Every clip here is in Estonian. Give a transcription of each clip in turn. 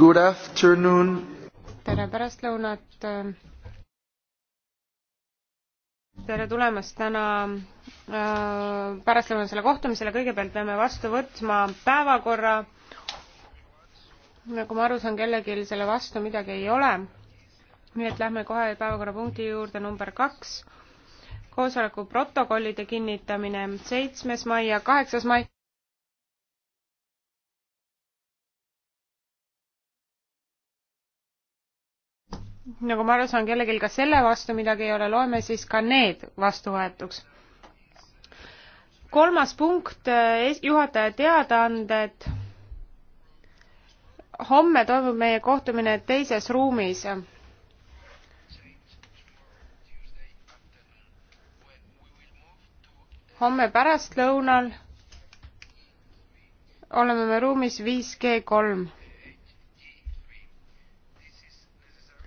Good afternoon. tere pärastlõunat. tere tulemast täna äh, pärastlõunasele kohtumisele. kõigepealt peame vastu võtma päevakorra. nagu ma aru saan, kellelgi selle vastu midagi ei ole. nii et lähme kohe päevakorrapunkti juurde number kaks koosoleku protokollide kinnitamine seitsmes mai ja kaheksas mai. nagu ma aru saan, kellelgi ka selle vastu midagi ei ole, loeme siis ka need vastuvõetuks. kolmas punkt, eh, juhataja teadaanded. homme toimub meie kohtumine teises ruumis homme pärastlõunal oleme me ruumis 5G3.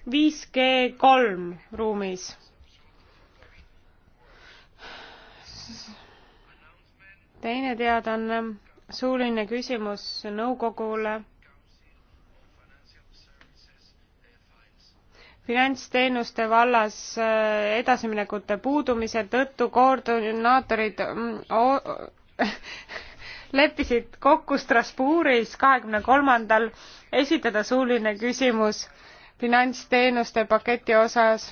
5G3 ruumis. teine teadaanne, suuline küsimus nõukogule finantsteenuste vallas äh, edasiminekute puudumise tõttu koordinaatorid mm, leppisid kokku Strasbourgis kahekümne kolmandal esitada suuline küsimus finantsteenuste paketi osas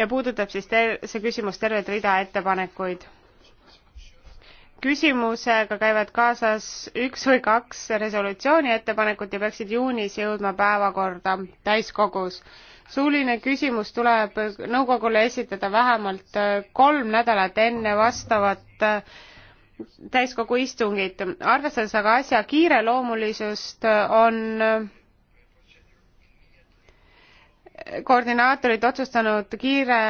ja puudutab siis ter- see küsimus tervet rida ettepanekuid küsimusega käivad kaasas üks või kaks resolutsiooni ettepanekut ja peaksid juunis jõudma päevakorda täiskogus. suuline küsimus tuleb nõukogule esitada vähemalt kolm nädalat enne vastavat täiskogu istungit. arvestades aga asja kiireloomulisust, on koordinaatorid otsustanud kiire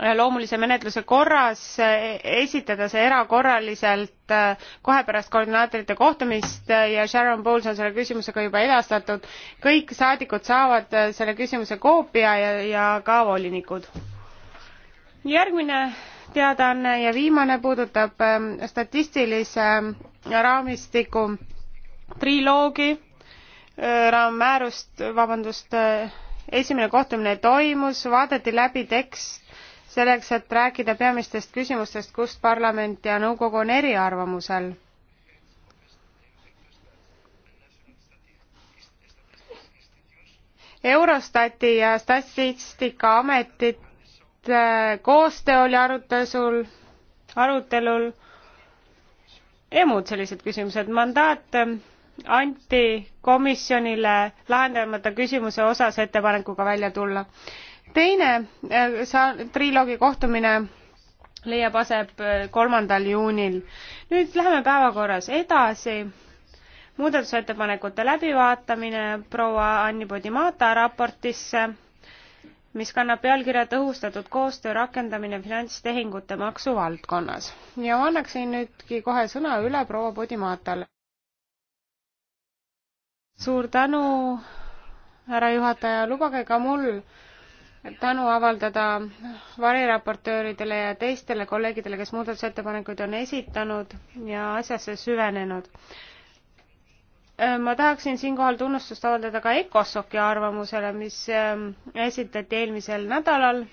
Äh, loomulise menetluse korras äh, esitada see erakorraliselt äh, kohe pärast koordinaatorite kohtumist ja sharon bowles on selle küsimusega juba edastatud kõik saadikud saavad selle küsimuse koopia ja, ja ka volinikud järgmine teadaanne ja viimane puudutab ähm, statistilise raamistiku triloogi raammäärust vabandust esimene kohtumine toimus vaadati läbi tekst selleks, et rääkida peamistest küsimustest, kust parlament ja nõukogu on eriarvamusel. Eurostati ja Statistikaametite äh, koostöö oli arutelul, arutelul ja muud sellised küsimused. mandaat äh, anti komisjonile lahendamata küsimuse osas ettepanekuga välja tulla teine äh, saa-, triloogi kohtumine leiab aset äh, kolmandal juunil. nüüd läheme päevakorras edasi. muudatusettepanekute läbivaatamine proua Anni Podimata raportisse, mis kannab pealkirja Tõhustatud koostöö rakendamine finantstehingute maksu valdkonnas. ja ma annaksin nüüdki kohe sõna üle proua Podimatale. suur tänu, härra juhataja, lubage ka mul tänu avaldada variraportööridele ja teistele kolleegidele, kes muudatusettepanekuid on esitanud ja asjasse süvenenud. Äh, ma tahaksin siinkohal tunnustust avaldada ka ECOSOC-i arvamusele, mis ähm, esitati eelmisel nädalal.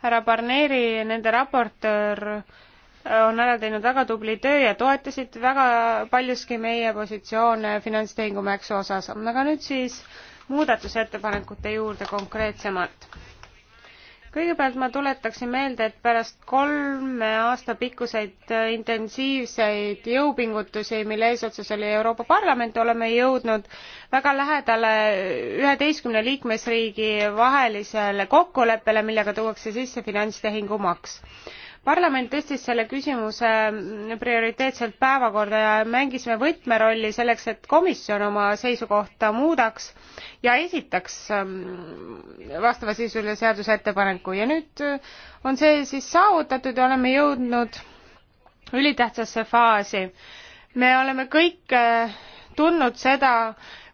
härra Barneri, nende raportöör äh, on ära teinud väga tubli töö ja toetasid väga paljuski meie positsioone finantstehingumaksu osas. aga nüüd siis äh, muudatusettepanekute juurde konkreetsemalt. kõigepealt ma tuletaksin meelde, et pärast kolme aasta pikkuseid äh, intensiivseid jõupingutusi, mille eesotsas oli Euroopa Parlament, oleme jõudnud väga lähedale üheteistkümne liikmesriigi vahelisele kokkuleppele, millega tuuakse sisse finantstehingumaks parlament tõstis selle küsimuse prioriteetselt päevakorda ja mängisime võtmerolli selleks et komisjon oma seisukohta muudaks ja esitaks ähm, vastavasisulise seaduseettepaneku ja nüüd äh, on see siis saavutatud ja oleme jõudnud ülitähtsasse faasi me oleme kõik äh, tundnud seda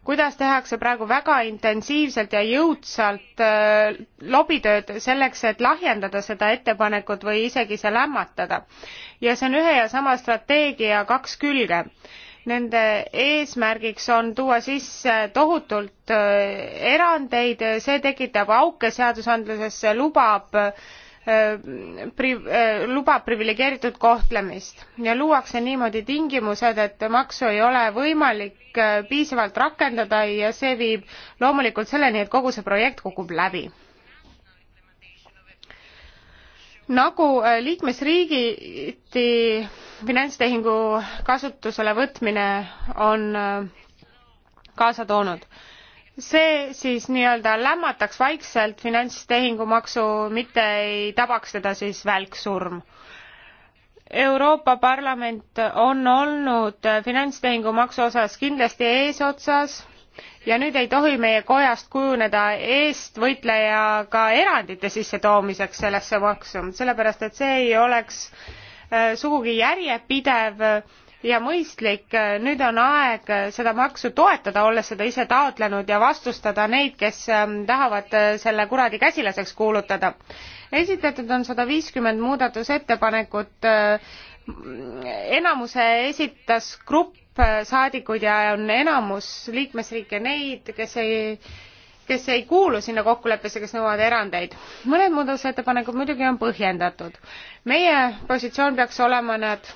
kuidas tehakse praegu väga intensiivselt ja jõudsalt äh, lobitööd selleks, et lahjendada seda ettepanekut või isegi see lämmatada. ja see on ühe ja sama strateegia kaks külge. Nende eesmärgiks on tuua sisse tohutult äh, erandeid, see tekitab auke seadusandlusesse, lubab äh, Äh, priv- äh, lubab priviligeeritud kohtlemist ja luuakse niimoodi tingimused et maksu ei ole võimalik äh, piisavalt rakendada ja see viib loomulikult selleni et kogu see projekt kukub läbi nagu liikmesriigiti finantstehingu kasutusele võtmine on kaasa toonud see siis nii-öelda lämmataks vaikselt finantstehingumaksu, mitte ei tabaks teda siis välksurm. Euroopa Parlament on olnud finantstehingumaksu osas kindlasti eesotsas ja nüüd ei tohi meie kojast kujuneda eestvõitleja ka erandite sissetoomiseks sellesse maksu, sellepärast et see ei oleks äh, sugugi järjepidev ja mõistlik. nüüd on aeg seda maksu toetada, olles seda ise taotlenud ja vastustada neid, kes ähm, tahavad äh, selle kuradi käsilaseks kuulutada. esitatud on sada viiskümmend muudatusettepanekut. Äh, enamuse esitas grupp äh, saadikuid ja on enamus liikmesriike neid, kes ei kes ei kuulu sinna kokkuleppesse, kes nõuavad erandeid. mõned muudatusettepanekud muidugi on põhjendatud. meie positsioon peaks olema nad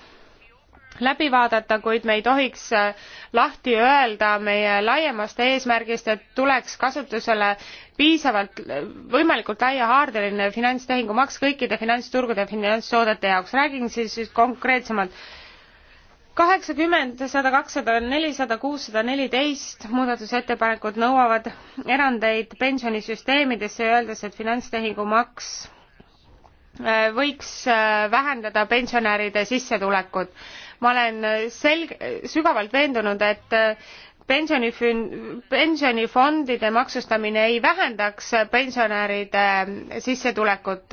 läbi vaadata kuid me ei tohiks äh, lahti öelda meie laiemast eesmärgist et tuleks kasutusele piisavalt äh, võimalikult laiahaardeline finantstehingumaks kõikide finantsturgude ja finantstoodete jaoks. räägin siis, siis konkreetsemalt kaheksakümmend sada kakssada nelisada kuussada neliteist muudatusettepanekud nõuavad erandeid pensionisüsteemidesse öeldes et finantstehingumaks äh, võiks vähendada pensionäride sissetulekut ma olen selg- sügavalt veendunud et pensionifün- pensionifondide maksustamine ei vähendaks pensionäride äh, sissetulekut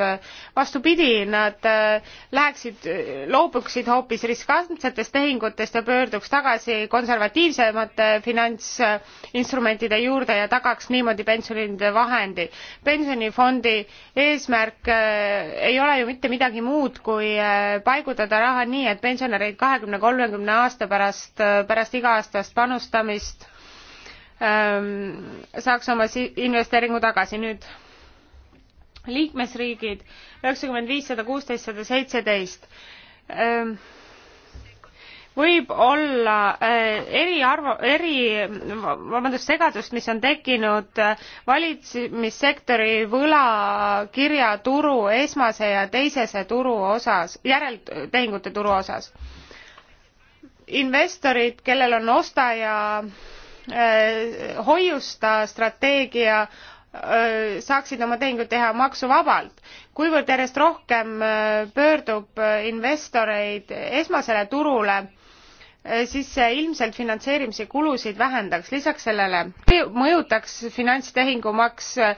vastupidi nad äh, läheksid äh, loobuksid hoopis riskantsetest tehingutest ja pöörduks tagasi konservatiivsemate finantsinstrumentide juurde ja tagaks niimoodi pensionide vahendi pensionifondi eesmärk ei ole ju mitte midagi muud kui paigutada raha nii et pensionärid kahekümne kolmekümne aasta pärast pärast iga-aastast panustamist tegemist ehm, saaks oma investeeringu tagasi. nüüd liikmesriigid üheksakümmend viis, sada kuusteist, sada seitseteist ehm, võib olla eh, eri arv- eri vabandust segadust mis on tekkinud eh, valitsemissektori võlakirjaturu esmase ja teisese turu osas järeltehingute turu osas investorid, kellel on osta ja äh, hoiusta strateegia äh,, saaksid oma tehinguid teha maksuvabalt. kuivõrd järjest rohkem äh, pöördub äh, investoreid esmasele turule, äh, siis see ilmselt finantseerimise kulusid vähendaks. lisaks sellele mõjutaks finantstehingumaks äh,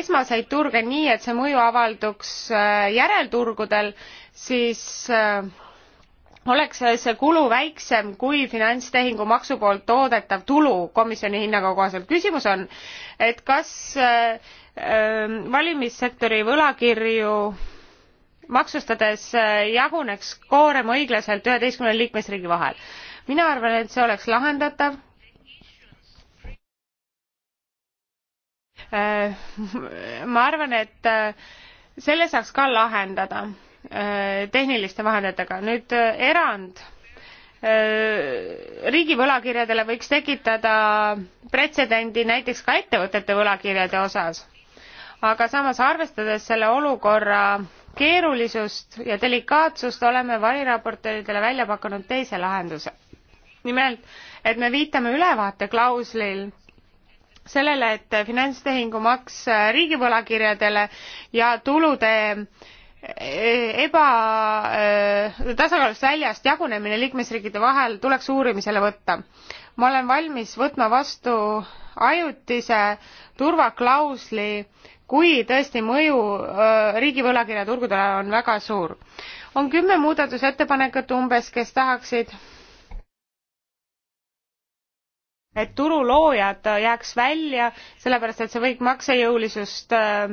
esmaseid turge nii, et see mõju avalduks järelturgudel, siis äh, oleks see kulu väiksem kui finantstehingu maksu poolt toodetav tulu komisjoni hinnangu kohaselt. küsimus on, et kas äh, äh, valimissektori võlakirju maksustades äh, jaguneks koorem õiglaselt üheteistkümne liikmesriigi vahel? mina arvan, et see oleks lahendatav äh, ma arvan, et äh, selle saaks ka lahendada Äh, tehniliste vahenditega. nüüd äh, erand äh, riigi võlakirjadele võiks tekitada pretsedendi näiteks ka ettevõtete võlakirjade osas. aga samas arvestades selle olukorra keerulisust ja delikaatsust oleme variraportööridele välja pakkunud teise lahenduse. nimelt, et me viitame ülevaateklauslil sellele, et finantstehingumaks riigivõlakirjadele ja tulude ebatasakaalust äh, väljast jagunemine liikmesriikide vahel tuleks uurimisele võtta. ma olen valmis võtma vastu ajutise turvaklausli, kui tõesti mõju äh, riigi võlakirjaturgudele on väga suur. on kümme muudatusettepanekut umbes, kes tahaksid et turuloojad jääks välja, sellepärast et see võib maksejõulisust äh,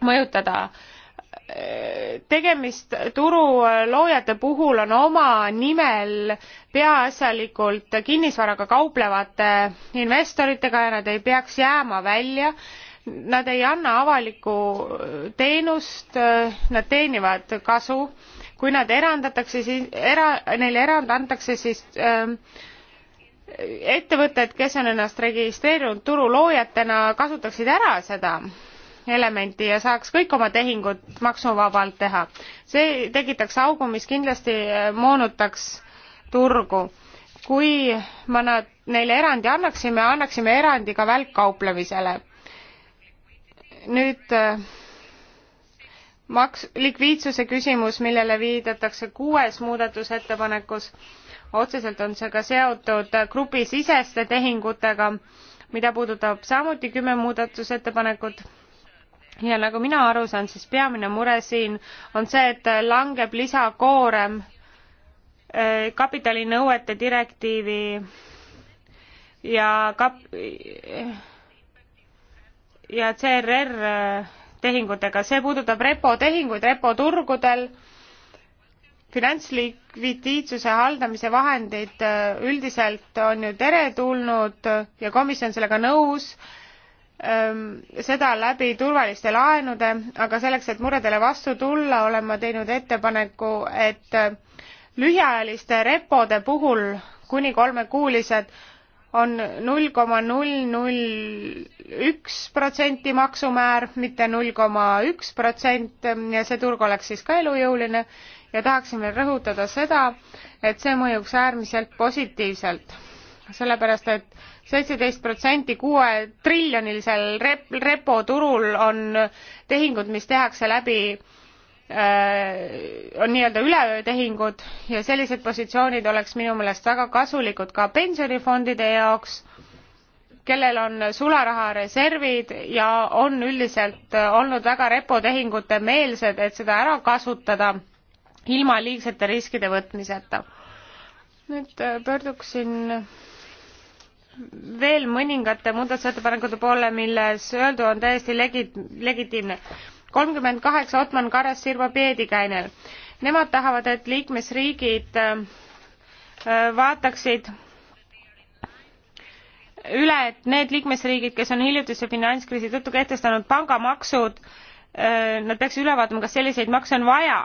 mõjutada tegemist turuloojate puhul on oma nimel peaasjalikult kinnisvaraga kauplevate investoritega ja nad ei peaks jääma välja. Nad ei anna avalikku teenust, nad teenivad kasu. kui nad erandatakse, siis era-, neile erand antakse, siis äh, ettevõtted, kes on ennast registreerinud turuloojatena, kasutaksid ära seda elementi ja saaks kõik oma tehingud maksuvabalt teha. see tekitaks augu, mis kindlasti eh, moonutaks turgu. kui ma nad, neile erandi annaksime, annaksime erandi ka välkkauplemisele. nüüd eh, maks-, likviidsuse küsimus, millele viidatakse kuues muudatusettepanekus, otseselt on see ka seotud grupisiseste tehingutega, mida puudutab samuti kümme muudatusettepanekut ja nagu mina aru saan, siis peamine mure siin on see, et langeb lisakoorem äh, kapitalinõuete direktiivi ja kap- ja CRR äh, tehingutega, see puudutab repotehinguid repoturgudel, finantslikviidiitsuse haldamise vahendid äh, üldiselt on ju teretulnud ja komisjon sellega nõus Ehm, seda läbi turvaliste laenude, aga selleks, et muredele vastu tulla, olen ma teinud ettepaneku, et eh, lühiajaliste repode puhul kuni kolmekuulised on null koma null null üks protsenti maksumäär, mitte null koma üks protsent ja see turg oleks siis ka elujõuline ja tahaksin veel rõhutada seda, et see mõjuks äärmiselt positiivselt sellepärast et seitseteist protsenti kuue triljonilisel rep- repoturul on tehingud mis tehakse läbi äh, on nii-öelda üleöötehingud ja sellised positsioonid oleks minu meelest väga kasulikud ka pensionifondide jaoks kellel on sularahareservid ja on üldiselt olnud väga repotehingute meelsed et seda ära kasutada ilma liigsete riskide võtmiseta nüüd äh, pöörduksin veel mõningate muudatusettepanekute poole milles öeldu on täiesti legi- legitiimne kolmkümmend kaheksa otman karas sirva peedikäinel nemad tahavad et liikmesriigid äh, vaataksid üle et need liikmesriigid kes on hiljutise finantskriisi tõttu kehtestanud pangamaksud äh, nad peaksid üle vaatama kas selliseid makse on vaja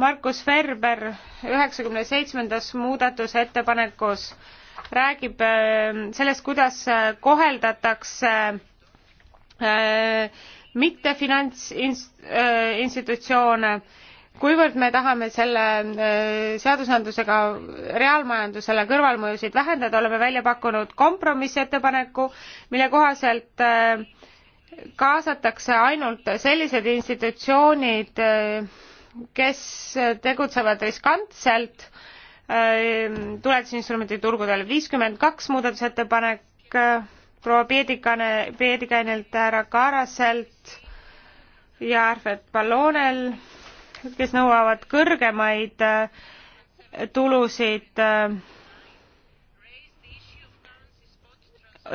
markus ferber üheksakümne seitsmendas muudatusettepanekus räägib äh, sellest, kuidas äh, koheldatakse äh, mitte finantsinstitutsioone kuivõrd me tahame selle seadusandlusega reaalmajandusele kõrvalmõjusid vähendada oleme välja pakkunud kompromissettepaneku mille kohaselt kaasatakse ainult sellised institutsioonid kes tegutsevad riskantselt ja Äh, tuletisinstrumentide turgudel. viiskümmend kaks muudatusettepanek äh, proua Peedikane, Peedikanelt, härra Kaaraselt ja Arvet Ballonel, kes nõuavad kõrgemaid äh, tulusid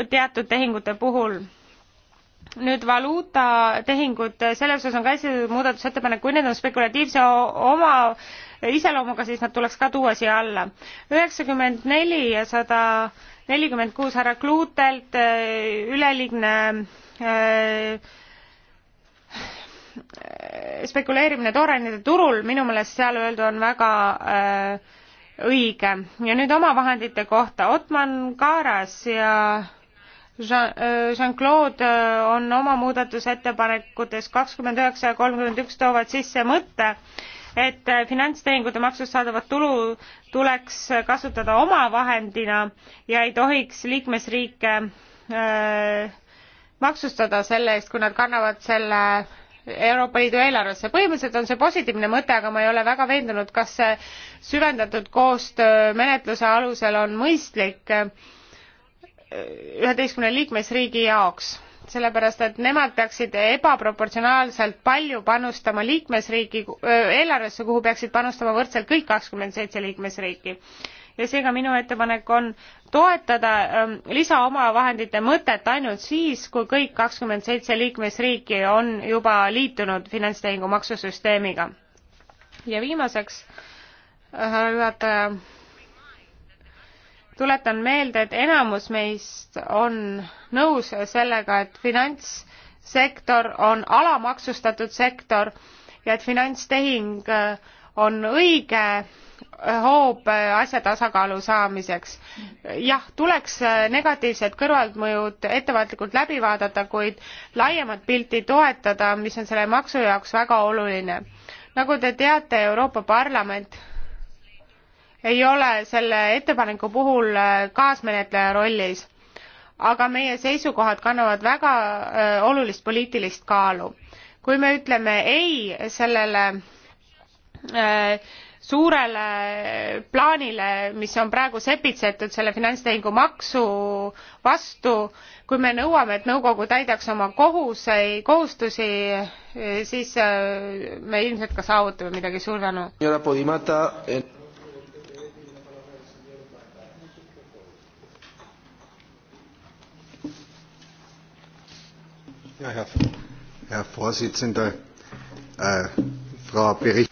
teatud tehingute puhul nüüd valuutatehingud, selle osas on ka esitatud muudatusettepanek, kui need on spekulatiivse oma iseloomuga, siis nad tuleks ka tuua siia alla. üheksakümmend neli ja sada nelikümmend kuus härra Kluutelt äh, üleliigne äh, spekuleerimine toorainete turul, minu meelest seal öeldu on väga äh, õige. ja nüüd omavahendite kohta, Otman Kaaras ja Jean-Claude on oma muudatusettepanekutes kakskümmend üheksa ja kolmkümmend üks toovad sisse mõtte, et äh, finantstehingute maksust saadavat tulu tuleks kasutada omavahendina ja ei tohiks liikmesriike öö, äh, maksustada selle eest, kui nad kannavad selle Euroopa Liidu eelarvesse. põhimõtteliselt on see positiivne mõte, aga ma ei ole väga veendunud, kas see süvendatud koostöö menetluse alusel on mõistlik äh, üheteistkümne liikmesriigi jaoks sellepärast et nemad peaksid ebaproportsionaalselt palju panustama liikmesriigi eelarvesse kuhu peaksid panustama võrdselt kõik liikmesriiki ja seega minu ettepanek on toetada lisaomavahendite mõtet ainult siis kui kõik liikmesriiki on juba liitunud finantstehingu maksusüsteemiga ja viimaseks härra juhataja tuletan meelde, et enamus meist on nõus sellega, et finantssektor on alamaksustatud sektor ja et finantstehing on õige hoob asja tasakaalu saamiseks. jah, tuleks negatiivsed kõrvalmõjud ettevaatlikult läbi vaadata, kuid laiemat pilti toetada, mis on selle maksu jaoks väga oluline. nagu te teate, Euroopa Parlament ei ole selle ettepaneku puhul äh, kaasmenetleja rollis aga meie seisukohad kannavad väga öö, äh, olulist poliitilist kaalu kui me ütleme ei sellele öö, äh, suurele plaanile mis on praegu sepitsetud selle finantstehingu maksu vastu kui me nõuame et nõukogu täidaks oma kohusei, kohustusi siis me ilmselt ka saavutame midagi suur tänu Ja, Herr, Herr Vorsitzender, äh, Frau Bericht.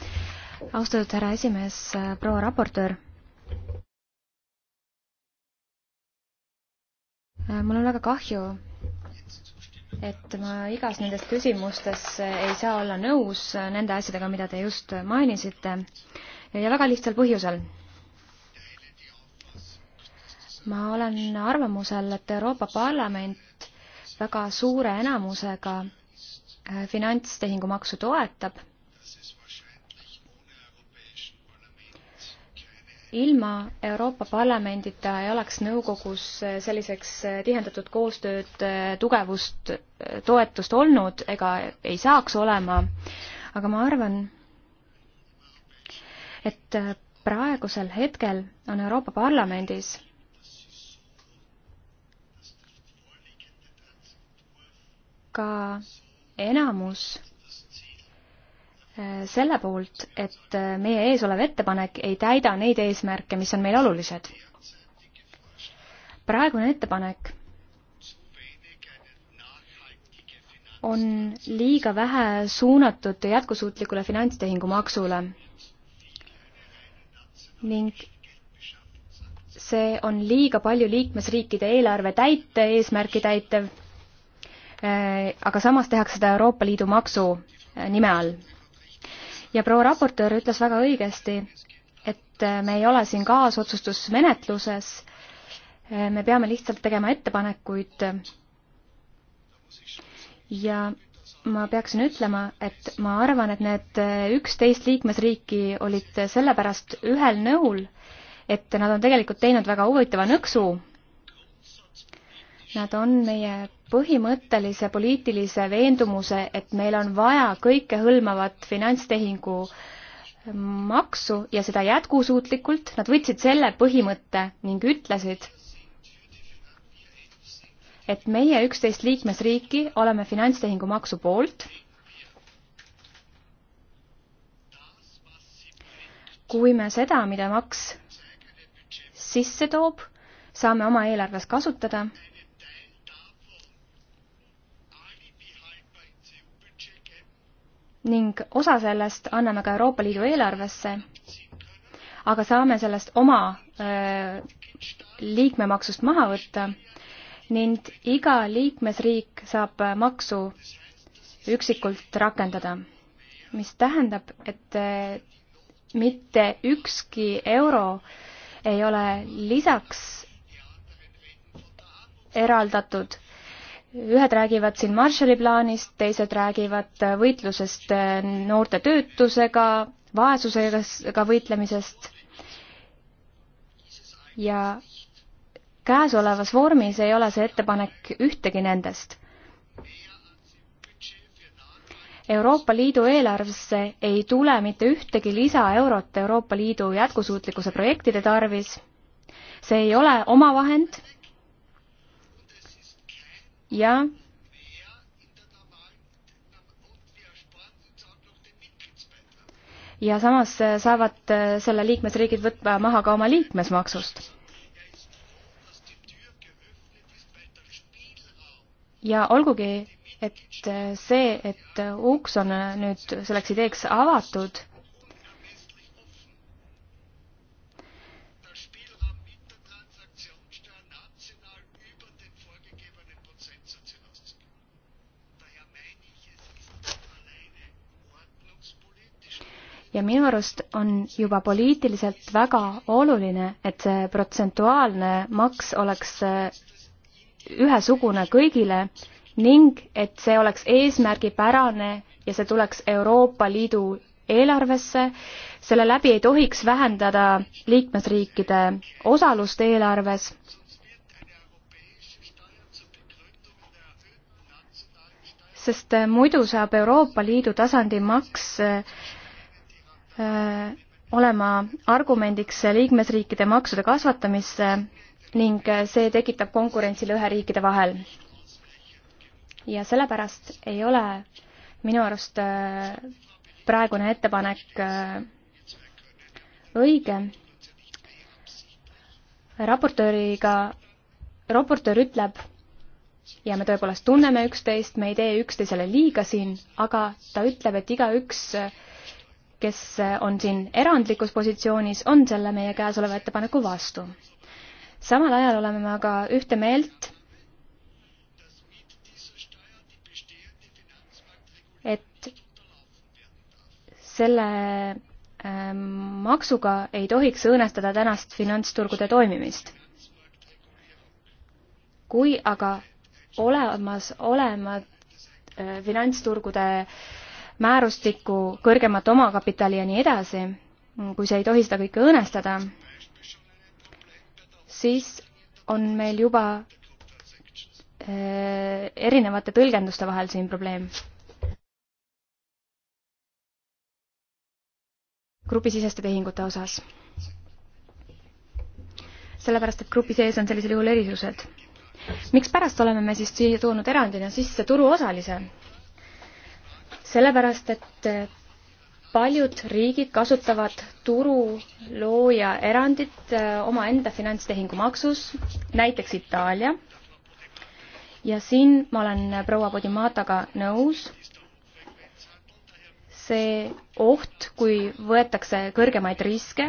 austatud härra esimees, äh, proua raportöör. Äh, mul on väga kahju, et ma igas nendest küsimustes äh, ei saa olla nõus nende asjadega, mida te just mainisite ja väga lihtsal põhjusel ma olen arvamusel, et Euroopa Parlament väga suure enamusega äh, finantstehingumaksu toetab. ilma Euroopa Parlamendita ei oleks nõukogus äh, selliseks äh, tihendatud koostööd tugevust, toetust olnud ega ei saaks olema, aga ma arvan, et praegusel hetkel on Euroopa Parlamendis ka enamus äh, selle poolt, et äh, meie ees olev ettepanek ei täida neid eesmärke, mis on meile olulised. praegune ettepanek on liiga vähe suunatud jätkusuutlikule finantstehingumaksule ning see on liiga palju liikmesriikide eelarve täite, eesmärki täitev Äh, aga samas tehakse seda Euroopa Liidu maksu äh, nime all. ja proua raportöör ütles väga õigesti, et äh, me ei ole siin kaasotsustusmenetluses, me peame lihtsalt tegema ettepanekuid ja ma peaksin ütlema, et ma arvan, et need üksteist liikmesriiki olid sellepärast ühel nõul, et nad on tegelikult teinud väga huvitava nõksu. Nad on meie põhimõttelise poliitilise veendumuse, et meil on vaja kõikehõlmavat finantstehingu maksu ja seda jätkusuutlikult, nad võtsid selle põhimõtte ning ütlesid, et meie üksteist liikmesriiki oleme finantstehingu maksu poolt. kui me seda, mida maks sisse toob, saame oma eelarves kasutada ning osa sellest anname ka Euroopa Liidu eelarvesse, aga saame sellest oma öö, liikmemaksust maha võtta ning iga liikmesriik saab maksu üksikult rakendada, mis tähendab, et mitte ükski euro ei ole lisaks eraldatud ühed räägivad siin Marshalli plaanist, teised räägivad võitlusest äh, noorte töötusega, vaesusega võitlemisest. ja käesolevas vormis ei ole see ettepanek ühtegi nendest. Euroopa Liidu eelarvesse ei tule mitte ühtegi lisaeurot Euroopa Liidu jätkusuutlikkuse projektide tarvis. see ei ole omavahend ja ja samas äh, saavad äh, selle liikmesriigid võtma maha ka oma liikmesmaksust. ja olgugi, et äh, see, et uks on nüüd selleks ideeks avatud ja minu arust on juba poliitiliselt väga oluline, et see protsentuaalne maks oleks äh, ühesugune kõigile ning et see oleks eesmärgipärane ja see tuleks Euroopa Liidu eelarvesse, selle läbi ei tohiks vähendada liikmesriikide osalust eelarves sest äh, muidu saab Euroopa Liidu tasandi maks äh, Äh, olema argumendiks liikmesriikide maksude kasvatamisse ning äh, see tekitab konkurentsi lõheriikide vahel. ja sellepärast ei ole minu arust äh, praegune ettepanek õige. raportööriga, raportöör ütleb, ja me tõepoolest tunneme üksteist, me ei tee üksteisele liiga siin, aga ta ütleb, et igaüks äh, kes on siin erandlikus positsioonis, on selle meie käesoleva ettepaneku vastu. samal ajal oleme me aga ühte meelt, et selle ähm, maksuga ei tohiks õõnestada tänast finantsturgude toimimist. kui aga olemas olevad äh, finantsturgude äh, määrustikku, kõrgemat omakapitali ja nii edasi, kui see ei tohi seda kõike õõnestada, siis on meil juba äh, erinevate tõlgenduste vahel siin probleem. grupisiseste tehingute osas. sellepärast, et grupi sees on sellisel juhul erisused. mikspärast oleme me siis siia toonud erandina sisse turuosalise? sellepärast et paljud riigid kasutavad turulooja erandit äh, omaenda finantstehingu maksus, näiteks Itaalia. ja siin ma olen proua Podimataga nõus. see oht, kui võetakse kõrgemaid riske,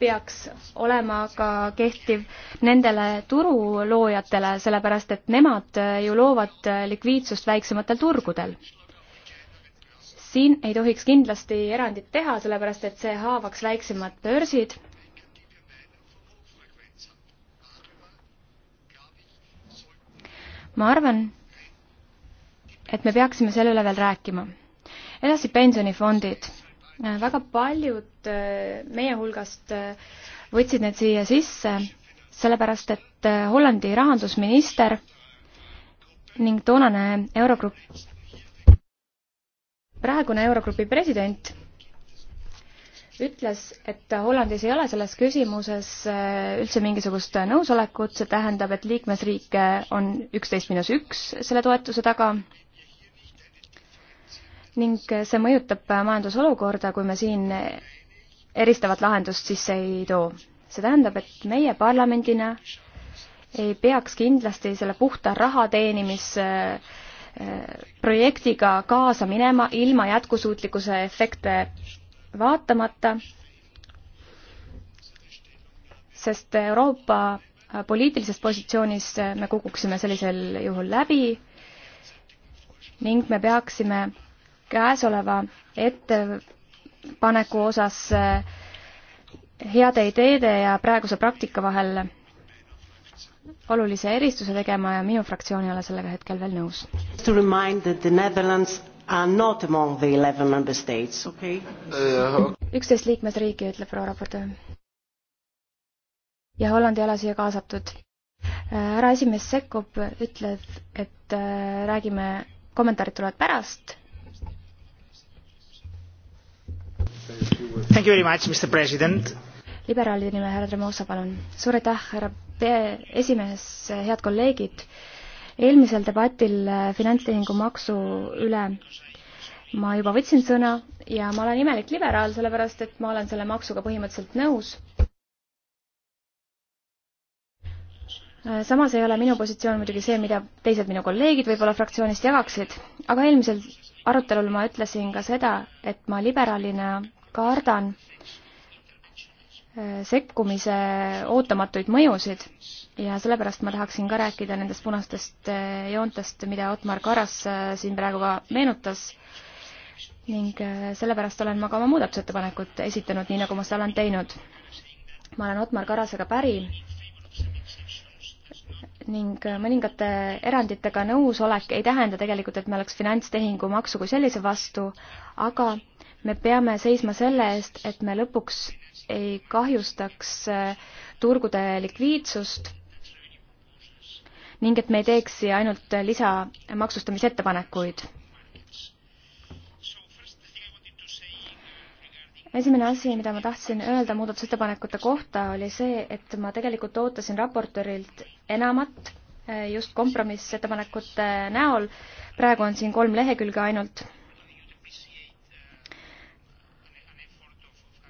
peaks olema ka kehtiv nendele turuloojatele, sellepärast et nemad äh, ju loovad äh, likviidsust väiksematel turgudel. siin ei tohiks kindlasti erandit teha, sellepärast et see haavaks väiksemad börsid ma arvan, et me peaksime selle üle veel rääkima. edasi pensionifondid. Äh, väga paljud äh, meie hulgast äh, võtsid need siia sisse, sellepärast et Hollandi rahandusminister ning toonane Eurogrupp, praegune Eurogrupi president ütles, et Hollandis ei ole selles küsimuses üldse mingisugust nõusolekut, see tähendab, et liikmesriike on üksteist miinus üks selle toetuse taga ning see mõjutab majandusolukorda, kui me siin eristavat lahendust sisse ei too. see tähendab, et meie parlamendina ei peaks kindlasti selle puhta raha teenimise eh, projektiga kaasa minema ilma jätkusuutlikkuse efekte vaatamata, sest Euroopa poliitilises positsioonis me kukuksime sellisel juhul läbi ning me peaksime käesoleva ettepaneku osas eh, heade ideede ja praeguse praktika vahel olulise eristuse tegema ja minu fraktsioon ei ole sellega hetkel veel nõus. üksteist liikmesriiki, ütleb proua raportöör. ja Holland ei ole siia kaasatud. härra esimees sekkub, ütleb, et eh, räägime, kommentaarid tulevad pärast liberaalide nimel härra Tremosa, palun. suur aitäh, härra esimees, head kolleegid. eelmisel debatil äh, finantstehingu maksu üle ma juba võtsin sõna ja ma olen imelik liberaal, sellepärast et ma olen selle maksuga põhimõtteliselt nõus. Äh, samas ei ole minu positsioon muidugi see, mida teised minu kolleegid võib-olla fraktsioonist jagaksid, aga eelmisel arutelul ma ütlesin ka seda, et ma liberaalina kardan äh, sekkumise ootamatuid mõjusid ja sellepärast ma tahaksin ka rääkida nendest punastest äh, joontest, mida Otmar Karas äh, siin praegu ka meenutas ning sellepärast olen ma ka oma muudatusettepanekut esitanud, nii nagu ma seda olen teinud. ma olen Otmar Karasega päri ning mõningate eranditega nõusolek ei tähenda tegelikult, et me oleks finantstehingu maksu kui sellise vastu, aga me peame seisma selle eest, et me lõpuks ei kahjustaks äh, turgude likviidsust ning et me ei teeks siia ainult lisamaksustamisettepanekuid. esimene asi, mida ma tahtsin öelda muudatusettepanekute kohta, oli see, et ma tegelikult ootasin raportöörilt enamat äh, just kompromissettepanekute näol. praegu on siin kolm lehekülge ainult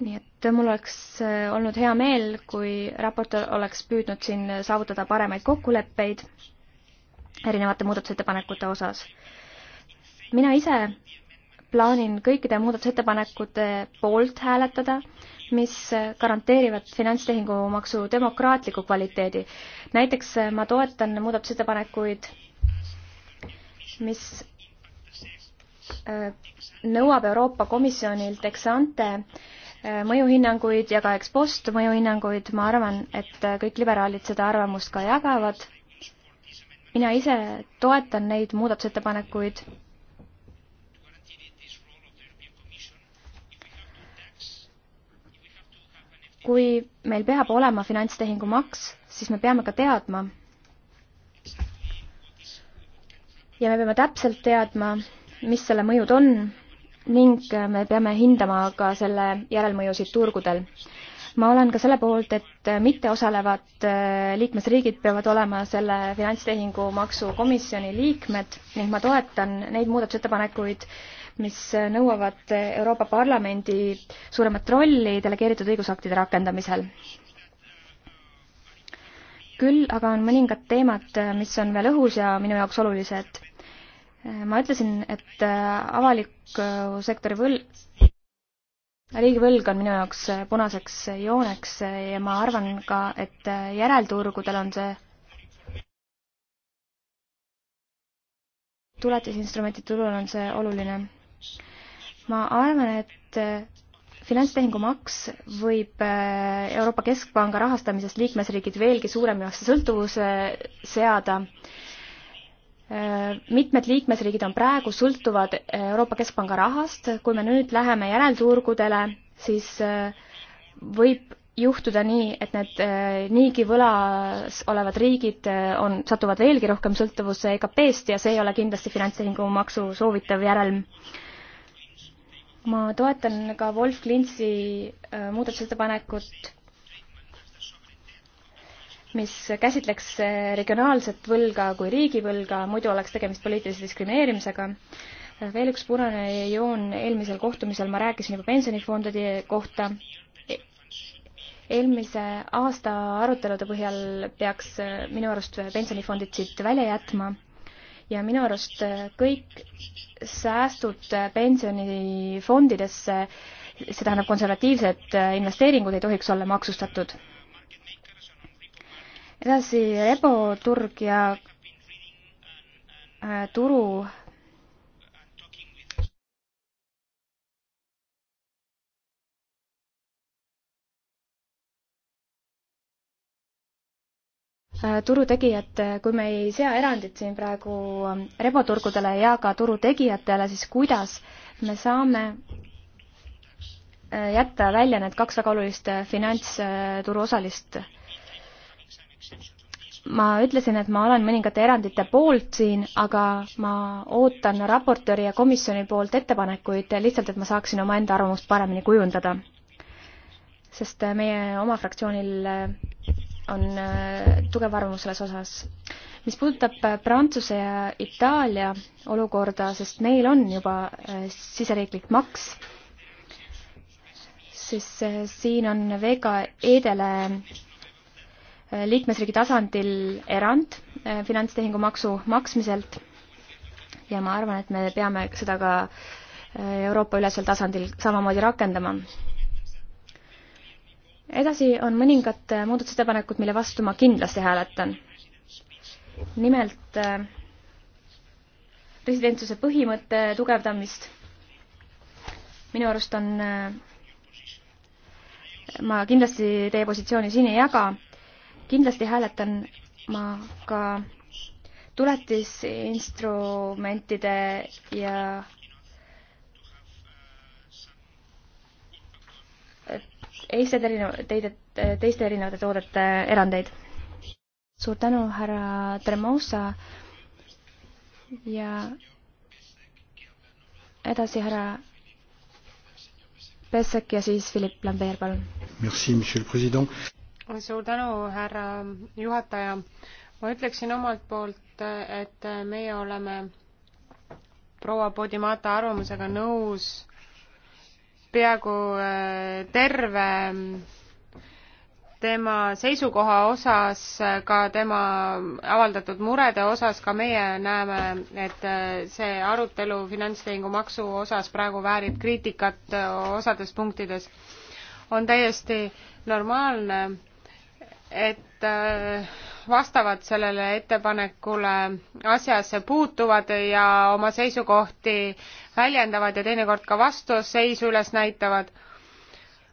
nii et mul oleks äh, olnud hea meel, kui raport oleks püüdnud siin saavutada paremaid kokkuleppeid erinevate muudatusettepanekute osas. mina ise plaanin kõikide muudatusettepanekute poolt hääletada, mis garanteerivad finantstehingumaksu demokraatliku kvaliteedi. näiteks äh, ma toetan muudatusettepanekuid, mis äh, nõuab Euroopa Komisjonilt eksante äh, Äh, mõjuhinnanguid ja ka ekspost mõjuhinnanguid, ma arvan, et äh, kõik liberaalid seda arvamust ka jagavad. mina ise toetan neid muudatusettepanekuid. kui meil peab olema finantstehingu maks, siis me peame ka teadma. ja me peame täpselt teadma, mis selle mõjud on ning me peame hindama ka selle järelmõjusid turgudel ma olen ka selle poolt, et mitteosalevad äh, liikmesriigid peavad olema selle finantstehingu maksukomisjoni liikmed ning ma toetan neid muudatusettepanekuid, mis nõuavad Euroopa Parlamendi suuremat rolli delegeeritud õigusaktide rakendamisel. küll aga on mõningad teemad, mis on veel õhus ja minu jaoks olulised ma ütlesin, et äh, avaliku äh, sektori võl-, riigivõlg on minu jaoks äh, punaseks jooneks ja ma arvan ka, et järelturgudel on see tuletisinstrumentide turul on see oluline. ma arvan, et finantstehingumaks võib Euroopa Keskpanga rahastamisest liikmesriigid veelgi suuremasse sõltuvuse seada äh, Äh, mitmed liikmesriigid on praegu sõltuvad äh, Euroopa Keskpanga rahast, kui me nüüd läheme järelturgudele, siis äh, võib juhtuda nii, et need niigi võlas olevad riigid on, satuvad veelgi rohkem sõltuvusse EKP-st ja see ei ole kindlasti finantstehingumaksu soovitav järelm. ma toetan ka Wolf Klintsi muudatusettepanekut mis käsitleks regionaalset võlga kui riigivõlga, muidu oleks tegemist poliitilise diskrimineerimisega. veel üks punane joon, eelmisel kohtumisel ma rääkisin juba pensionifondide kohta. eelmise aasta arutelude põhjal peaks minu arust pensionifondid siit välja jätma ja minu arust kõik säästud pensionifondidesse, see tähendab nagu konservatiivsed investeeringud ei tohiks olla maksustatud edasi reboturg ja äh, turu äh, turutegijad, kui me ei sea erandit siin praegu ähm, reboturgudele ja ka turutegijatele, siis kuidas me saame äh, jätta välja need kaks väga olulist finantsturu osalist? ma ütlesin, et ma olen mõningate erandite poolt siin, aga ma ootan raportööri ja komisjoni poolt ettepanekuid lihtsalt, et ma saaksin omaenda arvamust paremini kujundada. sest meie oma fraktsioonil on äh, tugev arvamus selles osas. mis puudutab äh, Prantsuse ja Itaalia olukorda, sest neil on juba äh, siseriiklik maks, siis siin on VKE-dele liikmesriigi tasandil erand äh, finantstehingumaksu maksmiselt ja ma arvan, et me peame seda ka äh, Euroopa-ülesel tasandil samamoodi rakendama. edasi on mõningad äh, muudatusettepanekud, mille vastu ma kindlasti hääletan. nimelt residentsuse põhimõtte tugevdamist. minu arust on, ma kindlasti teie positsiooni siin ei jaga kindlasti hääletan ma ka tuletisinstrumentide ja teised erinevad, teide, teiste erinevate toodete erandeid. suur tänu, härra Tremosa ja edasi härra Pesek ja siis Philippe Lambert, palun suur tänu, härra juhataja. ma ütleksin omalt poolt, et meie oleme proua Podimata arvamusega nõus peaaegu äh, terve tema seisukoha osas, ka tema avaldatud murede osas, ka meie näeme, et äh, see arutelu finantstehingumaksu osas praegu väärib kriitikat äh, osades punktides. on täiesti normaalne et äh, vastavad sellele ettepanekule asjasse puutuvad ja oma seisukohti väljendavad ja teinekord ka vastuseisu üles näitavad.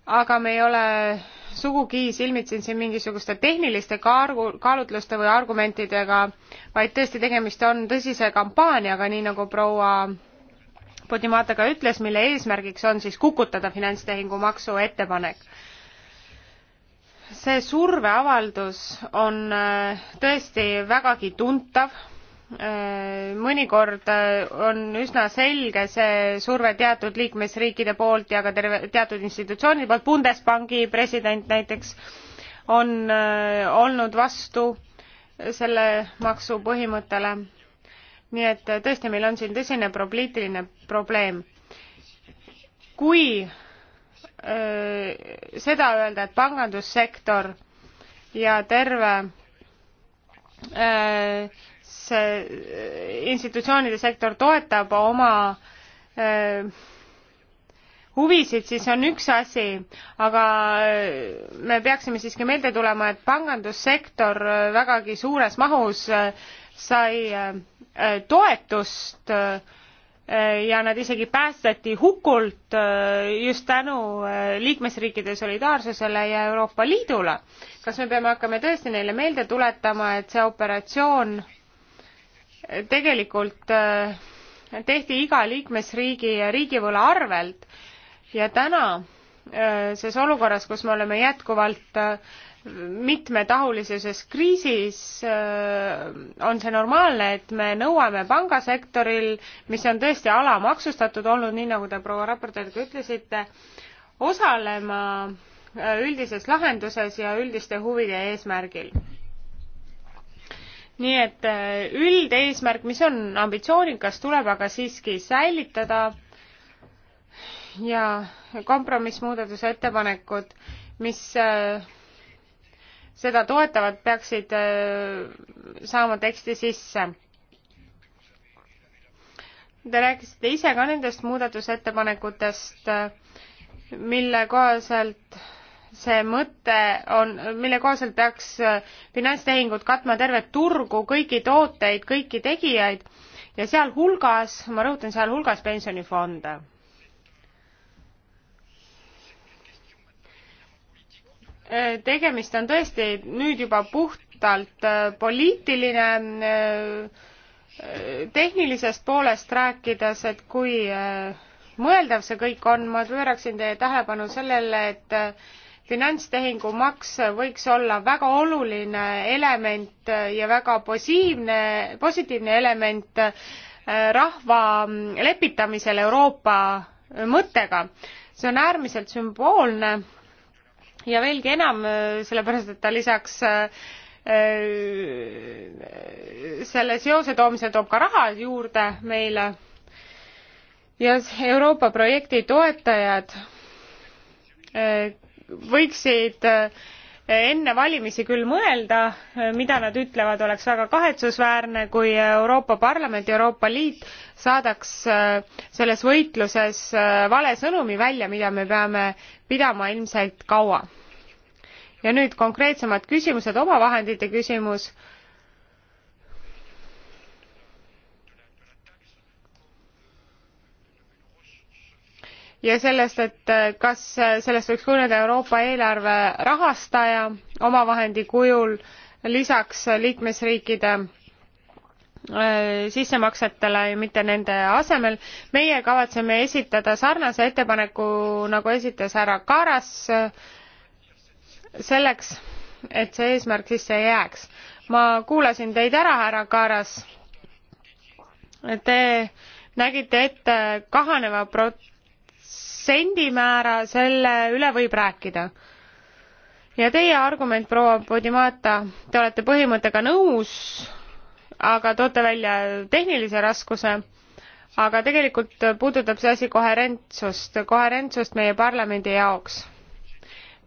aga me ei ole sugugi silmitsen siin mingisuguste tehniliste kaargu, kaalutluste või argumentidega, vaid tõesti tegemist on tõsise kampaaniaga, nii nagu proua Podimata ka ütles, mille eesmärgiks on siis kukutada finantstehingumaksu ettepanek see surveavaldus on äh, tõesti vägagi tuntav. Äh, mõnikord äh, on üsna selge see surve teatud liikmesriikide poolt ja ka terve, teatud institutsioonide poolt, Bundesbanki president näiteks on olnud vastu selle maksu põhimõttele. nii et tõesti, meil on siin tõsine poliitiline probleem. kui seda öelda, et pangandussektor ja terve see institutsioonide sektor toetab oma huvisid, siis on üks asi, aga me peaksime siiski meelde tulema, et pangandussektor vägagi suures mahus sai toetust äh, Eh, ja nad isegi päästeti hukult eh, just tänu eh, liikmesriikide solidaarsusele ja Euroopa Liidule. kas me peame hakkama tõesti neile meelde tuletama, et see operatsioon tegelikult tehti iga liikmesriigi riigivõla arvelt ja täna selles olukorras, kus me oleme jätkuvalt mitmetahulisuses kriisis äh, on see normaalne, et me nõuame pangasektoril, mis on tõesti alamaksustatud olnud, nii nagu te proua raportöör ka ütlesite, osalema äh, üldises lahenduses ja üldiste huvide eesmärgil. nii et äh, üldeesmärk, mis on ambitsioonikas, tuleb aga siiski säilitada ja kompromissmuudatuse ettepanekud, mis seda toetavad, peaksid äh, saama teksti sisse. Te rääkisite ise ka nendest muudatusettepanekutest, mille kohaselt see mõte on, mille kohaselt peaks äh, finantstehingud katma tervet turgu, kõiki tooteid, kõiki tegijaid ja sealhulgas, ma rõhutan, sealhulgas pensionifonde Äh, tegemist on tõesti nüüd juba puhtalt äh, poliitiline, äh, tehnilisest poolest rääkides, et kui mõeldav see kõik on, ma pööraksin teie tähelepanu sellele, et finantstehingumaks võiks olla väga oluline element ja väga positiivne, positiivne element rahva mm, lepitamisel Euroopa mõttega. see on äärmiselt sümboolne ja veelgi enam, äh, sellepärast et ta lisaks äh, äh, selle seose toomisel toob ka raha juurde meile ja Euroopa projekti toetajad võiksid enne valimisi küll mõelda mida nad ütlevad oleks väga kahetsusväärne kui euroopa parlament ja euroopa liit saadaks äh, selles võitluses äh, vale sõnumi välja mida me peame pidama ilmselt kaua ja nüüd konkreetsemad küsimused omavahendite küsimus ja sellest, et äh, kas äh, sellest võiks kujuneda Euroopa eelarve rahastaja omavahendi kujul lisaks liikmesriikide äh, sissemaksetele ja mitte nende asemel. meie kavatseme esitada sarnase ettepaneku, nagu esitas härra Karas, selleks, et see eesmärk sisse jääks. ma kuulasin teid ära, härra Karas. Te nägite ette kahaneva prot-, sendimäära, selle üle võib rääkida. ja teie argument, proua Podimata, te olete põhimõttega nõus, aga toote välja tehnilise raskuse, aga tegelikult puudutab see asi koherentsust, koherentsust meie parlamendi jaoks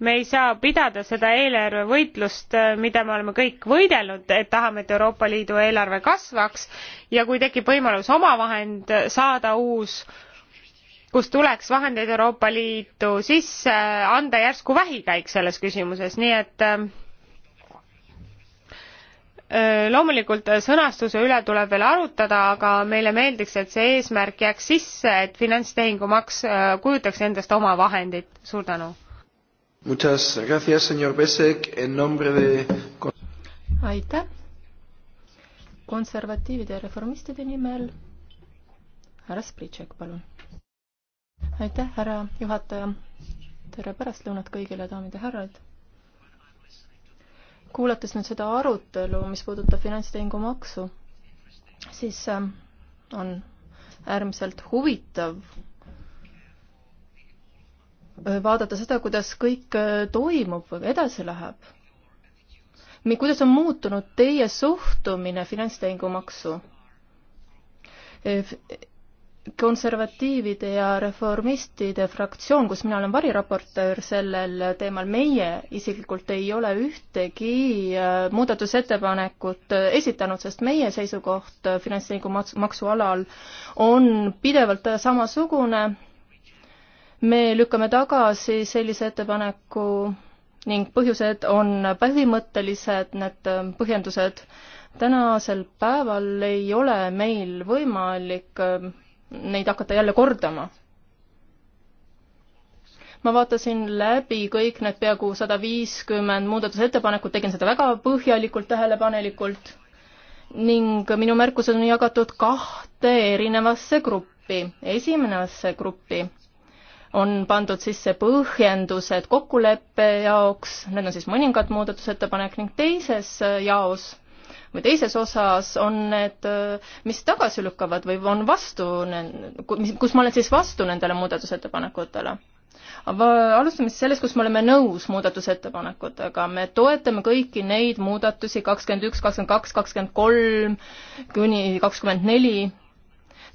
me ei saa pidada seda eelarvevõitlust mida me oleme kõik võidelnud et tahame et euroopa liidu eelarve kasvaks ja kui tekib võimalus omavahend saada uus kus tuleks vahendeid Euroopa Liitu sisse anda järsku vähikäik selles küsimuses, nii et äh, loomulikult sõnastuse üle tuleb veel arutada, aga meile meeldiks, et see eesmärk jääks sisse, et finantstehingumaks äh, kujutaks endast oma vahendit. suur tänu. De... aitäh. konservatiivide ja reformistide nimel härra Spritšek, palun aitäh, härra juhataja. tere pärastlõunat kõigile, daamid ja härrad. kuulates nüüd seda arutelu, mis puudutab finantstehingumaksu, siis ähm, on äärmiselt huvitav äh, vaadata seda, kuidas kõik äh, toimub või edasi läheb. kuidas on muutunud teie suhtumine finantstehingumaksu? Äh, konservatiivide ja reformistide fraktsioon, kus mina olen variraportöör sellel teemal, meie isiklikult ei ole ühtegi äh, muudatusettepanekut äh, esitanud, sest meie seisukoht äh, finantstehingu maksu alal on pidevalt samasugune. me lükkame tagasi sellise ettepaneku ning põhjused on põhimõttelised, need põhjendused tänasel päeval ei ole meil võimalik neid hakata jälle kordama. ma vaatasin läbi kõik need peaaegu sada viiskümmend muudatusettepanekut, tegin seda väga põhjalikult, tähelepanelikult ning minu märkused on jagatud kahte erinevasse gruppi. esimesesse gruppi on pandud sisse põhjendused kokkuleppe jaoks, need on siis mõningad muudatusettepanek ning teises jaos või teises osas on need, äh, mis tagasi lükkavad või on vastu, kus ma olen siis vastu nendele muudatusettepanekutele alustame siis sellest, kus me oleme nõus muudatusettepanekutega. me toetame kõiki neid muudatusi kakskümmend üks, kakskümmend kaks, kakskümmend kolm kuni kakskümmend neli.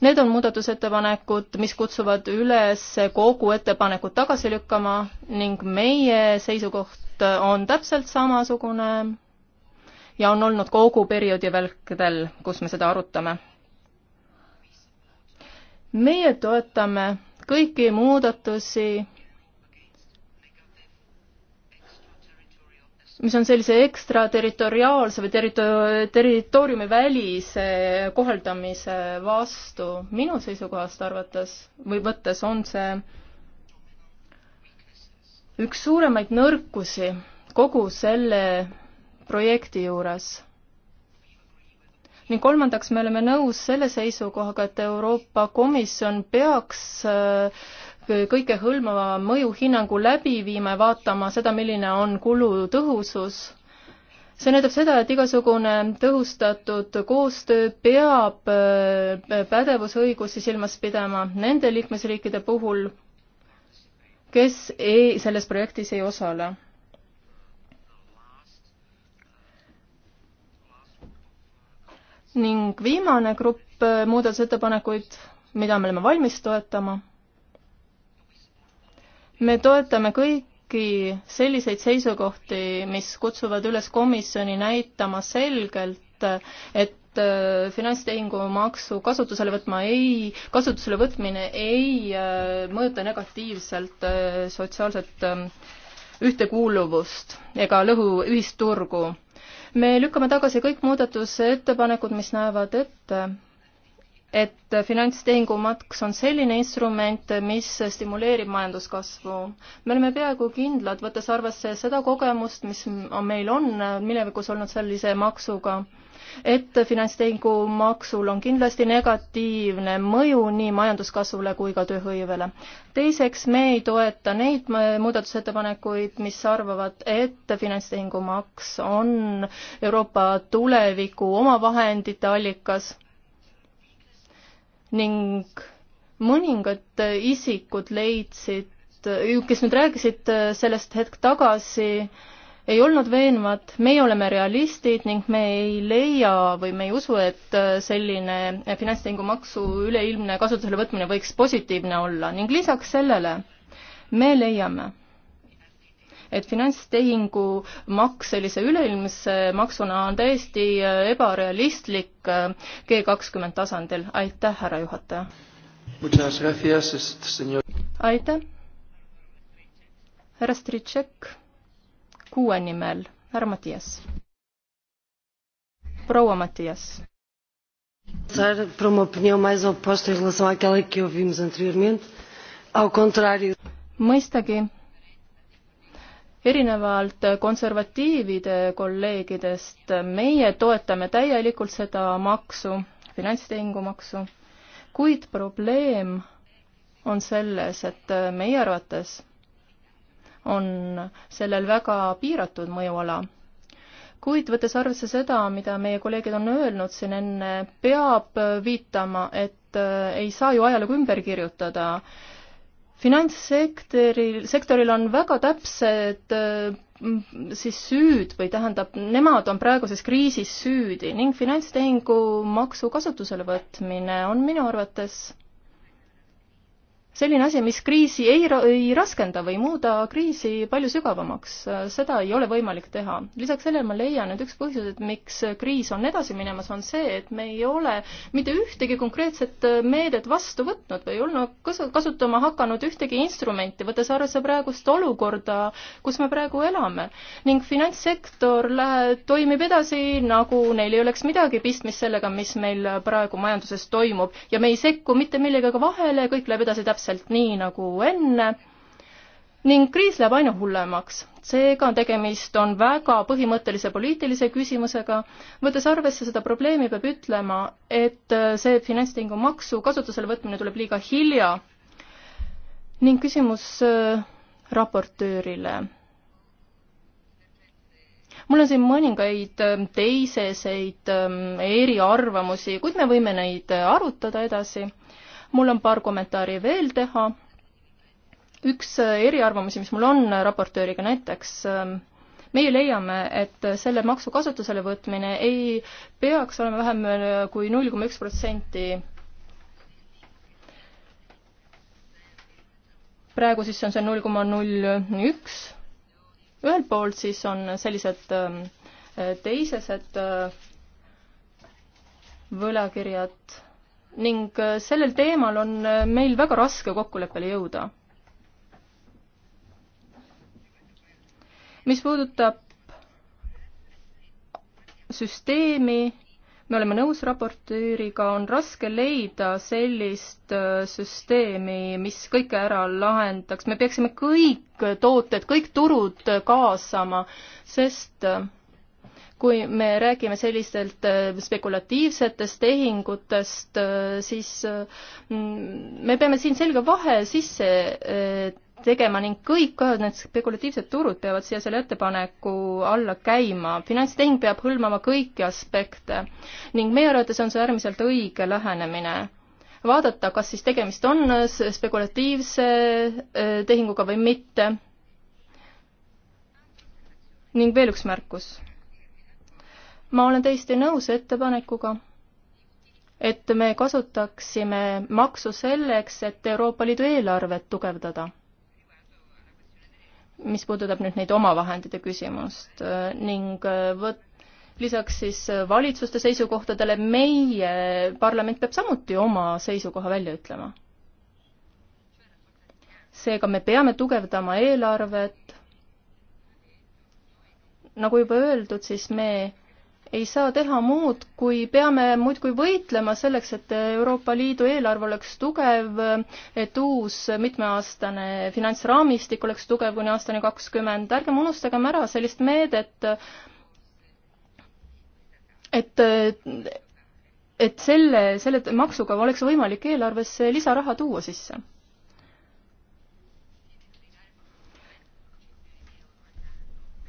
Need on muudatusettepanekud, mis kutsuvad üles kogu ettepanekut tagasi lükkama ning meie seisukoht on täpselt samasugune ja on olnud kogu perioodi välkedel, kus me seda arutame. meie toetame kõiki muudatusi, mis on sellise ekstraterritoriaalse või territo-, territooriumivälise kohaldamise vastu. minu seisukohast arvates või võttes on see üks suuremaid nõrkusi kogu selle projekti juures. ning kolmandaks, me oleme nõus selle seisukohaga, et Euroopa Komisjon peaks äh, kõikehõlmava mõjuhinnangu läbi viima ja vaatama seda, milline on kulutõhusus see näitab seda, et igasugune tõhustatud koostöö peab äh, pädevusõigusi silmas pidama nende liikmesriikide puhul, kes ei, selles projektis ei osale. ning viimane grupp äh, muudatusettepanekuid, mida me oleme valmis toetama. me toetame kõiki selliseid seisukohti, mis kutsuvad üles komisjoni näitama selgelt, et äh, finantstehingumaksu kasutusele võtma ei, kasutusele võtmine ei äh, mõjuta negatiivselt sotsiaalset ähm, ühtekuuluvust ega lõhu ühisturgu me lükkame tagasi kõik muudatusettepanekud, mis näevad ette, et finantstehingu maks on selline instrument, mis stimuleerib majanduskasvu. me oleme peaaegu kindlad, võttes arvesse seda kogemust, mis meil on minevikus olnud sellise maksuga et finantstehingumaksul on kindlasti negatiivne mõju nii majanduskasvule kui ka tööhõivele. teiseks, me ei toeta neid muudatusettepanekuid, mis arvavad, et finantstehingumaks on Euroopa tuleviku omavahendite allikas ning mõningad isikud leidsid, kes nüüd rääkisid sellest hetk tagasi, ei olnud veenvad, meie oleme realistid ning me ei leia või me ei usu, et äh, selline finantstehingumaksu üleilmne kasutusele võtmine võiks positiivne olla ning lisaks sellele me leiame, et finantstehingu maks sellise üleilmse maksuna on täiesti äh, ebarealistlik äh, G kakskümmend tasandil. aitäh, härra juhataja! aitäh! härra Stritšek kuue nimel, härra Mattias. proua Mattias. para uma opinião mais oposta em relação àquela que ouvimos anteriormente, ao contrário. mõistagi, erinevalt konservatiivide kolleegidest, meie toetame täielikult seda maksu, finantstehingumaksu, kuid probleem on selles, et meie arvates on sellel väga piiratud mõjuala. kuid võttes arvesse seda, mida meie kolleegid on öelnud siin enne, peab viitama, et äh, ei saa ju ajalugu ümber kirjutada. finantssektoril, sektoril on väga täpsed äh, siis süüd või tähendab, nemad on praeguses kriisis süüdi ning finantstehingu maksu kasutusele võtmine on minu arvates selline asi, mis kriisi ei, ei raskenda või muuda kriisi palju sügavamaks, seda ei ole võimalik teha. lisaks sellele ma leian, et üks põhjused, miks kriis on edasi minemas, on see, et me ei ole mitte ühtegi konkreetset meedet vastu võtnud või ei olnud noh, kasu-, kasutama hakanud ühtegi instrumenti, võttes arvesse praegust olukorda, kus me praegu elame. ning finantssektor lähe-, toimib edasi, nagu neil ei oleks midagi pistmist sellega, mis meil praegu majanduses toimub ja me ei sekku mitte millegagi vahele, kõik läheb edasi täpselt täpselt nii nagu enne ning kriis läheb aina hullemaks. seega on tegemist, on väga põhimõttelise poliitilise küsimusega. võttes arvesse seda probleemi, peab ütlema, et äh, see finantstehingu maksu kasutusele võtmine tuleb liiga hilja. ning küsimus äh, raportöörile. mul on siin mõningaid äh, teiseseid ähm, eriarvamusi, kuid me võime neid arutada edasi mul on paar kommentaari veel teha. üks äh, eriarvamusi, mis mul on äh, raportööriga näiteks, ähm, meie leiame, et äh, selle maksu kasutusele võtmine ei peaks olema vähem kui null koma üks protsenti praegu siis on see null koma null üks, ühelt poolt siis on sellised ähm, teisesed võlakirjad ning äh, sellel teemal on äh, meil väga raske kokkuleppele jõuda. mis puudutab süsteemi, me oleme nõus raportööriga, on raske leida sellist äh, süsteemi, mis kõike ära lahendaks, me peaksime kõik tooted, kõik turud kaasama, sest kui me räägime sellistelt äh, spekulatiivsetest tehingutest, äh, siis äh, mm, me peame siin selge vahe sisse tegema ning kõik ka need spekulatiivsed turud peavad siia selle ettepaneku alla käima. finantstehing peab hõlmama kõiki aspekte ning meie arvates on see äärmiselt õige lähenemine vaadata, kas siis tegemist on spekulatiivse tehinguga või mitte. ning veel üks märkus ma olen täiesti nõus ettepanekuga, et me kasutaksime maksu selleks, et Euroopa Liidu eelarvet tugevdada. mis puudutab nüüd neid omavahendite küsimust äh, ning äh, võt-, lisaks siis valitsuste seisukohtadele meie parlament peab samuti oma seisukoha välja ütlema. seega me peame tugevdama eelarvet, nagu juba öeldud, siis me ei saa teha muud, kui peame muudkui võitlema selleks, et Euroopa Liidu eelarve oleks tugev, et uus mitmeaastane finantsraamistik oleks tugev kuni aastani kakskümmend, ärgem unustagem ära sellist meedet, et et selle, selle maksuga oleks võimalik eelarvesse lisaraha tuua sisse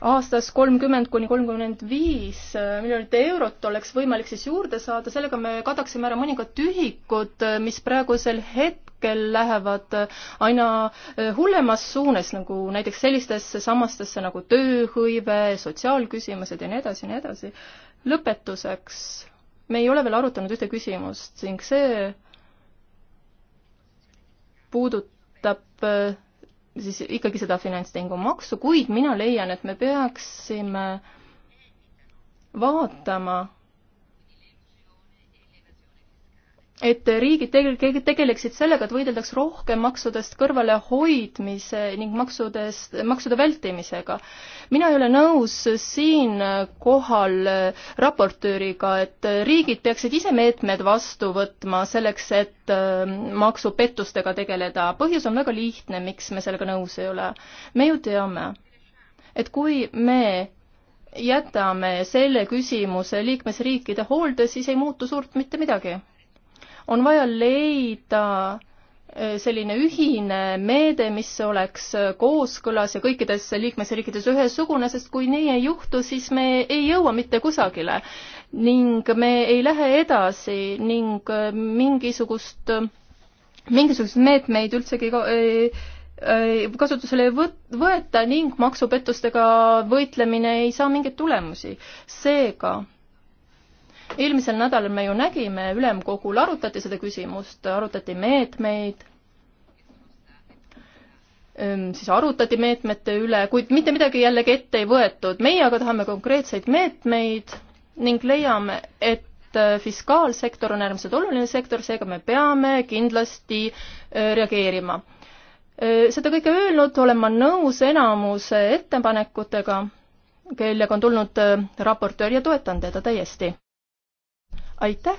aastas kolmkümmend kuni kolmkümmend viis miljonit eurot oleks võimalik siis juurde saada, sellega me kadaksime ära mõningad tühikud, mis praegusel hetkel lähevad aina eh, hullemas suunas, nagu näiteks sellistesse sammastesse nagu tööhõive, sotsiaalküsimused ja nii edasi ja nii edasi. lõpetuseks, me ei ole veel arutanud ühte küsimust ning see puudutab eh, siis ikkagi seda finantstehingu maksu, kuid mina leian, et me peaksime vaatama et riigid tegelikult tegeleksid sellega, et võideldaks rohkem maksudest kõrvalehoidmise ning maksudest, maksude vältimisega. mina ei ole nõus siinkohal raportööriga, et riigid peaksid ise meetmed vastu võtma selleks, et ähm, maksupettustega tegeleda. põhjus on väga lihtne, miks me sellega nõus ei ole. me ju teame, et kui me jätame selle küsimuse liikmesriikide hoolde, siis ei muutu suurt mitte midagi on vaja leida eh, selline ühine meede, mis oleks eh, kooskõlas ja kõikides liikmesriikides ühesugune, sest kui nii ei juhtu, siis me ei jõua mitte kusagile ning me ei lähe edasi ning eh, mingisugust, mingisuguseid meetmeid üldsegi kasutusele ei võt-, võeta ning maksupettustega võitlemine ei saa mingeid tulemusi. seega eelmisel nädalal me ju nägime, ülemkogul arutati seda küsimust, arutati meetmeid, ehm, siis arutati meetmete üle, kuid mitte midagi jällegi ette ei võetud. meie aga tahame konkreetseid meetmeid ning leiame, et äh, fiskaalsektor on äärmiselt oluline sektor, seega me peame kindlasti äh, reageerima. Äh, seda kõike öelnud olen ma nõus enamuse ettepanekutega, kellega on tulnud raportöör ja toetan teda täiesti aitäh,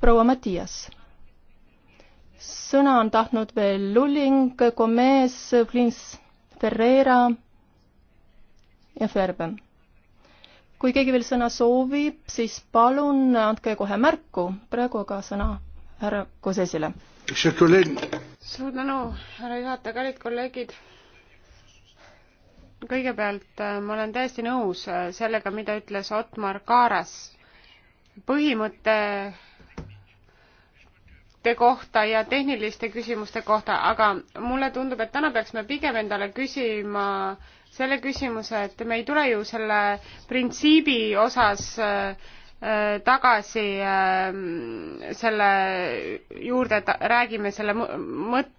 proua Mattias. sõna on tahtnud veel Lulling, Gomez, Flins, Ferreira ja Ferbe. kui keegi veel sõna soovib, siis palun andke kohe märku, praegu aga sõna härra Kosesile. suur tänu, härra juhataja, kallid kolleegid kõigepealt äh, ma olen täiesti nõus äh, sellega, mida ütles Otmar Kaaras põhimõtete kohta ja tehniliste küsimuste kohta, aga mulle tundub, et täna peaksime pigem endale küsima selle küsimuse, et me ei tule ju selle printsiibi osas äh, tagasi äh, selle juurde, et räägime selle mõt-,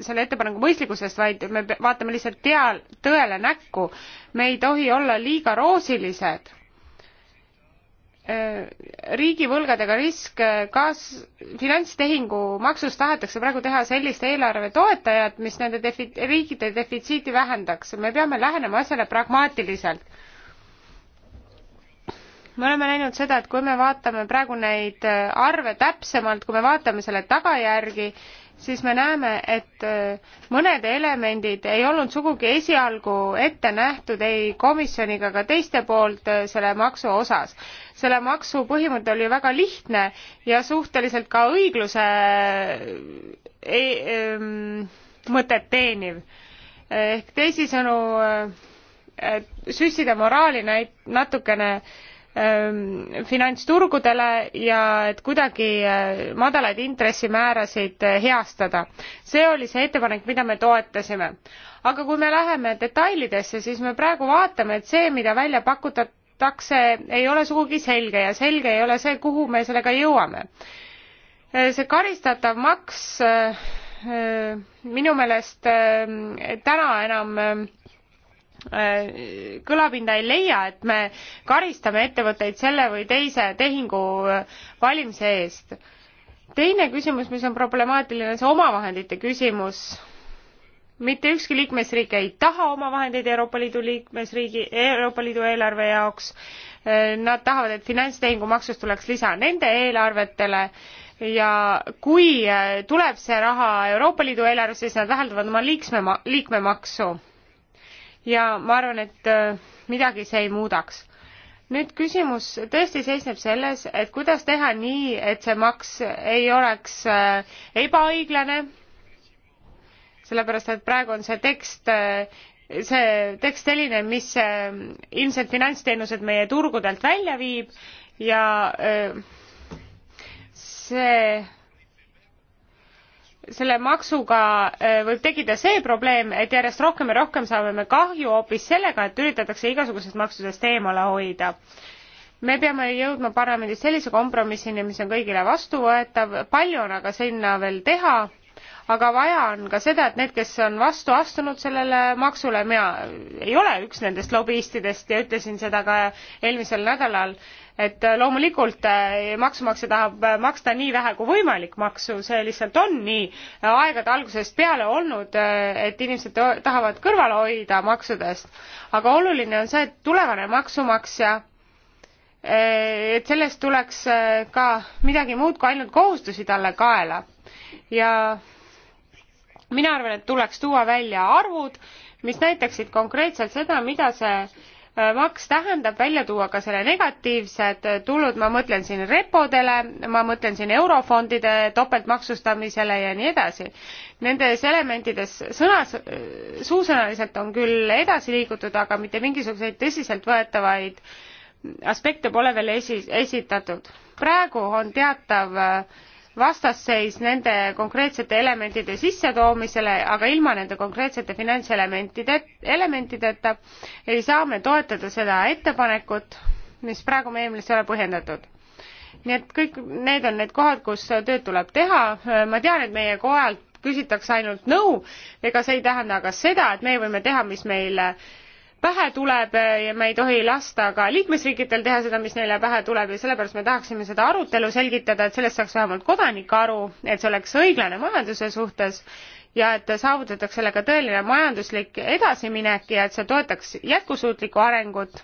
selle ettepaneku mõistlikkusest, vaid me vaatame lihtsalt tea-, tõele näkku. me ei tohi olla liiga roosilised riigivõlgadega risk, kas finantstehingu maksust tahetakse praegu teha sellist eelarve toetajat, mis nende defi-, riikide defitsiiti vähendaks, me peame lähenema asjale pragmaatiliselt. me oleme näinud seda, et kui me vaatame praegu neid arve täpsemalt, kui me vaatame selle tagajärgi, siis me näeme, et äh, mõned elemendid ei olnud sugugi esialgu ette nähtud ei komisjoniga ega teiste poolt äh, selle maksu osas. selle maksu põhimõte oli väga lihtne ja suhteliselt ka õigluse äh, ei, ähm, mõtet teeniv. ehk teisisõnu äh, süssida moraali näit-, natukene äh, Ähm, finantsturgudele ja et kuidagi äh, madalaid intressimäärasid äh, heastada. see oli see ettepanek, mida me toetasime. aga kui me läheme detailidesse, siis me praegu vaatame, et see, mida välja pakutakse, ei ole sugugi selge ja selge ei ole see, kuhu me sellega jõuame. Äh, see karistatav maks minu meelest täna enam Äh, kõlapinda ei leia, et me karistame ettevõtteid selle või teise tehingu äh, valimise eest. teine küsimus, mis on problemaatiline, see omavahendite küsimus. mitte ükski liikmesriik ei taha omavahendeid Euroopa Liidu liikmesriigi, Euroopa Liidu eelarve jaoks. Äh, nad tahavad, et finantstehingu maksust tuleks lisa nende eelarvetele ja kui tuleb see raha Euroopa Liidu eelarvesse, siis nad vähendavad oma liiksme, liikmemaksu ja ma arvan, et äh, midagi see ei muudaks. nüüd küsimus tõesti seisneb selles, et kuidas teha nii, et see maks ei oleks äh, ebaõiglane, sellepärast et praegu on see tekst äh, see tekst selline, mis ilmselt finantsteenused meie turgudelt välja viib ja see selle maksuga äh, võib tekkida see probleem, et järjest rohkem ja rohkem saame me kahju hoopis sellega, et üritatakse igasugusest maksudest eemale hoida. me peame jõudma parlamendis sellise kompromissini, mis on kõigile vastuvõetav, palju on aga sinna veel teha, aga vaja on ka seda, et need, kes on vastu astunud sellele maksule, mina ei ole üks nendest lobistidest ja ütlesin seda ka eelmisel nädalal, et loomulikult eh, maksumaksja tahab eh, maksta nii vähe kui võimalik maksu, see lihtsalt on nii aegade algusest peale olnud, eh, et inimesed tahavad kõrvale hoida maksudest. aga oluline on see, et tulevane maksumaksja et sellest tuleks ka midagi muud kui ainult kohustusi talle kaela ja mina arvan, et tuleks tuua välja arvud, mis näitaksid konkreetselt seda, mida see maks äh, tähendab välja tuua ka selle negatiivsed tulud, ma mõtlen siin repodele, ma mõtlen siin eurofondide topeltmaksustamisele ja nii edasi. Nendes elementides sõnas, äh, suusõnaliselt on küll edasi liigutud, aga mitte mingisuguseid tõsiseltvõetavaid aspekte pole veel esi, esitatud. praegu on teatav äh, vastasseis nende konkreetsete elementide sissetoomisele, aga ilma nende konkreetsete finantselementide, elementideta ei saa me toetada seda ettepanekut, mis praegu meie meelest ei ole põhjendatud nii et kõik need on need kohad, kus tööd tuleb teha, ma tean, et meie kohalt küsitakse ainult nõu no,, ega see ei tähenda aga seda, et meie võime teha, mis meile äh, pähe tuleb ja me ei tohi lasta ka liikmesriikidel teha seda, mis neile pähe tuleb ja sellepärast me tahaksime seda arutelu selgitada, et sellest saaks vähemalt kodanik aru, et see oleks õiglane majanduse suhtes ja et saavutatakse sellega tõeline majanduslik edasiminek ja et see toetaks jätkusuutlikku arengut.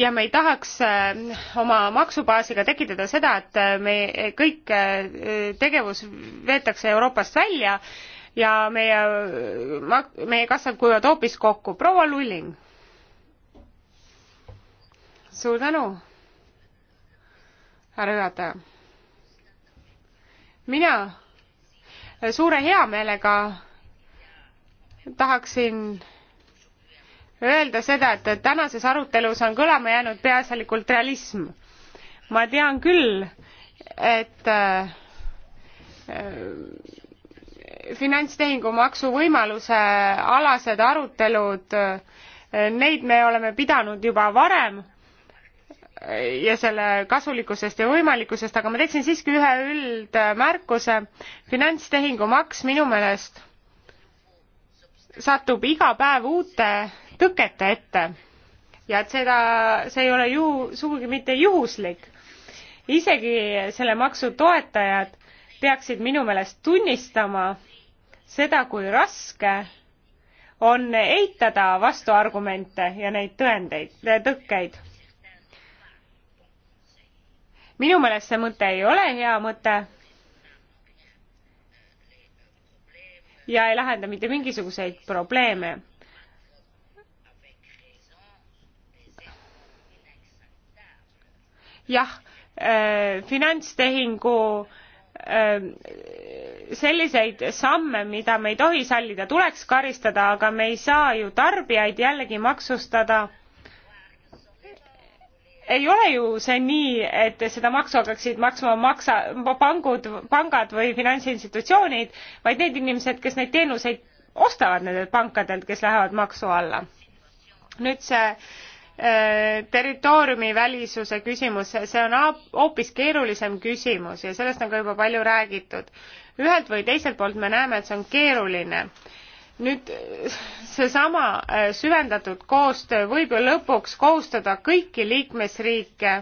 ja me ei tahaks eh, oma maksubaasiga tekitada seda, et me kõik eh, tegevus veetakse Euroopast välja ja meie, meie kassad kuivad hoopis kokku. proua Lulling. suur tänu, härra juhataja. mina suure heameelega tahaksin öelda seda, et tänases arutelus on kõlama jäänud peaasjalikult realism. ma tean küll, et äh, finantstehingumaksu võimaluse alased arutelud, neid me oleme pidanud juba varem ja selle kasulikkusest ja võimalikkusest, aga ma teeksin siiski ühe üldmärkuse. finantstehingumaks minu meelest satub iga päev uute tõkete ette ja et seda, see ei ole ju sugugi mitte juhuslik. isegi selle maksu toetajad peaksid minu meelest tunnistama, seda, kui raske on eitada vastuargumente ja neid tõendeid, tõkkeid. minu meelest see mõte ei ole hea mõte ja ei lahenda mitte mingisuguseid probleeme. jah äh,, finantstehingu äh, Ähm, selliseid samme, mida me ei tohi sallida, tuleks karistada, aga me ei saa ju tarbijaid jällegi maksustada. ei ole ju see nii, et seda maksu hakkaksid maksma maksa, pangud, pangad või finantsinstitutsioonid, vaid need inimesed, kes neid teenuseid ostavad nendelt pankadelt, kes lähevad maksu alla. nüüd see Äh, territooriumivälisuse küsimus, see on hoopis keerulisem küsimus ja sellest on ka juba palju räägitud. ühelt või teiselt poolt me näeme, et see on keeruline. nüüd seesama äh, süvendatud koostöö võib ju lõpuks kohustada kõiki liikmesriike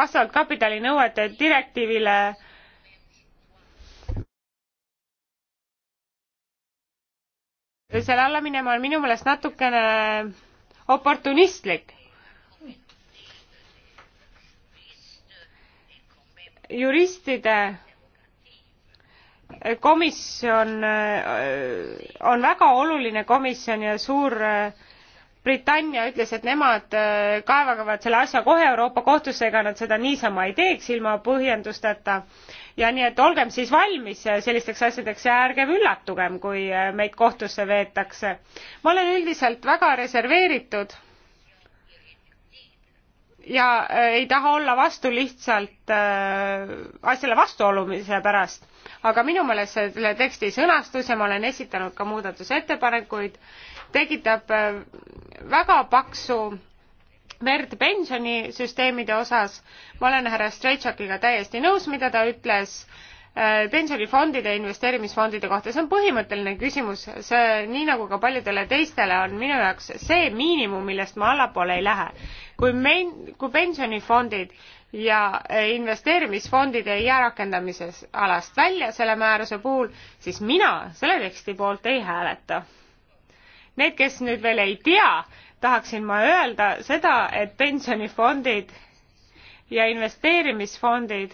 vastavalt kapitalinõuete direktiivile selle alla minema on minu meelest natukene oportunistlik. juristide komisjon äh, on väga oluline komisjon ja suur äh, Britannia ütles, et nemad äh, kaevavad selle asja kohe Euroopa kohtusse, ega nad seda niisama ei teeks ilma põhjendusteta ja nii et olgem siis valmis äh, sellisteks asjadeks ja ärgem üllatugem, kui äh, meid kohtusse veetakse. ma olen üldiselt väga reserveeritud ja äh, ei taha olla vastu lihtsalt äh, asjale vastuolumise pärast, aga minu meelest selle teksti sõnastus ja ma olen esitanud ka muudatusettepanekuid, tekitab äh, väga paksu äh, verd pensionisüsteemide osas. ma olen härra Strejtšakiga täiesti nõus, mida ta ütles äh, pensionifondide ja investeerimisfondide kohta, see on põhimõtteline küsimus, see nii nagu ka paljudele teistele on minu jaoks see miinimum, millest ma allapoole ei lähe. kui mein-, kui pensionifondid ja äh, investeerimisfondid ei jää rakendamises alast välja selle määruse puhul, siis mina selle teksti poolt ei hääleta. Need, kes nüüd veel ei tea, tahaksin ma öelda seda, et pensionifondid ja investeerimisfondid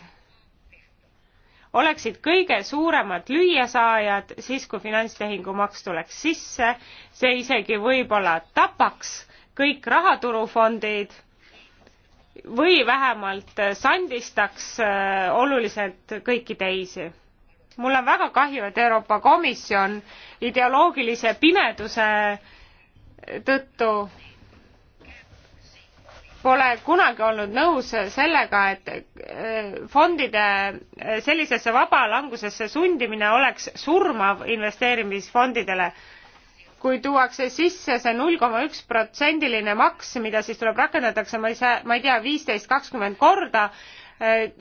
oleksid kõige suuremad lüüasaajad siis, kui finantstehingumaks tuleks sisse, see isegi võib-olla tapaks kõik rahaturufondid või vähemalt sandistaks äh, oluliselt kõiki teisi. mul on väga kahju, et Euroopa Komisjon ideoloogilise pimeduse tõttu pole kunagi olnud nõus sellega, et äh, fondide äh, sellisesse vabalangusesse sundimine oleks surmav investeerimisfondidele. kui tuuakse sisse see null koma üks protsendiline maks, mida siis tuleb rakendatakse, ma ei saa, ma ei tea, viisteist, kakskümmend korda, Äh,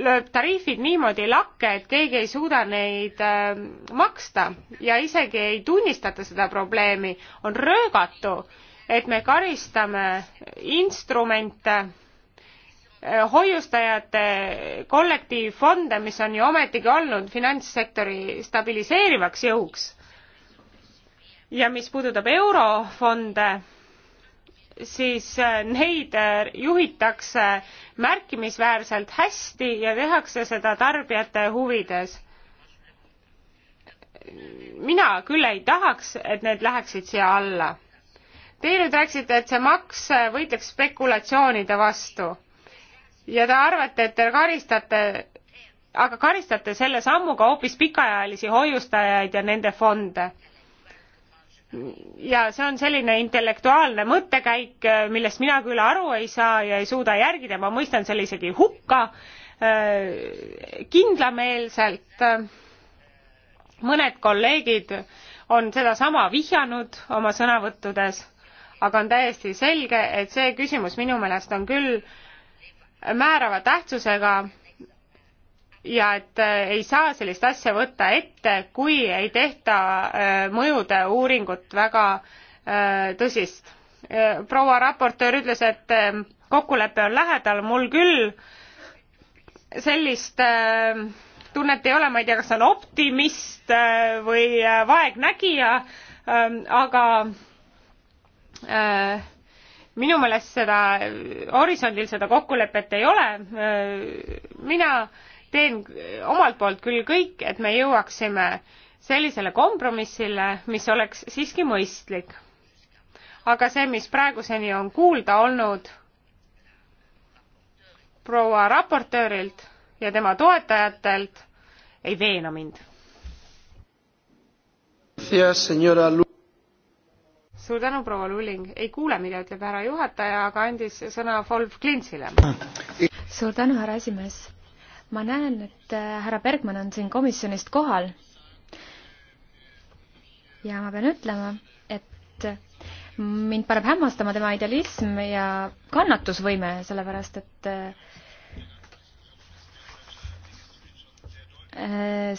lööb tariifid niimoodi lakke, et keegi ei suuda neid äh, maksta ja isegi ei tunnistata seda probleemi, on röögatu, et me karistame instrumente, äh, hoiustajate kollektiivfonde, mis on ju ometigi olnud finantssektori stabiliseerivaks jõuks ja mis puudutab eurofonde siis äh, neid äh, juhitakse märkimisväärselt hästi ja tehakse seda tarbijate huvides. mina küll ei tahaks, et need läheksid siia alla. Teie nüüd rääkisite, et see maks võitleks spekulatsioonide vastu ja te arvate, et te karistate, aga karistate selle sammuga hoopis pikaajalisi hoiustajaid ja nende fonde ja see on selline intellektuaalne mõttekäik, äh, millest mina küll aru ei saa ja ei suuda järgida, ma mõistan selle isegi hukka äh, kindlameelselt. mõned kolleegid on sedasama vihjanud oma sõnavõttudes, aga on täiesti selge, et see küsimus minu meelest on küll määrava tähtsusega ja et äh, ei saa sellist asja võtta ette, kui ei tehta äh, mõjude uuringut väga äh, tõsist. proua raportöör ütles, et kokkulepe on lähedal, mul küll sellist tunnet ei ole, ma ei tea, kas on optimist või vaegnägija, ähm, aga minu meelest seda, horisondil seda kokkulepet ei ole. mina äh, teen omalt poolt küll kõik, et me jõuaksime sellisele kompromissile, mis oleks siiski mõistlik. aga see, mis praeguseni on kuulda olnud proua raportöörilt ja tema toetajatelt, ei veena mind. suur tänu, proua Luling. ei kuule, mida ütleb härra juhataja, aga andis sõna Wolf Klintsile. suur tänu, härra esimees ma näen, et äh, härra Bergmann on siin komisjonist kohal. ja ma pean ütlema, et äh, mind paneb hämmastama tema idealism ja kannatusvõime, sellepärast et äh,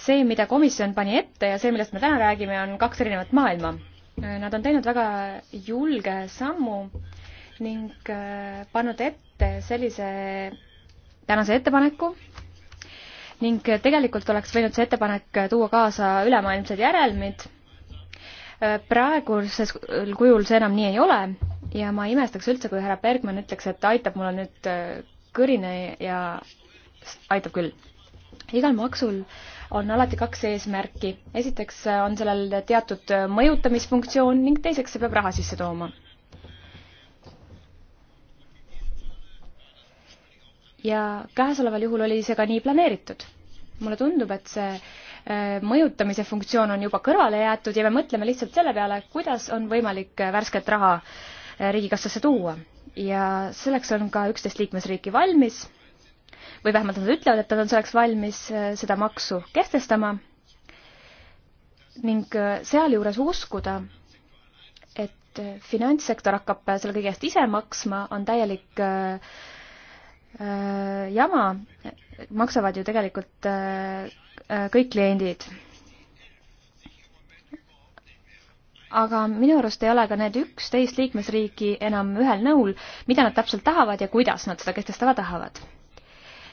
see, mida komisjon pani ette ja see, millest me täna räägime, on kaks erinevat maailma. Nad on teinud väga julge sammu ning pannud ette sellise tänase ettepaneku, ning tegelikult oleks võinud see ettepanek tuua kaasa ülemaailmsed järelmid. praeguses kujul see enam nii ei ole ja ma imestaks üldse, kui härra Bergman ütleks, et aitab, mul on nüüd kõrine ja aitab küll. igal maksul on alati kaks eesmärki. esiteks on sellel teatud mõjutamisfunktsioon ning teiseks see peab raha sisse tooma ja käesoleval juhul oli see ka nii planeeritud. mulle tundub, et see äh, mõjutamise funktsioon on juba kõrvale jäetud ja me mõtleme lihtsalt selle peale, kuidas on võimalik äh, värsket raha äh, riigikassasse tuua. ja selleks on ka üksteist liikmesriiki valmis või vähemalt nad ütlevad, et nad on selleks valmis seda maksu kehtestama ning sealjuures uskuda, et finantssektor hakkab selle kõige eest ise maksma, on täielik äh, Äh, jama maksavad ju tegelikult äh, äh, kõik kliendid. aga minu arust ei ole ka need üksteist liikmesriiki enam ühel nõul, mida nad täpselt tahavad ja kuidas nad seda kehtestada tahavad.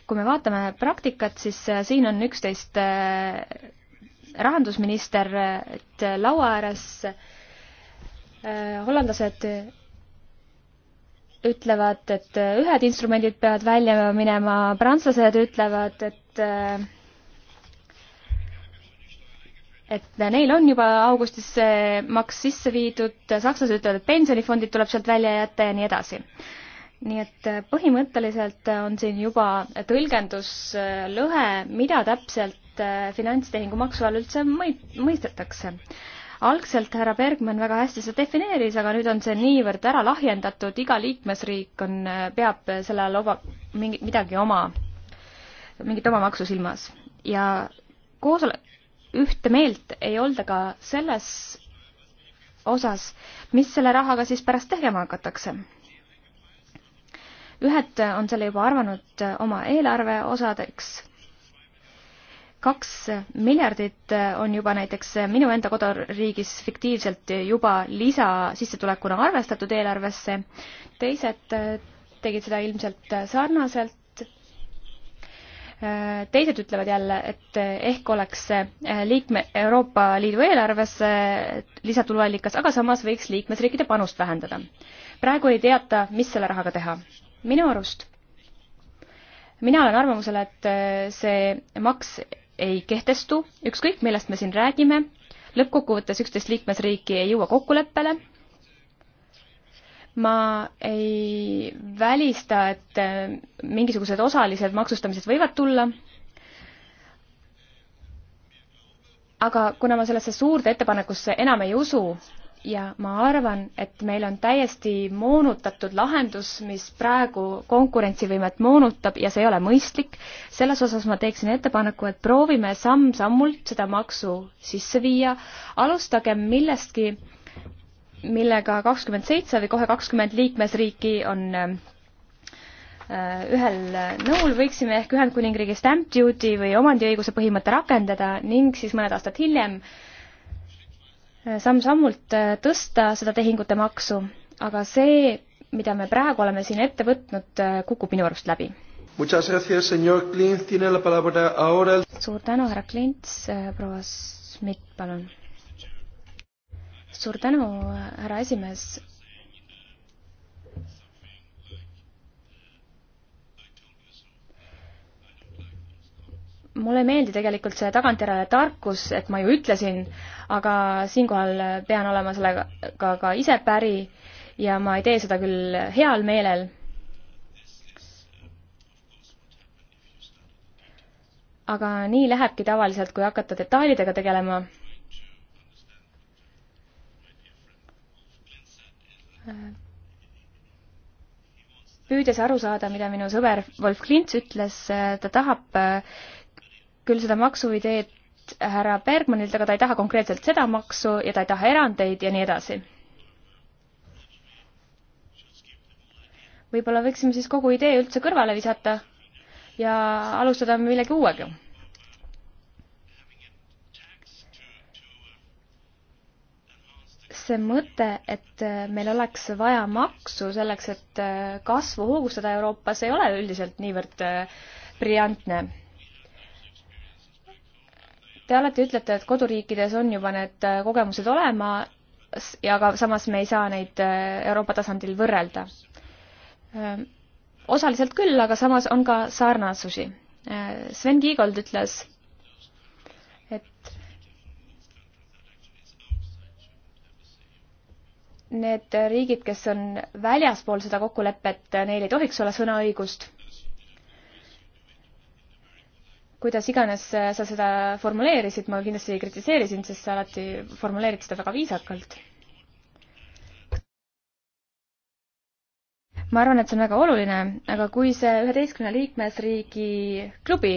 kui me vaatame praktikat, siis siin on üksteist rahandusminister laua ääres, hollandlased ütlevad, et äh, ühed instrumendid peavad välja minema, prantslased ütlevad, et äh, et neil on juba augustis see maks sisse viidud, sakslased ütlevad, et pensionifondid tuleb sealt välja jätta ja nii edasi. nii et äh, põhimõtteliselt on siin juba tõlgenduslõhe, mida täpselt finantstehingu maksu all üldse mõistetakse algselt härra Bergman väga hästi seda defineeris, aga nüüd on see niivõrd ära lahjendatud, iga liikmesriik on, äh, peab selle all oma, mingi, midagi oma, mingit oma maksu silmas. ja koosole-, ühte meelt ei olda ka selles osas, mis selle rahaga siis pärast tegema hakatakse. ühed on selle juba arvanud äh, oma eelarve osadeks kaks miljardit on juba näiteks minu enda koduriigis fiktiivselt juba lisasissetulekuna arvestatud eelarvesse. teised tegid seda ilmselt sarnaselt. teised ütlevad jälle, et ehk oleks liikme, Euroopa Liidu eelarves lisatuluallikas, aga samas võiks liikmesriikide panust vähendada. praegu ei teata, mis selle rahaga teha. minu arust mina olen arvamusel, et see maks ei kehtestu, ükskõik millest me siin räägime, lõppkokkuvõttes üksteist liikmesriiki ei jõua kokkuleppele. ma ei välista, et äh, mingisugused osalised maksustamised võivad tulla. aga kuna ma sellesse suurde ettepanekusse enam ei usu, ja ma arvan, et meil on täiesti moonutatud lahendus, mis praegu konkurentsivõimet moonutab ja see ei ole mõistlik. selles osas ma teeksin ettepaneku, et proovime samm-sammult seda maksu sisse viia, alustagem millestki, millega kakskümmend seitse või kohe kakskümmend liikmesriiki on äh, ühel nõul võiksime ehk Ühendkuningriigi stamp duty või omandiõiguse põhimõte rakendada ning siis mõned aastad hiljem äh, samm-sammult äh, tõsta seda tehingute maksu, aga see, mida me praegu oleme siin ette võtnud, äh, kukub minu arust läbi. suur tänu, härra Klints, äh, proua Schmidt, palun. suur tänu, härra esimees mulle ei meeldi tegelikult see tagantjärele tarkus, et ma ju ütlesin, aga siinkohal pean olema sellega ka, ka ise päri ja ma ei tee seda küll heal meelel. aga nii lähebki tavaliselt, kui hakata detailidega tegelema. püüdes aru saada, mida minu sõber Wolf Klints ütles, ta tahab küll seda maksuideed härra Bergmanilt, aga ta ei taha konkreetselt seda maksu ja ta ei taha erandeid ja nii edasi. võib-olla võiksime siis kogu idee üldse kõrvale visata ja alustada millegi uuega see mõte, et meil oleks vaja maksu selleks, et kasvu hoogustada Euroopas, ei ole üldiselt niivõrd äh, briljantne. Te alati ütlete, et koduriikides on juba need äh, kogemused olemas ja aga samas me ei saa neid äh, Euroopa tasandil võrrelda. Äh, osaliselt küll, aga samas on ka sarnasusi. Sven Kiigold ütles, et need riigid, kes on väljaspool seda kokkulepet, neil ei tohiks olla sõnaõigust kuidas iganes sa seda formuleerisid, ma kindlasti ei kritiseeri sind, sest sa alati formuleerid seda väga viisakalt. ma arvan, et see on väga oluline, aga kui see üheteistkümne liikmesriigi klubi,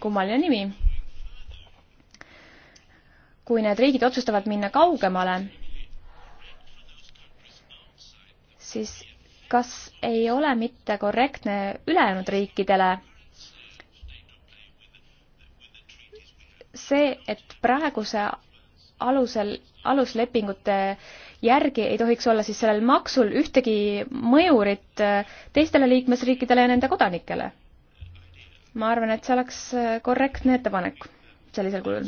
kummaline nimi, kui need riigid otsustavad minna kaugemale, siis kas ei ole mitte korrektne ülejäänud riikidele see, et praeguse alusel, aluslepingute järgi ei tohiks olla siis sellel maksul ühtegi mõjurit äh, teistele liikmesriikidele ja nende kodanikele. ma arvan, et see oleks äh, korrektne ettepanek sellisel kujul.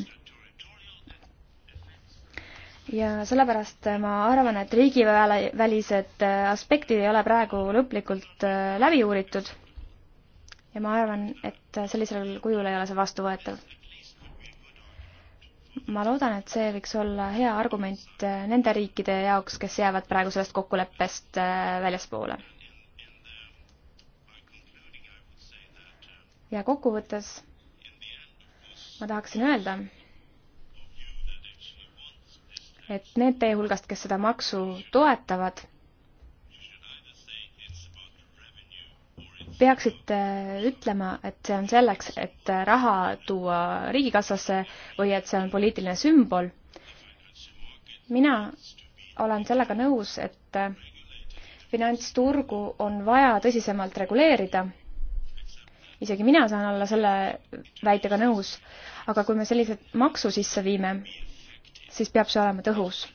ja sellepärast äh, ma arvan, et riigivälised aspektid ei ole praegu lõplikult läbi uuritud ja ma arvan, et sellisel kujul ei ole see vastuvõetav ma loodan, et see võiks olla hea argument eh, nende riikide jaoks, kes jäävad praegu sellest kokkuleppest eh, väljaspoole. ja kokkuvõttes ma tahaksin öelda, et need teie hulgast, kes seda maksu toetavad peaksite ütlema, et see on selleks, et raha tuua riigikassasse või et see on poliitiline sümbol. mina olen sellega nõus, et finantsturgu on vaja tõsisemalt reguleerida. isegi mina saan olla selle väitega nõus, aga kui me sellise maksu sisse viime, siis peab see olema tõhus.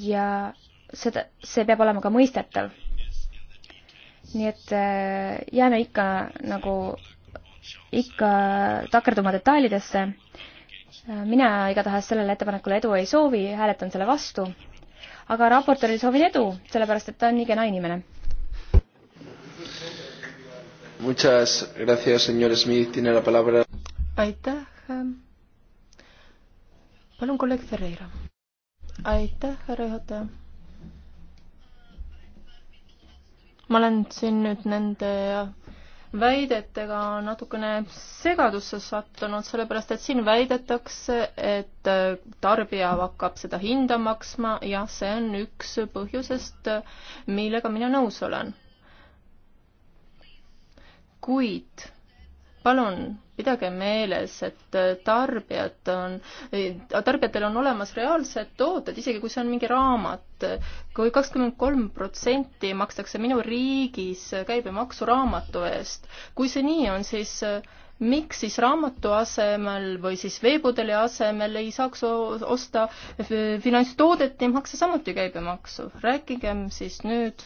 ja seda, see peab olema ka mõistetav. nii et äh, jääme ikka nagu, ikka takerduma detailidesse. Äh, mina igatahes sellele ettepanekule edu ei soovi, hääletan selle vastu. aga raportööril soovin edu, sellepärast et ta on nii kena inimene. Muchas gracias, señor Smith. Tiene la palabra. Aitäh. Palun kolleeg Ferreira. aitäh, härra juhataja ma olen siin nüüd nende väidetega natukene segadusse sattunud, sellepärast et siin väidetakse, et tarbija hakkab seda hinda maksma ja see on üks põhjusest, millega mina nõus olen. kuid palun pidage meeles, et äh, tarbijad on, äh, tarbijatel on olemas reaalsed tooted, isegi kui see on mingi raamat kui. kui kakskümmend kolm protsenti makstakse minu riigis käibemaksu raamatu eest, kui see nii on, siis äh, miks siis raamatu asemel või siis veepudeli asemel ei saaks osta finantstoodet ja maksta samuti käibemaksu? rääkigem siis nüüd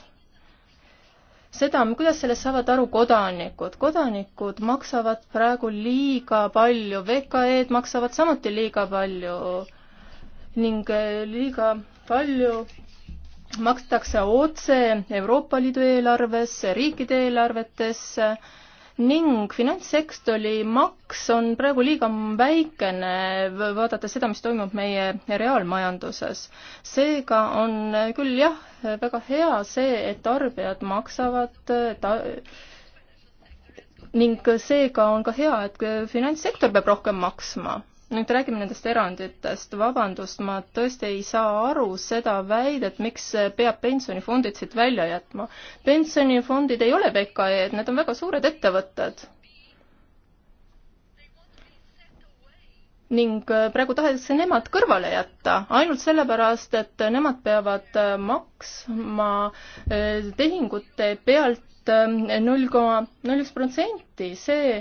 seda, kuidas sellest saavad aru kodanikud. kodanikud maksavad praegu liiga palju, VKE-d maksavad samuti liiga palju ning eh, liiga palju makstakse otse Euroopa Liidu eelarvesse, riikide eelarvetesse ning finantssektori maks on praegu liiga väikene, vaadates seda, mis toimub meie reaalmajanduses. seega on küll jah, väga hea see, et tarbijad maksavad ta ning seega on ka hea, et finantssektor peab rohkem maksma nüüd räägime nendest eranditest. vabandust, ma tõesti ei saa aru seda väidet, miks peab pensionifondid siit välja jätma. pensionifondid ei ole VKE-d, need on väga suured ettevõtted. ning äh, praegu tahetakse nemad kõrvale jätta ainult sellepärast, et nemad peavad äh, maksma äh, tehingute pealt null koma null üks protsenti, see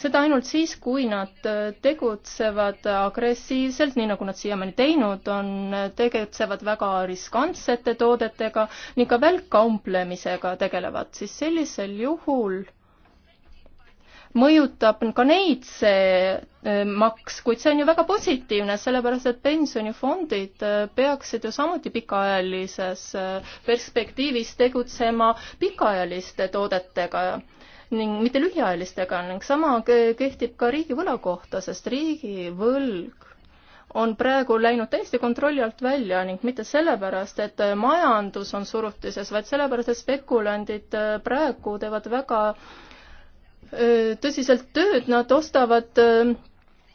seda ainult siis, kui nad äh, tegutsevad äh, agressiivselt, nii nagu nad siiamaani teinud on, äh, tegutsevad väga riskantsete toodetega ning ka välkkauplemisega tegelevad, siis sellisel juhul mõjutab ka neid see maks, kuid see on ju väga positiivne, sellepärast et pensionifondid peaksid ju samuti pikaajalises perspektiivis tegutsema pikaajaliste toodetega ning mitte lühiajalistega ning sama kehtib ka riigivõla kohta, sest riigivõlg on praegu läinud täiesti kontrolli alt välja ning mitte sellepärast, et majandus on surutises, vaid sellepärast, et spekulandid äh, praegu teevad väga äh, tõsiselt tööd, nad ostavad äh,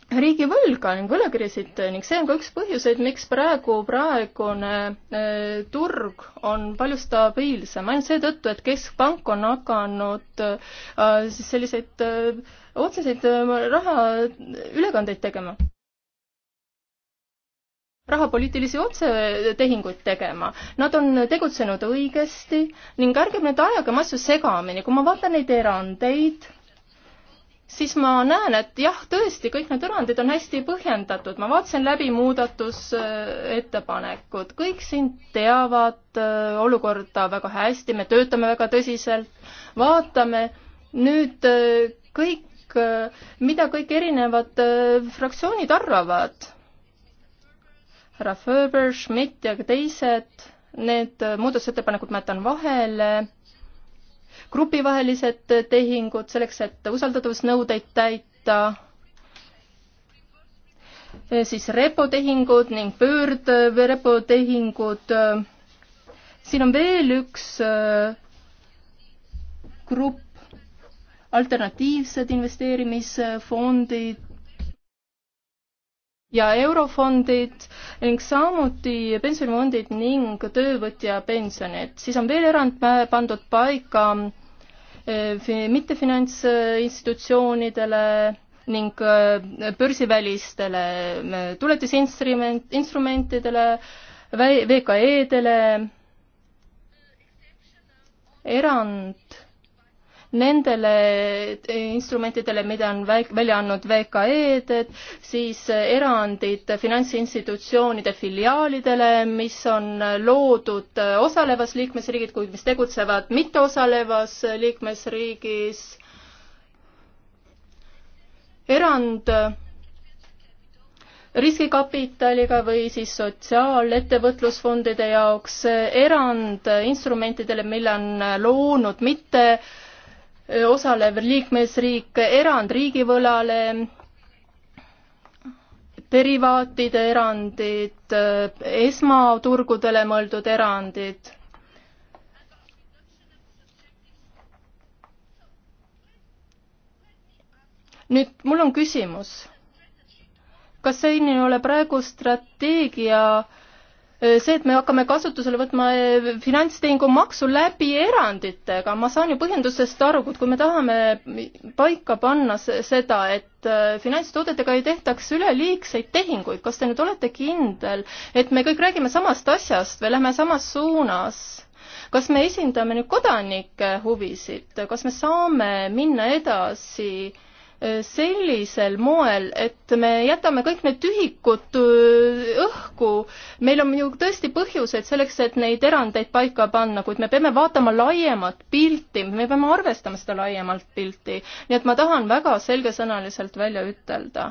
riigivõlga ning võlakirjasid ning see on ka üks põhjuseid, miks praegu praegune äh, turg on palju stabiilsem, ainult seetõttu, et Keskpank on hakanud äh, siis selliseid äh, otseseid äh, rahaülekandeid tegema rahapoliitilisi otsetehinguid tegema. Nad on tegutsenud õigesti ning ärgem nüüd ajagem asju segamini, kui ma vaatan neid erandeid, siis ma näen, et jah, tõesti, kõik need erandid on hästi põhjendatud, ma vaatasin läbi muudatusettepanekud, kõik siin teavad äh, olukorda väga hästi, me töötame väga tõsiselt, vaatame nüüd äh, kõik, äh, mida kõik erinevad fraktsioonid arvavad. härra Föber, Schmidt ja ka teised, need muudatusettepanekud ma jätan vahele grupivahelised tehingud selleks, et usaldatavusnõudeid täita, siis repotehingud ning pöördrepotehingud. siin on veel üks äh, grupp, alternatiivsed investeerimisfondid, ja eurofondid ning samuti pensionifondid ning töövõtja pensionid. siis on veel erand pandud paika eh, mittefinantsinstitutsioonidele ning eh, börsivälistele eh, tuletisinstrument, instrumentidele, VKE-dele, erand nendele instrumentidele, mida on välja andnud VKE-d, siis erandid finantsinstitutsioonide filiaalidele, mis on loodud osalevas liikmesriigid, kuid mis tegutsevad mitteosalevas liikmesriigis. erand riskikapitaliga või siis sotsiaalettevõtlusfondide jaoks erand instrumentidele, mille on loonud mitte äh, osalev liikmesriik erand riigivõlale, derivaatide erandid, esmaturgudele mõeldud erandid. nüüd mul on küsimus, kas selline ei ole praegu strateegia see, et me hakkame kasutusele võtma eh, finantstehingu maksu läbi eranditega, ma saan ju põhjendusest aru, kuid kui me tahame paika panna seda, et eh, finantstoodetega ei tehtaks üleliigseid tehinguid, kas te nüüd olete kindel, et me kõik räägime samast asjast või lähme samas suunas? kas me esindame nüüd kodanike huvisid, kas me saame minna edasi äh, Äh, sellisel moel, et me jätame kõik need tühikud äh, õhku. meil on ju tõesti põhjused selleks, et neid erandeid paika panna, kuid me peame vaatama laiemat pilti, me peame arvestama seda laiemalt pilti. nii et ma tahan väga selgesõnaliselt välja ütelda,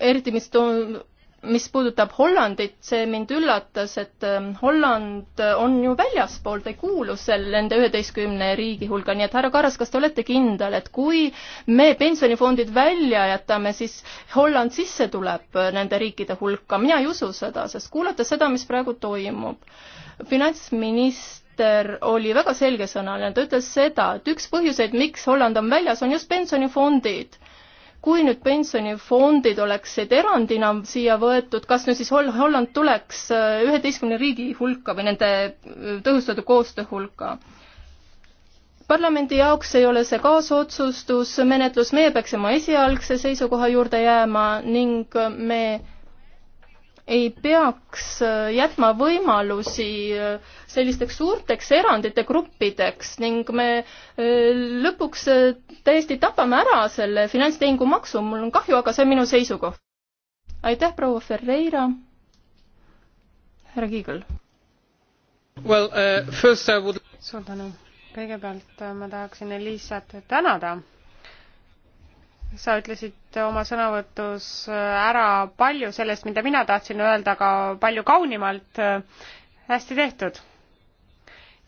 eriti mis to-, mis puudutab Hollandit, see mind üllatas, et ähm, Holland äh, on ju väljaspool, ta ei kuulu seal nende üheteistkümne riigi hulka, nii et härra Karas, kas te olete kindel, et kui me pensionifondid välja jätame, siis Holland sisse tuleb äh, nende riikide hulka, mina ei usu seda, sest kuulates seda, mis praegu toimub, finantsminister minister oli väga selgesõnaline, ta ütles seda, et üks põhjuseid, miks Holland on väljas, on just pensionifondid kui nüüd pensionifondid oleksid erandina siia võetud, kas nüüd siis Hol-, Holland tuleks äh, üheteistkümne riigi hulka või nende äh, tõhustatud koostöö hulka? parlamendi jaoks ei ole see kaasotsustusmenetlus, meie peaksime esialgse seisukoha juurde jääma ning äh, me ei peaks äh, jätma võimalusi äh, sellisteks suurteks erandite gruppideks ning me äh, lõpuks täiesti tapame ära selle finantstehingu maksu, mul on kahju, aga see on minu seisukoht. aitäh, proua Ferreira. härra Kiigel. Well, uh, first I would... suur tänu. kõigepealt ma tahaksin Elisat tänada sa ütlesid oma sõnavõtus äh, ära palju sellest, mida mina tahtsin öelda, aga palju kaunimalt. Äh, hästi tehtud.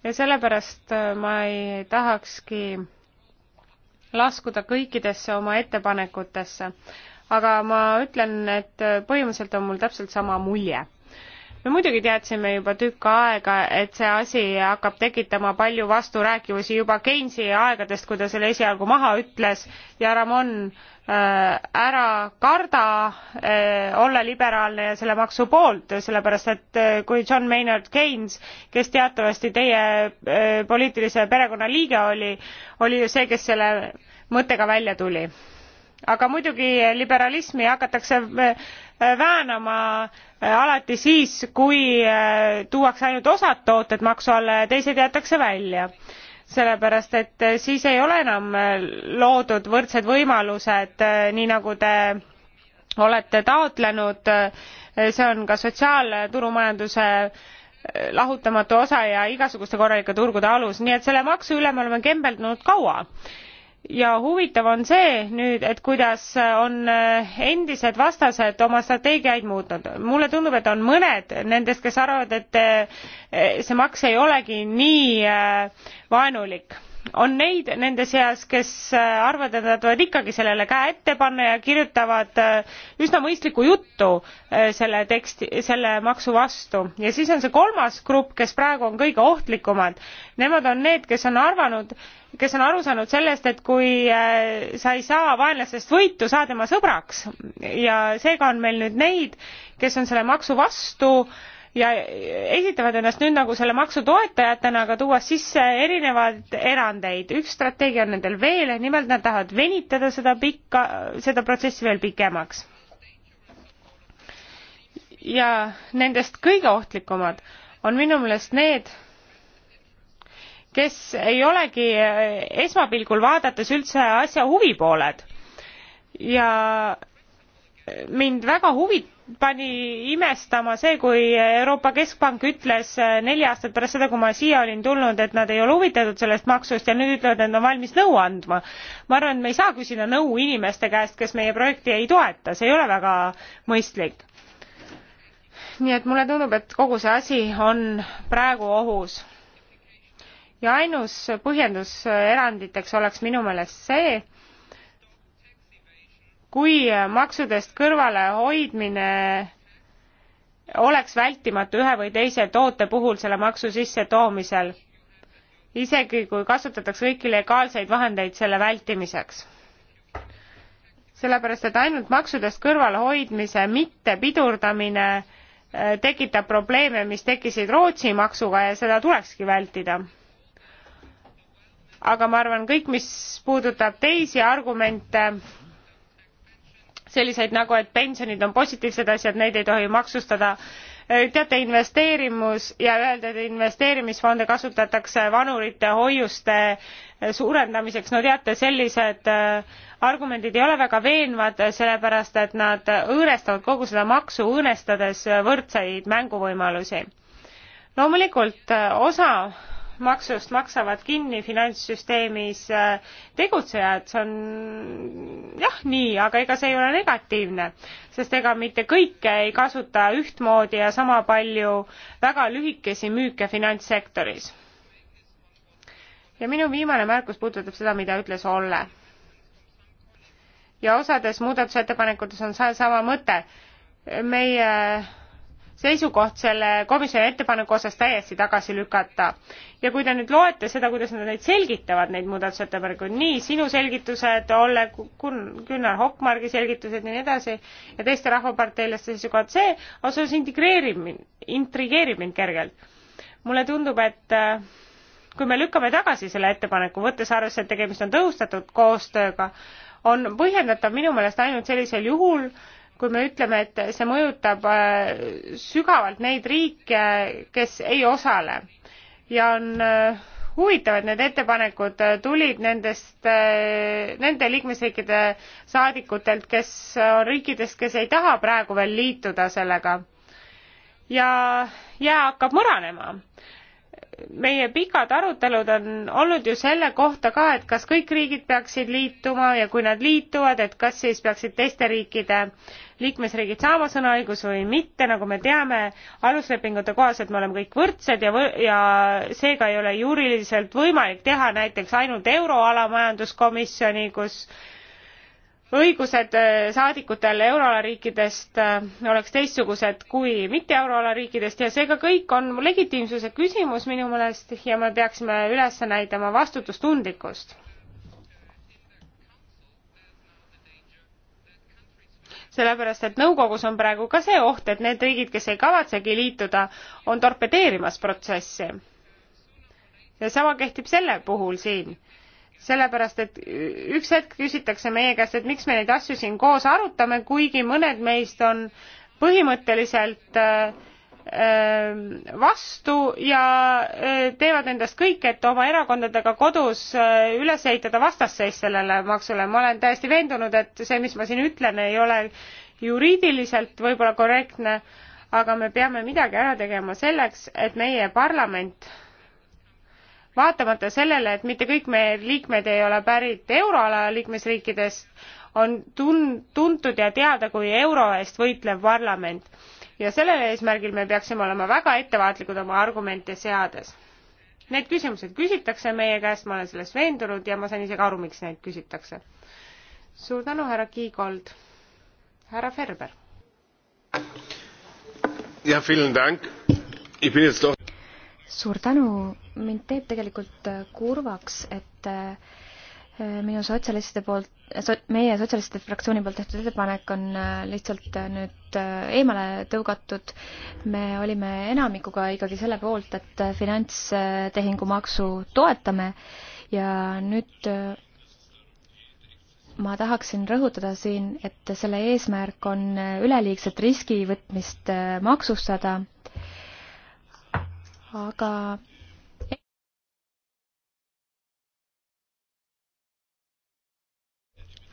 ja sellepärast äh, ma ei tahakski laskuda kõikidesse oma ettepanekutesse. aga ma ütlen, et põhimõtteliselt on mul täpselt sama mulje me muidugi teadsime juba tükk aega, et see asi hakkab tekitama palju vasturääkivusi juba Keinsi aegadest, kui ta selle esialgu maha ütles ja Ramon äh, ära karda äh, olla liberaalne ja selle maksu poolt, sellepärast et äh, kui John Maynard Keynes, kes teatavasti teie poliitilise perekonna liige oli, oli ju see, kes selle mõttega välja tuli aga muidugi liberalismi hakatakse äh, väänama äh, alati siis kui äh, tuuakse ainult osad tooted maksu alla ja teised jäetakse välja sellepärast et siis ei ole enam loodud võrdsed võimalused nii nagu te olete taotlenud see on ka sotsiaalturumajanduse lahutamatu osa ja igasuguste korralike turgude alus nii et selle maksu üle me oleme kembeldunud kaua ja huvitav on see nüüd, et kuidas on äh, endised vastased oma strateegiaid muutnud. mulle tundub, et on mõned nendest, kes arvavad, et äh, see maks ei olegi nii äh, vaenulik on neid nende seas kes äh, arvavad et nad võivad ikkagi sellele käe ette panna ja kirjutavad äh, üsna mõistlikku juttu äh, selle teksti selle maksu vastu ja siis on see kolmas grupp kes praegu on kõige ohtlikumad nemad on need kes on arvanud kes on aru saanud sellest et kui sa ei saa vaenlasest võitu saa tema sõbraks ja seega on meil nüüd neid kes on selle maksu vastu äh, ja esitavad ennast nüüd nagu selle maksu toetajatena, aga tuues sisse erinevaid erandeid. üks strateegia on nendel veel, nimelt nad tahavad venitada seda pikka, seda protsessi veel pikemaks. ja nendest kõige ohtlikumad on minu meelest need, kes ei olegi esmapilgul vaadates üldse asja huvipooled ja mind väga huvi- pani imestama see kui euroopa keskpank ütles äh, neli aastat pärast seda kui ma siia olin tulnud et nad ei ole huvitatud sellest maksust ja nüüd ütlevad et nad on valmis nõu andma ma arvan et me ei saa küsida nõu inimeste käest kes meie projekti ei toeta see ei ole väga mõistlik nii et mulle tundub et kogu see asi on praegu ohus ja ainus põhjendus eranditeks oleks minu meelest see kui äh, maksudest kõrvalehoidmine oleks vältimatu ühe või teise toote puhul selle maksu sissetoomisel isegi kui kasutatakse kõiki legaalseid vahendeid selle vältimiseks sellepärast et ainult maksudest kõrvalehoidmise mitte pidurdamine äh, tekitab probleeme mis tekkisid rootsi maksuga ja seda tulekski vältida aga ma arvan kõik mis puudutab teisi argumente selliseid nagu et pensionid on positiivsed asjad neid ei tohi maksustada äh, teate investeerimus ja öelda et investeerimisfonde kasutatakse vanurite hoiuste äh, suurendamiseks no teate sellised äh, argumendid ei ole väga veenvad sellepärast et nad õõnestavad kogu seda maksu õõnestades võrdseid mänguvõimalusi loomulikult osa maksust maksavad kinni finantssüsteemis äh, tegutsejad, see on jah nii, aga ega see ei ole negatiivne, sest ega mitte kõike ei kasuta ühtmoodi ja sama palju väga lühikesi müüke finantssektoris. ja minu viimane märkus puudutab seda, mida ütles Olle. ja osades muudatusettepanekutes on sama mõte. meie seisukoht selle komisjoni ettepaneku osas täiesti tagasi lükata. ja kui te nüüd loete seda, kuidas nad neid selgitavad, neid muudatusettepanekuid, nii sinu selgitused, Olle Gunnar Hokmargi selgitused ja nii edasi ja teiste rahvaparteilaste seisukohad, see ausalt öeldes integreerib mind, intrigeerib mind kergelt. mulle tundub, et äh, kui me lükkame tagasi selle ettepaneku, võttes arvesse, et tegemist on tõhustatud koostööga, on põhjendatav minu meelest ainult sellisel juhul, kui me ütleme, et see mõjutab äh, sügavalt neid riike, kes ei osale ja on äh, huvitav, et need ettepanekud äh, tulid nendest, nende liikmesriikide saadikutelt, kes on riikidest, kes ei taha praegu veel liituda sellega. ja jää hakkab muranema meie pikad arutelud on olnud ju selle kohta ka, et kas kõik riigid peaksid liituma ja kui nad liituvad, et kas siis peaksid teiste riikide liikmesriigid saama sõnaõigus või mitte, nagu me teame, aluslepingute kohaselt me oleme kõik võrdsed ja võ-, ja seega ei ole juriidiliselt võimalik teha näiteks ainult euroala majanduskomisjoni, kus äh, õigused äh, saadikutel euroala riikidest äh, oleks teistsugused kui mitte euroala riikidest ja seega kõik on legitiimsuse küsimus minu meelest ja me peaksime üles näitama vastutustundlikkust. sellepärast, et nõukogus on praegu ka see oht, et need riigid, kes ei kavatsegi liituda, on torpedeerimas protsessi. ja sama kehtib selle puhul siin sellepärast, et üks hetk küsitakse meie käest, et miks me neid asju siin koos arutame, kuigi mõned meist on põhimõtteliselt äh, vastu ja äh, teevad endast kõik, et oma erakondadega kodus äh, üles ehitada vastasseis sellele maksule. ma olen täiesti veendunud, et see, mis ma siin ütlen, ei ole juriidiliselt võib-olla korrektne, aga me peame midagi ära tegema selleks, et meie parlament vaatamata sellele, et mitte kõik meie liikmed ei ole pärit euroala liikmesriikidest, on tun-, tuntud ja teada kui euro eest võitlev parlament. ja sellel eesmärgil me peaksime olema väga ettevaatlikud oma argumente seades. Need küsimused küsitakse meie käest, ma olen selles veendunud ja ma saan isegi aru, miks neid küsitakse. suur tänu, härra Kiigold. härra Ferber. jah, vielen Dank. Ich bin jetzt doch suur tänu, mind teeb tegelikult äh, kurvaks, et äh, minu sotsialistide poolt so,, meie sotsialistide fraktsiooni poolt tehtud ettepanek on äh, lihtsalt nüüd eemale tõugatud. me olime enamikuga ikkagi selle poolt, et finantstehingumaksu toetame ja nüüd ma tahaksin rõhutada siin, et selle eesmärk on üleliigset riski võtmist maksustada aga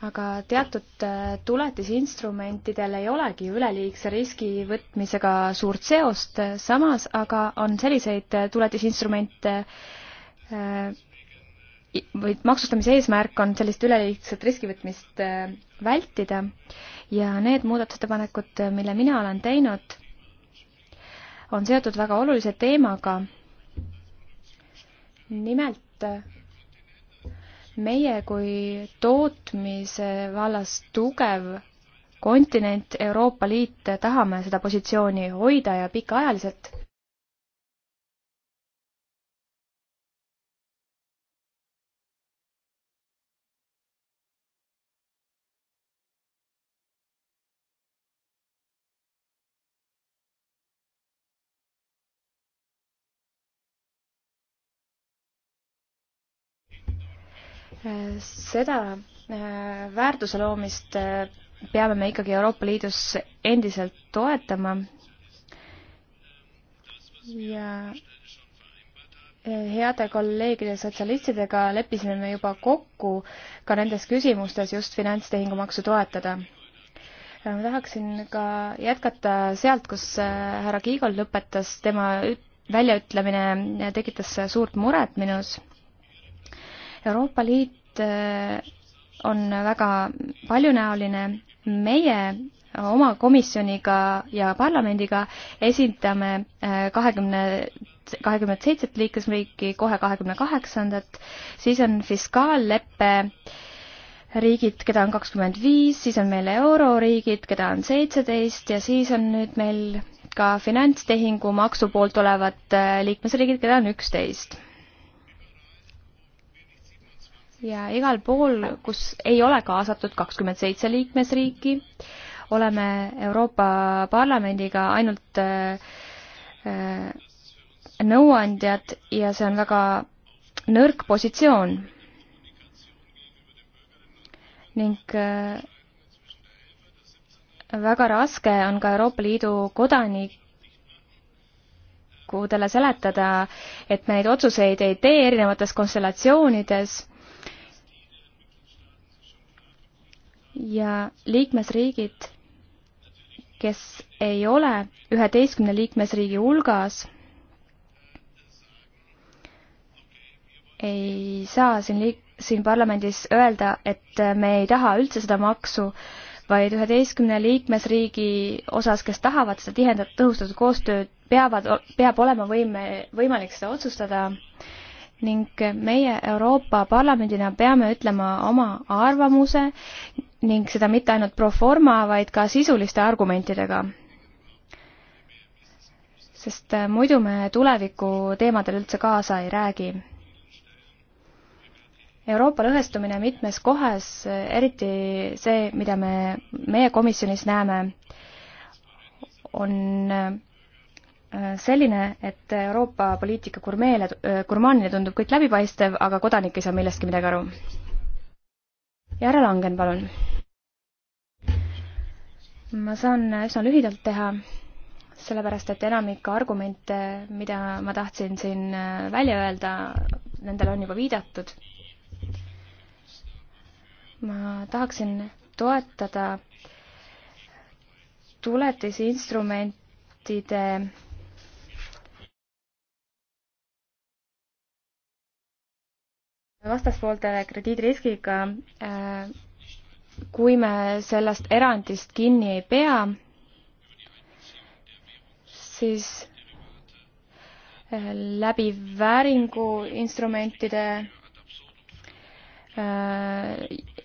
aga teatud äh, tuletisinstrumentidel ei olegi üleliigse riski võtmisega suurt seost, samas aga on selliseid äh, tuletisinstrumente äh, või maksustamise eesmärk on sellist üleliigset riskivõtmist vältida ja need muudatusettepanekud, mille mina olen teinud, on seotud väga olulise teemaga. nimelt meie kui tootmise vallas tugev kontinent Euroopa Liit tahame seda positsiooni hoida ja pikaajaliselt seda äh, väärtuse loomist äh, peame me ikkagi Euroopa Liidus endiselt toetama ja äh, heade kolleegide sotsialistidega leppisime me juba kokku ka nendes küsimustes just finantstehingumaksu toetada. ma tahaksin ka jätkata sealt, kus härra Kiigol lõpetas, tema väljaütlemine tekitas suurt muret minus Euroopa Liit äh, on väga paljunäoline, meie oma komisjoniga ja parlamendiga esindame äh, kahekümne, kahekümmet seitset liikmesriiki, kohe kahekümne kaheksandat, siis on fiskaalleppe riigid, keda on kakskümmend viis, siis on meil euroriigid, keda on seitseteist ja siis on nüüd meil ka finantstehingu maksu poolt olevad äh, liikmesriigid, keda on üksteist ja igal pool, kus ei ole kaasatud kakskümmend seitse liikmesriiki, oleme Euroopa Parlamendiga ainult äh, äh, nõuandjad ja see on väga nõrk positsioon. ning äh, väga raske on ka Euroopa Liidu kodanik, kodanikudele seletada, et me neid otsuseid ei tee erinevates konstellatsioonides ja liikmesriigid, kes ei ole üheteistkümne liikmesriigi hulgas, ei saa siin liik-, siin parlamendis öelda, et me ei taha üldse seda maksu, vaid üheteistkümne liikmesriigi osas, kes tahavad seda tihendatud tõhustatud koostööd, peavad, peab olema võime, võimalik seda otsustada ning meie Euroopa Parlamendina peame ütlema oma arvamuse ning seda mitte ainult pro forma, vaid ka sisuliste argumentidega. sest äh, muidu me tuleviku teemadel üldse kaasa ei räägi. Euroopa lõhestumine mitmes kohas, eriti see, mida me meie komisjonis näeme, on äh, selline, et Euroopa poliitika gurmeele, äh, gurmaanile tundub kõik läbipaistev, aga kodanik ei saa millestki midagi aru ja härra Langen, palun. ma saan üsna lühidalt teha, sellepärast et enamik argumente, mida ma tahtsin siin äh, välja öelda, nendele on juba viidatud. ma tahaksin toetada tuletisinstrumentide vastaspooltele krediidiriskiga, äh, kui me sellest erandist kinni ei pea, siis äh, läbi vääringuinstrumentide äh,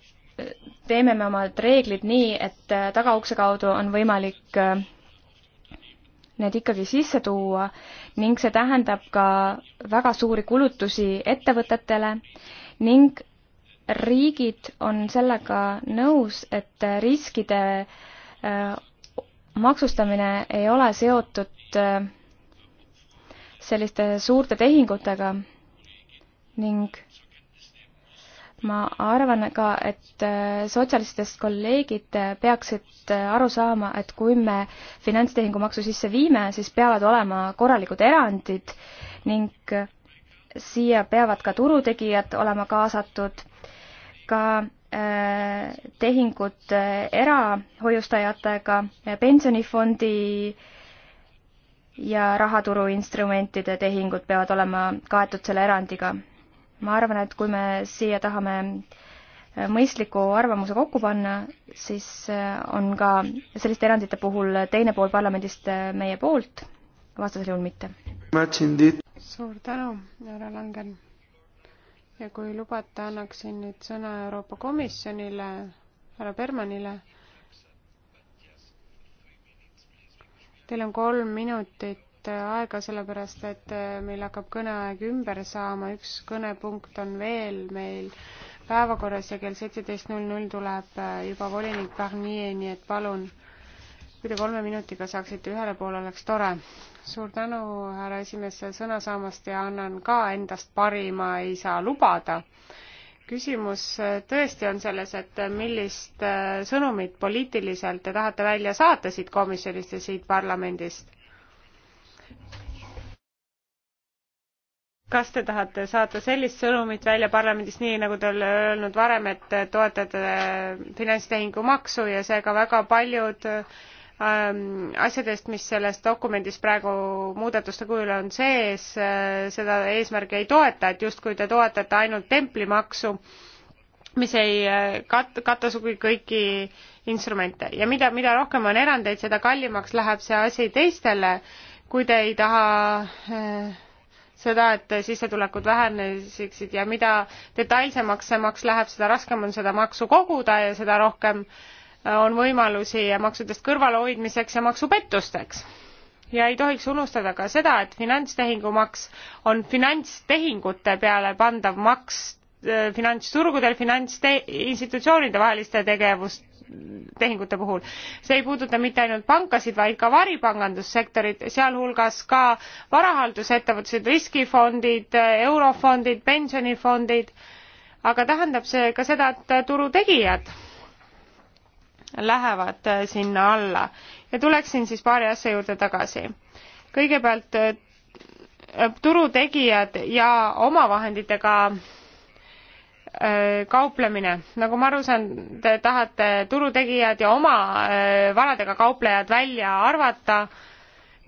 teeme me omad reeglid nii, et tagaukse kaudu on võimalik need ikkagi sisse tuua ning see tähendab ka väga suuri kulutusi ettevõtetele ning riigid on sellega nõus, et riskide äh, maksustamine ei ole seotud äh, selliste suurte tehingutega ning ma arvan ka, et äh, sotsialistidest kolleegid äh, peaksid äh, aru saama, et kui me finantstehingumaksu sisse viime, siis peavad olema korralikud erandid ning siia peavad ka turutegijad olema kaasatud, ka tehingud erahoiustajatega, pensionifondi ja rahaturuinstrumentide tehingud peavad olema kaetud selle erandiga ma arvan, et kui me siia tahame äh, mõistliku arvamuse kokku panna, siis äh, on ka selliste erandite puhul teine pool parlamendist äh, meie poolt, vastasel juhul mitte. suur tänu, härra Langen. ja kui lubate, annaksin nüüd sõna Euroopa Komisjonile, härra Bermanile. Teil on kolm minutit minutit aega, sellepärast et äh, meil hakkab kõneaeg ümber saama, üks kõnepunkt on veel meil päevakorras ja kell seitseteist null null tuleb äh, juba volinik Barnier, nii et palun, kui te kolme minutiga saaksite ühele poole, oleks tore. suur tänu, härra esimees, sõna saamast ja annan ka endast parima, ei saa lubada küsimus äh, tõesti on selles, et millist sõnumit poliitiliselt te tahate välja saata siit komisjonist ja siit parlamendist. kas te tahate saata sellist sõnumit välja parlamendis, nii nagu te olete öelnud varem, et toetate äh, finantstehingu maksu ja seega väga paljud ähm, asjadest, mis selles dokumendis praegu muudatuste kujul on sees, äh, seda eesmärgi ei toeta, et justkui te toetate ainult templimaksu, mis ei äh, kat-, kata sugugi kõiki instrumente ja mida, mida rohkem on erandeid, seda kallimaks läheb see asi teistele, kui te ei taha äh, seda, et sissetulekud vähenesiksid ja mida detailsemaks see maks läheb, seda raskem on seda maksu koguda ja seda rohkem äh, on võimalusi maksudest kõrvalehoidmiseks ja maksupettusteks. ja ei tohiks unustada ka seda, et finantstehingumaks on finantstehingute peale pandav maks äh, finantsturgudel finantsinstitutsioonide vaheliste tegevust tehingute puhul. see ei puuduta mitte ainult pankasid, vaid ka varipangandussektorit, sealhulgas ka varahaldusettevõtlused, riskifondid, eurofondid, pensionifondid, aga tähendab see ka seda, et turutegijad lähevad sinna alla ja tuleksin siis paari asja juurde tagasi. kõigepealt turutegijad ja omavahenditega Äh, kauplemine, nagu ma aru saan, te tahate turutegijad ja oma äh, varadega kauplejad välja arvata.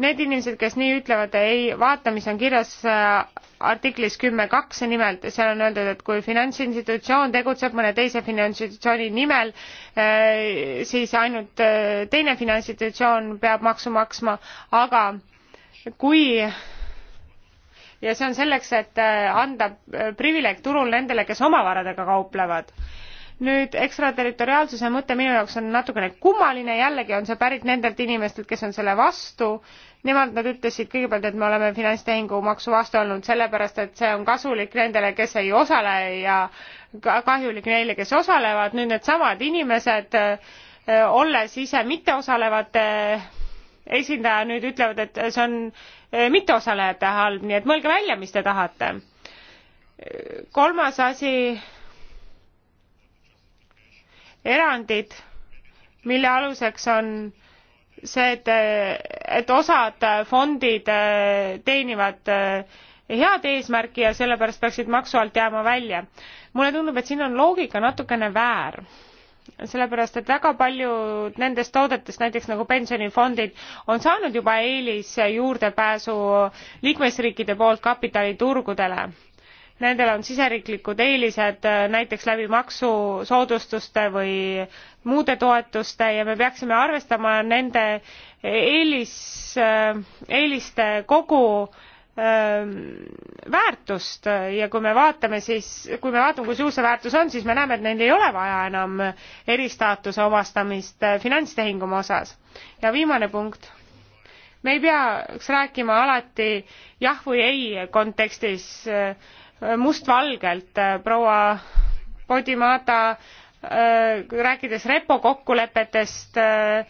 Need inimesed, kes nii ütlevad, ei vaata, mis on kirjas äh, artiklis kümme kaks, nimelt seal on öeldud, et kui finantsinstitutsioon tegutseb mõne teise finantsinstitutsiooni nimel, siis ainult teine finantsinstitutsioon peab maksu maksma, aga kui ja see on selleks, et äh, anda äh, privileeg turul nendele, kes oma varadega kauplevad nüüd ekstraterritoriaalsuse mõte minu jaoks on natukene kummaline, jällegi on see pärit nendelt inimestelt, kes on selle vastu. Nemad, nad ütlesid kõigepealt, et me oleme finantstehingumaksu vastu olnud sellepärast, et see on kasulik nendele, kes ei osale ja kahjulik neile, kes osalevad. nüüd needsamad inimesed, äh, olles ise mitteosalevate esindaja nüüd ütlevad, et see on eh, mitteosalejate halb, nii et mõelge välja, mis te tahate. kolmas asi, erandid, mille aluseks on see, et, et osad fondid eh, teenivad eh, head eesmärki ja sellepärast peaksid maksu alt jääma välja. mulle tundub, et siin on loogika natukene väär sellepärast et väga paljud nendest toodetest näiteks nagu pensionifondid on saanud juba eelis juurdepääsu liikmesriikide poolt kapitaliturgudele nendel on siseriiklikud eelised näiteks läbi maksusoodustuste või muude toetuste ja me peaksime arvestama nende eelis eeliste kogu Ähm, väärtust ja kui me vaatame siis, kui me vaatame, kui suur see väärtus on, siis me näeme, et neil ei ole vaja enam eristaatuse omastamist äh, finantstehinguma osas. ja viimane punkt. me ei peaks rääkima alati jah või ei kontekstis äh, mustvalgelt, äh, proua Podimata rääkides repo kokkulepetest äh,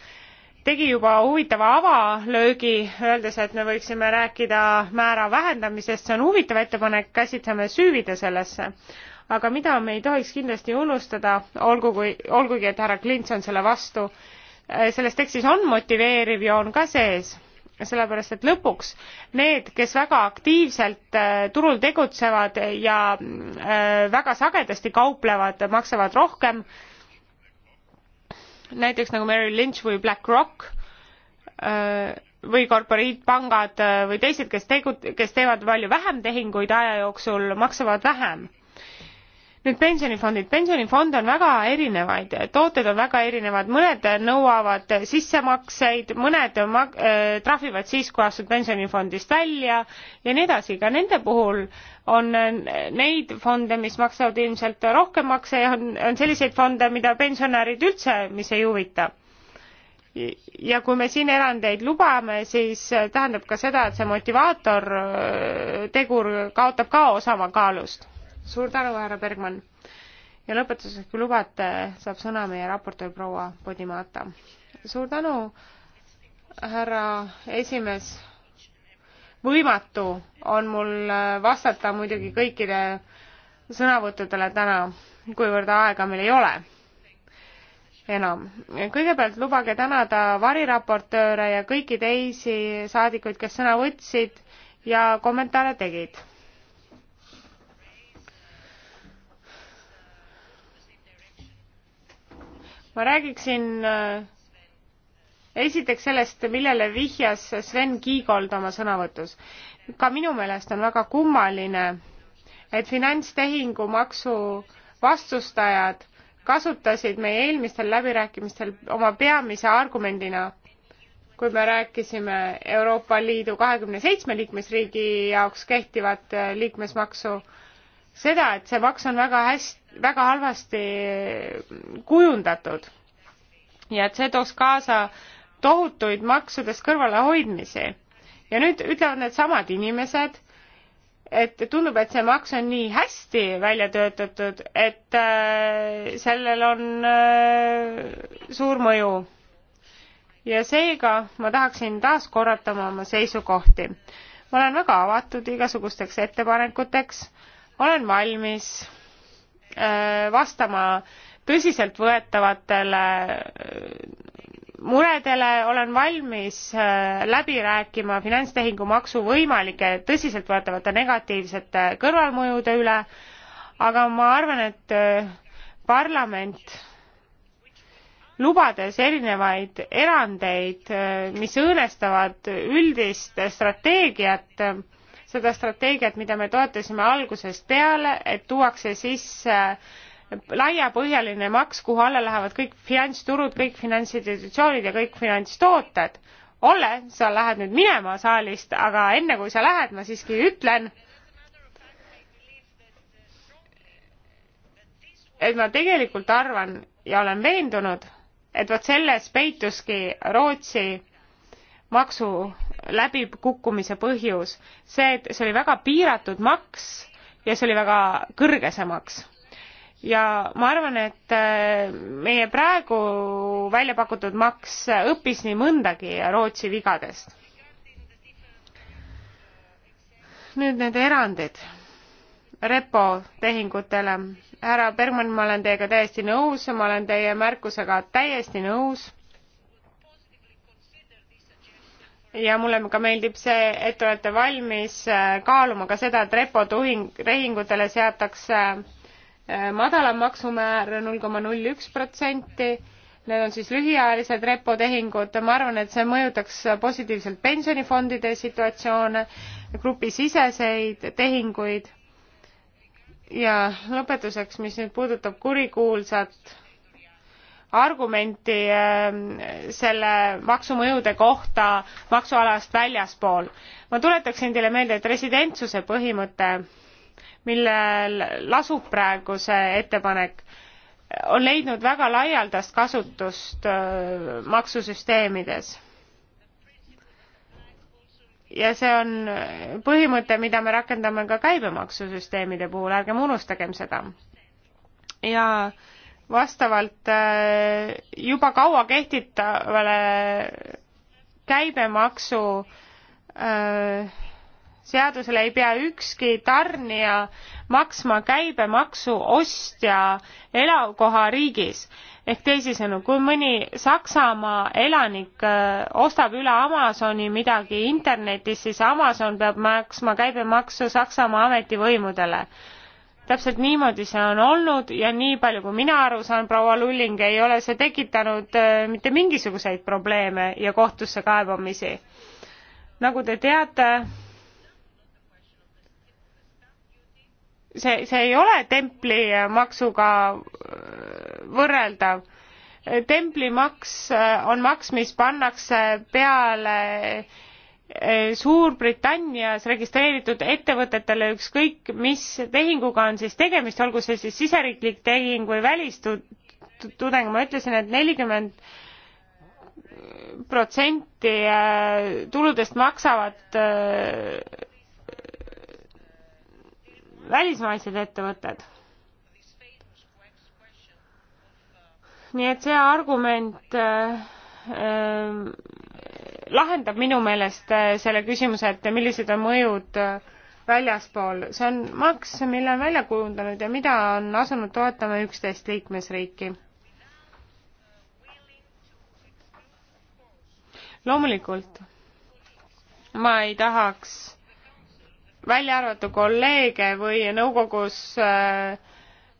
tegi juba huvitava avalöögi, öeldes, et me võiksime rääkida määra vähendamisest, see on huvitav ettepanek, käsitleme süüvida sellesse. aga mida me ei tohiks kindlasti unustada, olgu kui, olgugi et härra Klints on selle vastu, eh, selles tekstis on motiveeriv joon ka sees, sellepärast et lõpuks need, kes väga aktiivselt eh, turul tegutsevad ja eh, väga sagedasti kauplevad, maksavad rohkem äh, näiteks nagu Merrill Lynch või BlackRock äh, või korporiitpangad äh, või teised, kes tegu-, kes teevad palju vähem tehinguid aja jooksul, maksavad vähem nüüd pensionifondid, pensionifonde on väga erinevaid, tooted on väga erinevad, mõned nõuavad sissemakseid, mõned mak-, äh, trahvivad siis, kui astud pensionifondist välja ja nii edasi, ka nende puhul on neid fonde, mis maksavad ilmselt rohkem makse ja on, on selliseid fonde, mida pensionärid üldse, mis ei huvita. ja kui me siin erandeid lubame, siis tähendab ka seda, et see motivaator, äh, tegur kaotab ka osa oma kaalust suur tänu, härra Bergmann! ja lõpetuseks, kui lubate, saab sõna meie raportöör proua Podimata. suur tänu, härra esimees! võimatu on mul vastata muidugi kõikide sõnavõttudele täna, kuivõrd aega meil ei ole enam. kõigepealt lubage tänada variraportööre ja kõiki teisi saadikuid, kes sõna võtsid ja kommentaare tegid ma räägiksin äh, esiteks sellest, millele vihjas Sven Kiigold oma sõnavõtus. ka minu meelest on väga kummaline, et finantstehingumaksu vastustajad kasutasid meie eelmistel läbirääkimistel oma peamise argumendina, kui me rääkisime Euroopa Liidu kahekümne seitsme liikmesriigi jaoks kehtivat äh, liikmesmaksu, seda, et see maks on väga hästi, väga halvasti kujundatud ja et see tooks kaasa tohutuid maksudest kõrvalehoidmisi. ja nüüd ütlevad needsamad inimesed, et tundub, et see maks on nii hästi välja töötatud, et äh, sellel on äh, suur mõju. ja seega ma tahaksin taas korrata oma seisukohti. ma olen väga avatud igasugusteks ettepanekuteks äh,, olen valmis äh, vastama tõsiseltvõetavatele äh, muredele, olen valmis äh, läbi rääkima finantstehingumaksu võimalike tõsiseltvõetavate negatiivsete kõrvalmõjude üle, aga ma arvan, et parlament lubades erinevaid erandeid, mis õõnestavad üldist strateegiat, seda strateegiat, mida me toetasime algusest peale, et tuuakse sisse laiapõhjaline maks, kuhu alla lähevad kõik finantsturud, kõik finantsinstitutsioonid ja kõik finantstooted. Olle, sa lähed nüüd minema saalist, aga enne kui sa lähed, ma siiski ütlen, et ma tegelikult arvan ja olen veendunud, et vot selles peituski Rootsi maksu läbikukkumise põhjus see, et see oli väga piiratud maks ja see oli väga kõrge see maks. ja ma arvan, et äh, meie praegu välja pakutud maks õppis nii mõndagi Rootsi vigadest. nüüd need erandid repotehingutele. härra Bergmann, ma olen teiega täiesti nõus ja ma olen teie märkusega täiesti nõus ja mulle ka meeldib see, et te olete valmis äh, kaaluma ka seda, et repotuhing, tehingutele seatakse äh, madalam maksumäär null koma null üks protsenti. Need on siis lühiajalised repotehingud, ma arvan, et see mõjutaks positiivselt pensionifondide situatsioone, grupisiseseid tehinguid. ja lõpetuseks, mis nüüd puudutab kurikuulsat argumenti ähm, selle maksumõjude kohta maksualast väljaspool. ma tuletaksin teile meelde, et residentsuse põhimõte, millel lasub praegu see ettepanek, on leidnud väga laialdast kasutust äh, maksusüsteemides. ja see on põhimõte, mida me rakendame ka käibemaksusüsteemide puhul, ärgem unustagem seda. ja äh, vastavalt äh, juba kaua kehtitavale käibemaksu äh, seadusele ei pea ükski tarnija maksma käibemaksu ostja elukohariigis ehk teisisõnu kui mõni saksamaa elanik äh, ostab üle amazoni midagi internetis siis amazon peab maksma käibemaksu saksamaa ametivõimudele täpselt niimoodi see on olnud ja nii palju, kui mina aru saan, proua Lulling, ei ole see tekitanud äh, mitte mingisuguseid probleeme ja kohtusse kaebamisi. nagu te teate, see, see ei ole templimaksuga äh, võrreldav. templimaks äh, on maks, mis pannakse peale Eh, Suurbritannias registreeritud ettevõtetele ükskõik mis tehinguga on siis tegemist, olgu see siis siseriiklik tehing või välistudeng, ma ütlesin et, et nelikümmend protsenti eh, tuludest maksavad eh, välismaised ettevõtted. nii et see argument lahendab minu meelest äh, selle küsimuse, et millised on mõjud äh, väljaspool. see on maks, mille on välja kujundanud ja mida on asunud toetama üksteist liikmesriiki. loomulikult ma ei tahaks välja arvata kolleege või nõukogus äh,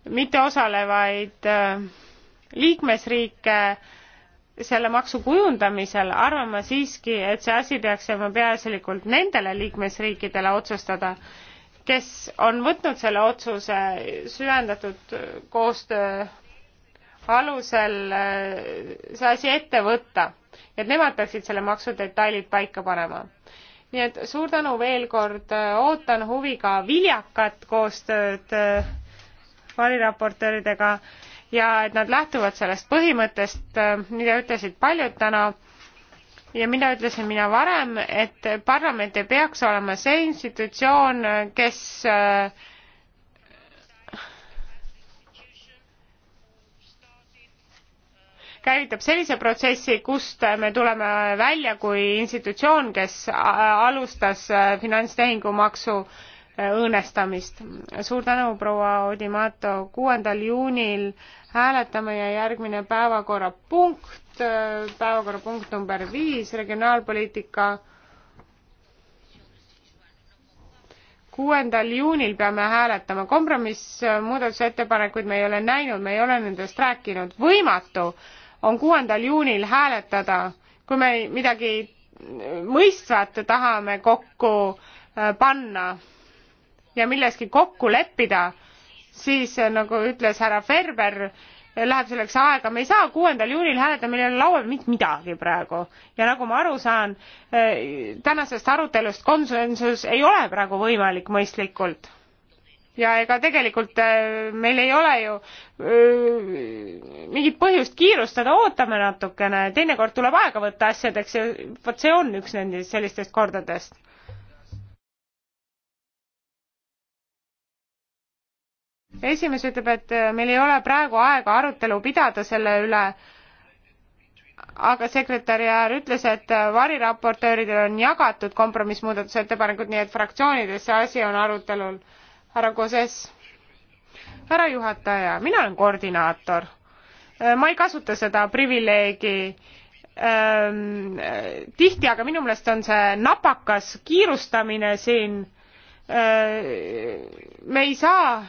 mitte osalevaid äh, liikmesriike äh, selle maksu kujundamisel arvan ma siiski, et see asi peaks jääma peaasjalikult nendele liikmesriikidele otsustada, kes on võtnud selle otsuse süvendatud koostöö alusel eh, see asi ette võtta, et nemad peaksid selle maksu detailid paika panema. nii et suur tänu veel kord, eh, ootan huviga viljakat koostööd eh, variraportööridega ja et nad lähtuvad sellest põhimõttest, äh, mida ütlesid paljud täna ja mida ütlesin mina varem, et parlament ei peaks olema see institutsioon, kes äh, käivitab sellise protsessi, kust me tuleme välja kui institutsioon, kes äh, alustas finantstehingumaksu õõnestamist. suur tänu, proua Odimato, kuuendal juunil hääletame ja järgmine päevakorrapunkt, päevakorrapunkt number viis, regionaalpoliitika. kuuendal juunil peame hääletama, kompromissmuudatusettepanekuid me ei ole näinud, me ei ole nendest rääkinud, võimatu on kuuendal juunil hääletada, kui me midagi mõistvat tahame kokku äh, panna ja milleski kokku leppida siis äh, nagu ütles härra Ferber, läheb selleks aega, me ei saa kuuendal juunil hääletada, meil ei ole laual mitte midagi praegu. ja nagu ma aru saan, äh, tänasest arutelust konsensus ei ole praegu võimalik mõistlikult. ja ega tegelikult äh, meil ei ole ju öö, mingit põhjust kiirustada, ootame natukene, teinekord tuleb aega võtta asjadeks ja vot see on üks nendest sellistest kordadest esimees ütleb, et äh, meil ei ole praegu aega arutelu pidada selle üle, aga sekretäriär ütles, et äh, variraportööridel on jagatud kompromissmuudatusettepanekud, nii et fraktsioonides see asi on arutelul. härra Koses, härra juhataja, mina olen koordinaator. Äh, ma ei kasuta seda privileegi ähm, tihti, aga minu meelest on see napakas kiirustamine siin äh,. me ei saa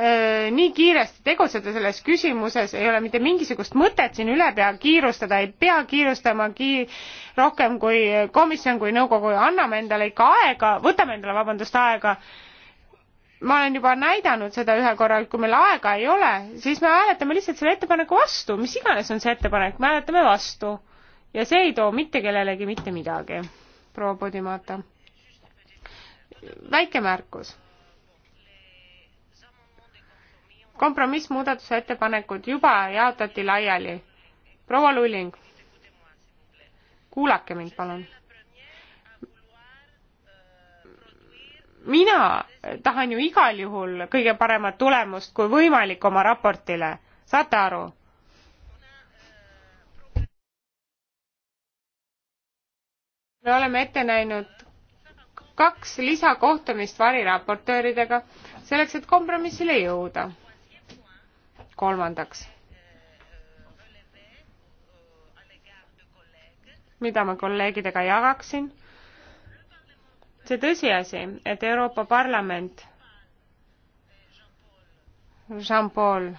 Äh, nii kiiresti tegutseda selles küsimuses ei ole mitte mingisugust mõtet siin ülepea kiirustada ei pea kiirustama ki- rohkem kui komisjon kui nõukogu anname endale ikka aega võtame endale vabandust aega ma olen juba näidanud seda ühe korra et kui meil aega ei ole siis me hääletame lihtsalt selle ettepaneku vastu mis iganes on see ettepanek me hääletame vastu ja see ei too mitte kellelegi mitte midagi proua podimata väike märkus kompromissmuudatuse ettepanekud juba jaotati laiali. proua Lulling, kuulake mind, palun. mina tahan ju igal juhul kõige paremat tulemust kui võimalik oma raportile, saate aru? me oleme ette näinud kaks lisakohtumist variraportööridega selleks, et kompromissile jõuda kolmandaks, mida ma kolleegidega jagaksin, see tõsiasi, et Euroopa Parlament Jean-Paul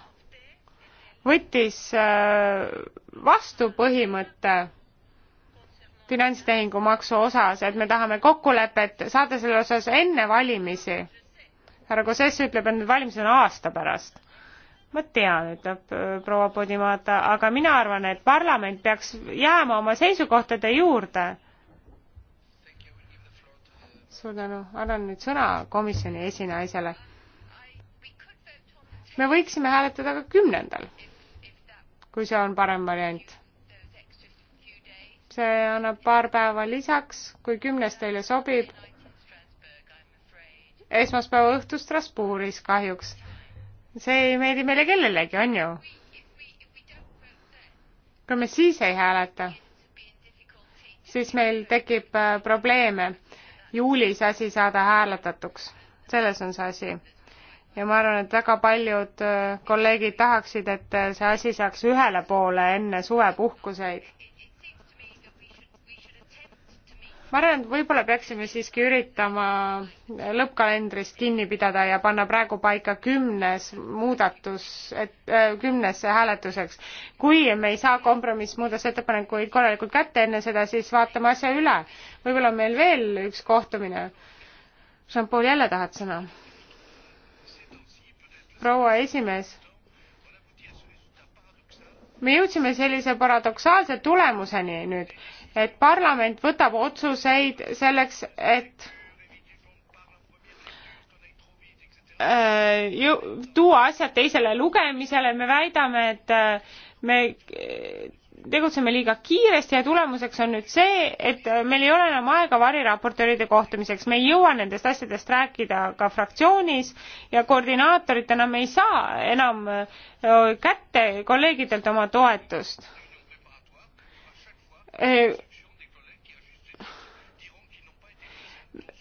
võttis äh, vastu põhimõtte finantstehingu maksu osas, et me tahame kokkulepet saada selle osas enne valimisi. härra Koses ütleb, et need valimised on aasta pärast ma tean, ütleb äh, proua Podimata, aga mina arvan, et parlament peaks jääma oma seisukohtade juurde. suur tänu, annan nüüd sõna komisjoni esinaisele. me võiksime hääletada ka kümnendal, kui see on parem variant. see annab paar päeva lisaks, kui kümnes teile sobib. esmaspäeva õhtu Strasbourgis kahjuks see ei meeldi meile kellelegi, on ju? kui me siis ei hääleta, siis meil tekib äh, probleeme juulis asi saada hääletatuks. selles on see asi. ja ma arvan, et väga paljud äh, kolleegid tahaksid, et äh, see asi saaks ühele poole enne suvepuhkuseid ma arvan, et võib-olla peaksime siiski üritama lõppkalendrist kinni pidada ja panna praegu paika kümnes muudatus, et äh, kümnes hääletuseks. kui me ei saa kompromissmuudatusettepanekuid korralikult kätte enne seda, siis vaatame asja üle. võib-olla on meil veel üks kohtumine. Jean-Paul, jälle tahad sõna? proua esimees me jõudsime sellise paradoksaalse tulemuseni nüüd et parlament võtab otsuseid selleks, et äh, ju-, tuua asjad teisele lugemisele, me väidame, et äh, me äh, tegutseme liiga kiiresti ja tulemuseks on nüüd see, et meil ei ole enam aega variraportööride kohtumiseks, me ei jõua nendest asjadest rääkida ka fraktsioonis ja koordinaatoritena me ei saa enam kätte kolleegidelt oma toetust Äh,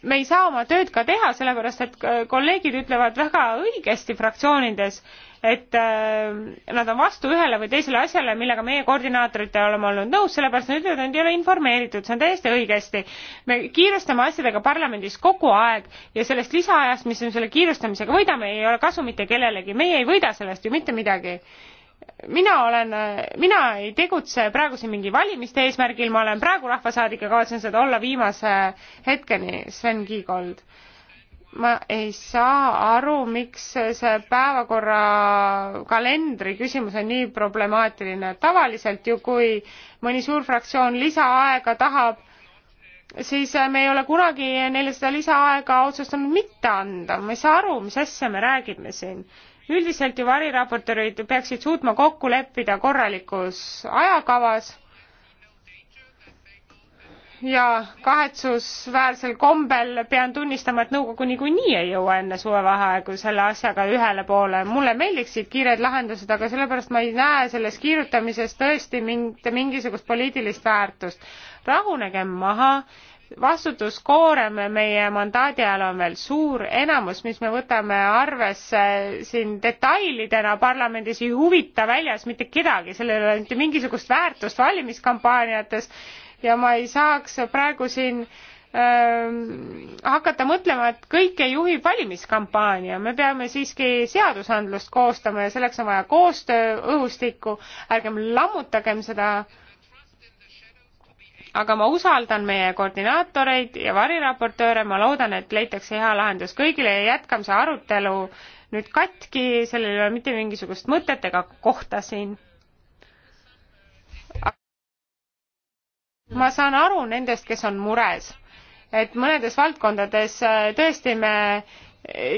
me ei saa oma tööd ka teha, sellepärast et äh, kolleegid ütlevad väga õigesti fraktsioonides, et äh, nad on vastu ühele või teisele asjale, millega meie koordinaatorid oleme olnud nõus, sellepärast nad ütlevad, et nad ei ole informeeritud, see on täiesti õigesti. me kiirustame asjadega parlamendis kogu aeg ja sellest lisaajast, mis me selle kiirustamisega võidame, ei ole kasu mitte kellelegi, meie ei võida sellest ju mitte midagi mina olen, mina ei tegutse praegu siin mingi valimiste eesmärgil, ma olen praegu rahvasaadik ja kavatsen seda olla viimase hetkeni, Sven Kiigold. ma ei saa aru, miks see päevakorra kalendri küsimus on nii problemaatiline. tavaliselt ju, kui mõni suur fraktsioon lisaaega tahab, siis me ei ole kunagi neile seda lisaaega otsustanud mitte anda. ma ei saa aru, mis asja me räägime siin üldiselt ju variraportöörid peaksid suutma kokku leppida korralikus ajakavas ja kahetsusväärsel kombel pean tunnistama, et nõukogu niikuinii ei jõua enne suvevaheaegu selle asjaga ühele poole. mulle meeldiksid kiired lahendused, aga sellepärast ma ei näe selles kiirutamises tõesti mitte mingisugust poliitilist väärtust. rahunegem maha vastutuskoorem meie mandaadi ajal on veel suur, enamus, mis me võtame arvesse siin detailidena parlamendis ei huvita väljas mitte kedagi, sellel ei ole mitte mingisugust väärtust valimiskampaaniates ja ma ei saaks praegu siin ähm, hakata mõtlema, et kõike juhib valimiskampaania, me peame siiski seadusandlust koostama ja selleks on vaja koostööõhustikku, ärgem lammutagem seda äh, aga ma usaldan meie koordinaatoreid ja variraportööre, ma loodan, et leitakse hea lahendus kõigile ja jätkame see arutelu nüüd katki, sellel ei ole mitte mingisugust mõtet ega kohta siin. ma saan aru nendest, kes on mures, et mõnedes valdkondades tõesti me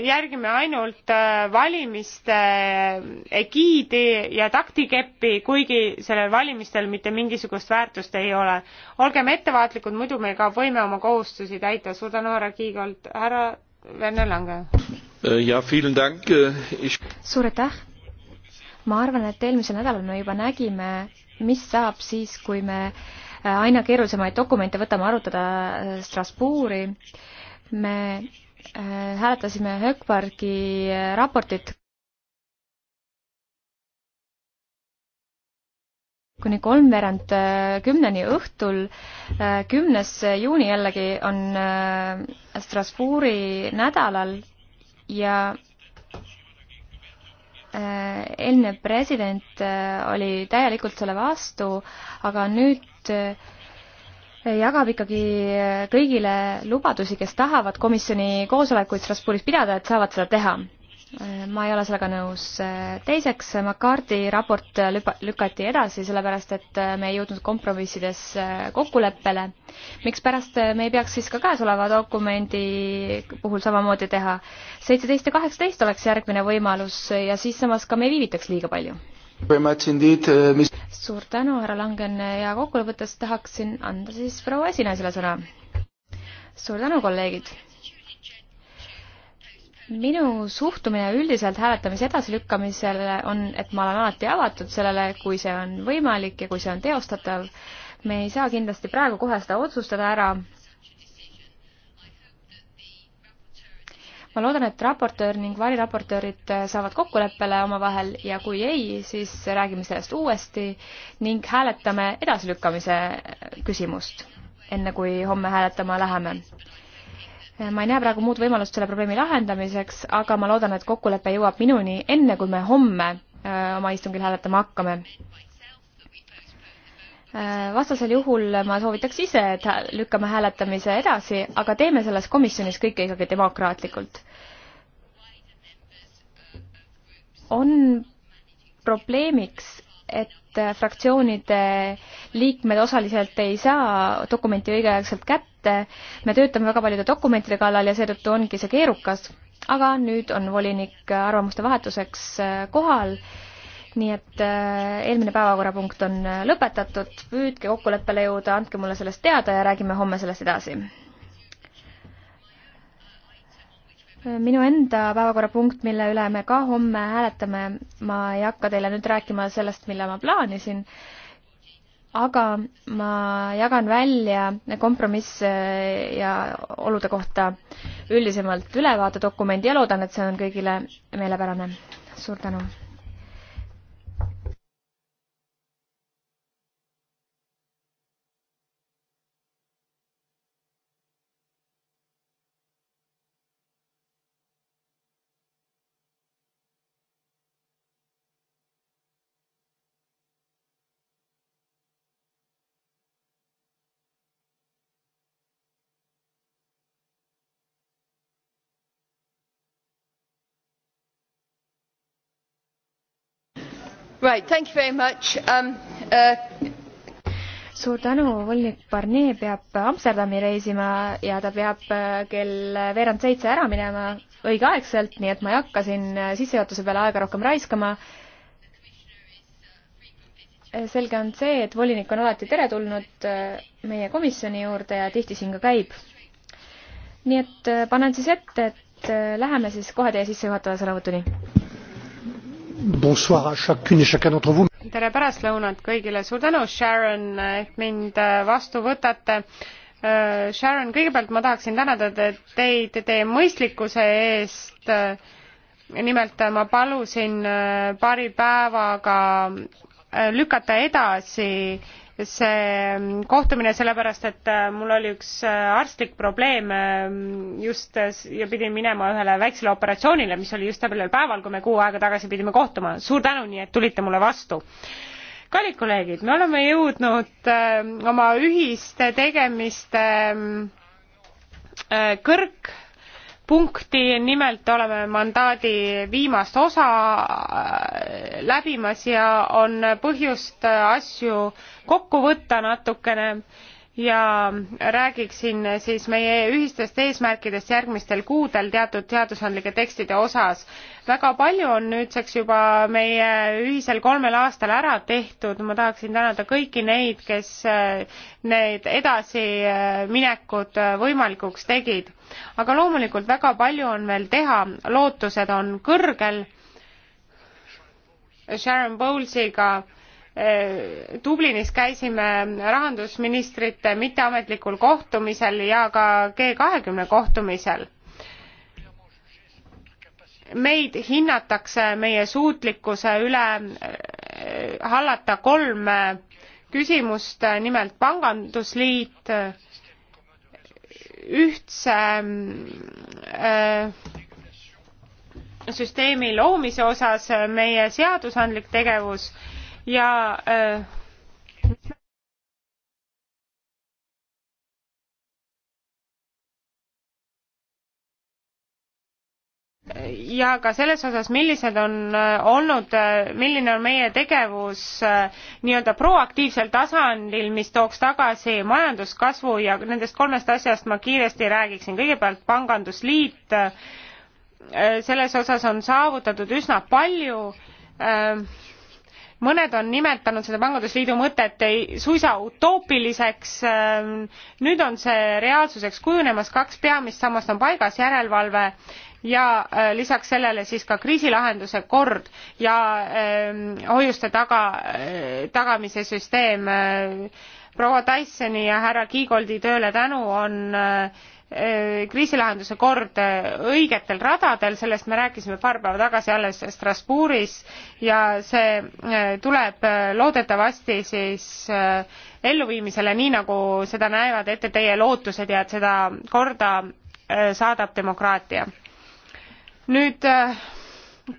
järgime ainult äh, valimiste äh, egiidi ja taktikeppi, kuigi sellel valimistel mitte mingisugust väärtust ei ole. olgem ettevaatlikud, muidu me ka võime oma kohustusi täita. suur tänu, härra Kiigolt, härra Verne Lange. Äh, ja, ich... suur aitäh. ma arvan, et eelmisel nädalal me juba nägime, mis saab siis, kui me aina keerulisemaid dokumente võtame arutada Strasbourgi. me Äh, hääletasime Hökpargi äh, raportit kuni kolmveerand äh, kümneni õhtul. kümnes juuni jällegi on Strasbourgi nädalal ja eelmine president oli täielikult selle vastu, aga nüüd jagab ikkagi kõigile lubadusi, kes tahavad komisjoni koosolekuid Strasbourgis pidada, et saavad seda teha. ma ei ole sellega nõus. teiseks, McCarthy raport lüpa-, lükati edasi, sellepärast et me ei jõudnud kompromissides kokkuleppele. mikspärast me ei peaks siis ka käesoleva dokumendi puhul samamoodi teha? seitseteist ja kaheksateist oleks järgmine võimalus ja siis samas ka me ei viivitaks liiga palju Uh, suur tänu, härra Langen ja kokkuvõttes tahaksin anda siis proua esinaisele sõna. suur tänu, kolleegid. minu suhtumine üldiselt hääletamise edasilükkamisele on, et ma olen alati avatud sellele, kui see on võimalik ja kui see on teostatav. me ei saa kindlasti praegu kohe seda otsustada ära ma loodan, et raportöör ning variraportöörid äh, saavad kokkuleppele omavahel ja kui ei, siis räägime sellest uuesti ning hääletame edasilükkamise äh, küsimust, enne kui homme hääletama läheme. Äh, ma ei näe praegu muud võimalust selle probleemi lahendamiseks, aga ma loodan, et kokkulepe jõuab minuni enne, kui me homme oma istungil hääletama hakkame Äh, vastasel juhul ma soovitaks ise, et lükkame hääletamise edasi, aga teeme selles komisjonis kõike ikkagi demokraatlikult. on probleemiks, et fraktsioonide liikmed osaliselt ei saa dokumenti õigeaegselt kätte, me töötame väga paljude dokumentide kallal ja seetõttu ongi see keerukas, aga nüüd on volinik arvamuste vahetuseks äh, kohal nii et äh, eelmine päevakorrapunkt on äh, lõpetatud, püüdke kokkuleppele jõuda, andke mulle sellest teada ja räägime homme sellest edasi. Äh, minu enda päevakorrapunkt, mille üle me ka homme hääletame, ma ei hakka teile nüüd rääkima sellest, mille ma plaanisin, aga ma jagan välja kompromisse ja olude kohta üldisemalt ülevaatedokumendi ja loodan, et see on kõigile meelepärane. suur tänu! Right, thank you very much. Um, uh... suur tänu, volinik Barnier peab Amsterdami reisima ja ta peab äh, kell veerand seitse ära minema õigeaegselt, nii et ma ei hakka siin äh, sissejuhatuse peale aega rohkem raiskama. Äh, selge on see, et volinik on alati teretulnud meie komisjoni juurde ja tihti siin ka käib. nii et panen siis ette, et läheme siis kohe teie sissejuhatava sõnavõtuni tere pärastlõunat kõigile, suur tänu, Sharon, et mind äh, vastu võtate. Äh, Sharon, kõigepealt ma tahaksin tänada teid teie mõistlikkuse eest. Äh, nimelt ma palusin paari päevaga lükata edasi see mm, kohtumine sellepärast et äh, mul oli üks äh, arstlik probleem ähm, just äh, ja pidin minema ühele väiksele operatsioonile mis oli just sellel päeval kui me kuu aega tagasi pidime kohtuma suur tänu nii et tulite mulle vastu kallid kolleegid me oleme jõudnud ähm, oma ühiste tegemiste ähm, kõrg punkti, nimelt oleme mandaadi viimast osa äh, läbimas ja on põhjust asju kokku võtta natukene ja räägiksin siis meie ühistest eesmärkidest järgmistel kuudel teatud seadusandlike tekstide osas. väga palju on nüüdseks juba meie ühisel kolmel aastal ära tehtud, ma tahaksin tänada kõiki neid, kes äh, need edasiminekud äh, äh, võimalikuks tegid. aga loomulikult väga palju on veel teha, lootused on kõrgel. Sharon Bowlesiga Äh, Dublinis käisime rahandusministrite mitteametlikul kohtumisel ja ka G kahekümne kohtumisel. meid hinnatakse meie suutlikkuse üle äh, hallata kolme küsimust, nimelt pangandusliit, ühtse äh, süsteemi loomise osas meie seadusandlik tegevus ja äh, ja ka selles osas, millised on äh, olnud, äh, milline on meie tegevus nii-öelda proaktiivsel tasandil, mis tooks tagasi majanduskasvu ja nendest kolmest asjast ma kiiresti räägiksin. kõigepealt Pangandusliit, selles osas on saavutatud üsna palju mõned on nimetanud seda pangandusliidu mõtet suisa utoopiliseks ähm, nüüd on see reaalsuseks kujunemas kaks peamist sammast on paigas järelevalve ja äh, lisaks sellele siis ka kriisilahenduse kord ja ähm, hoiuste taga äh, tagamise süsteem äh, proua Tysoni ja härra Kiigoldi tööle tänu on äh, Äh, kriisilahenduse kord äh, õigetel radadel, sellest me rääkisime paar päeva tagasi alles Strasbourgis ja see äh, tuleb loodetavasti siis elluviimisele, nii nagu seda näevad ette teie lootused ja et seda korda saadab demokraatia. nüüd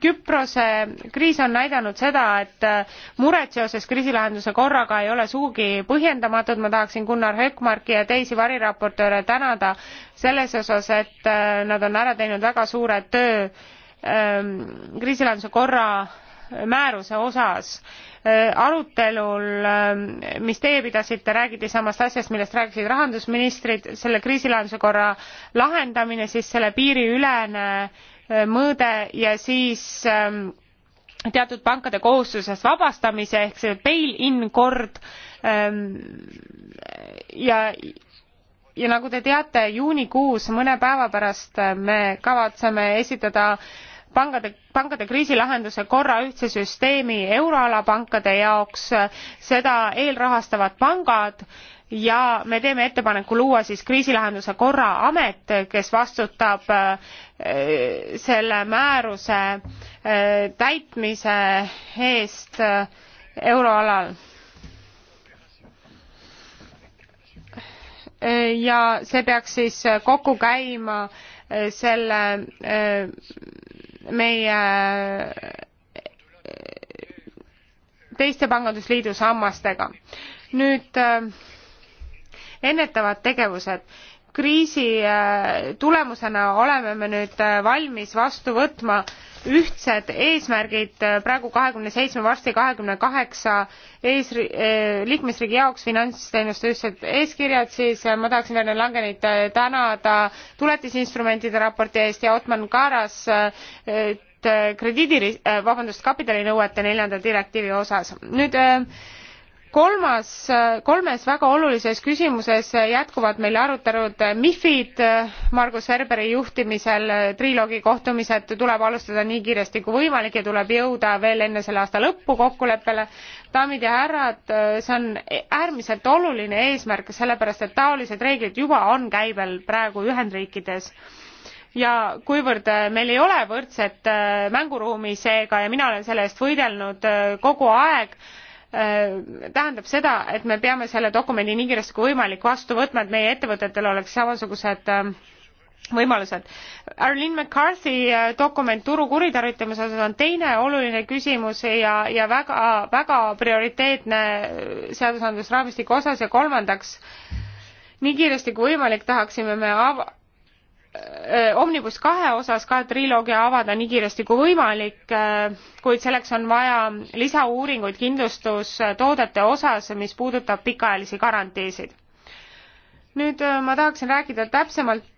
Küprose kriis on näidanud seda, et äh, mured seoses kriisilahenduse korraga ei ole sugugi põhjendamatud, ma tahaksin Gunnar Hökmarki ja teisi variraportööre tänada selles osas, et äh, nad on ära teinud väga suure töö ähm, kriisilahenduse korra määruse osas. Äh, arutelul, ähm, mis teie pidasite, räägiti samast asjast, millest rääkisid rahandusministrid, selle kriisilahenduse korra lahendamine, siis selle piiriülene mõõde ja siis ähm, teatud pankade kohustusest vabastamise ehk see bail in kord ähm, ja ja nagu te teate juunikuus mõne päeva pärast äh, me kavatseme esitada pangade pankade kriisilahenduse korra ühtse süsteemi euroala pankade jaoks seda eelrahastavad pangad ja me teeme ettepaneku luua siis kriisilahenduse korra amet kes vastutab äh, selle määruse äh, täitmise eest äh, euroalal ja see peaks siis kokku käima selle meie teiste pangandusliidu sammastega nüüd äh, ennetavad tegevused kriisi äh, tulemusena oleme me nüüd äh, valmis vastu võtma ühtsed eesmärgid äh, praegu kahekümne seitsme varsti kahekümne kaheksa ees liikmesriigi jaoks finantsteenuste ühtsed eeskirjad siis ma tahaksin Werner Langenit tänada tuletisinstrumentide raporti eest ja Otman Karas krediidi vabandust kapitalinõuete neljanda direktiivi osas nüüd kolmas, kolmes väga olulises küsimuses jätkuvad meil arutelud MIFID Margus Ferberi juhtimisel, triloogi kohtumised tuleb alustada nii kiiresti kui võimalik ja tuleb jõuda veel enne selle aasta lõppu kokkuleppele. daamid ja härrad, see on äärmiselt oluline eesmärk, sellepärast et taolised reeglid juba on käibel praegu Ühendriikides ja kuivõrd meil ei ole võrdset mänguruumi seega ja mina olen selle eest võidelnud kogu aeg, Äh, tähendab seda, et me peame selle dokumendi nii kiiresti kui võimalik vastu võtma, et meie ettevõtetel oleks samasugused äh, võimalused. Arlene McCarthy äh, dokument turu kuritarvitamise osas on teine oluline küsimus ja, ja väga, väga prioriteetne seadusandlusraamistiku osas ja kolmandaks, nii kiiresti kui võimalik tahaksime me av-, Äh, Omnibus kahe osas ka triloogia avada nii kiiresti kui võimalik, äh, kuid selleks on vaja lisauuringuid kindlustustoodete osas, mis puudutab pikaajalisi garantiisid. nüüd äh, ma tahaksin rääkida täpsemalt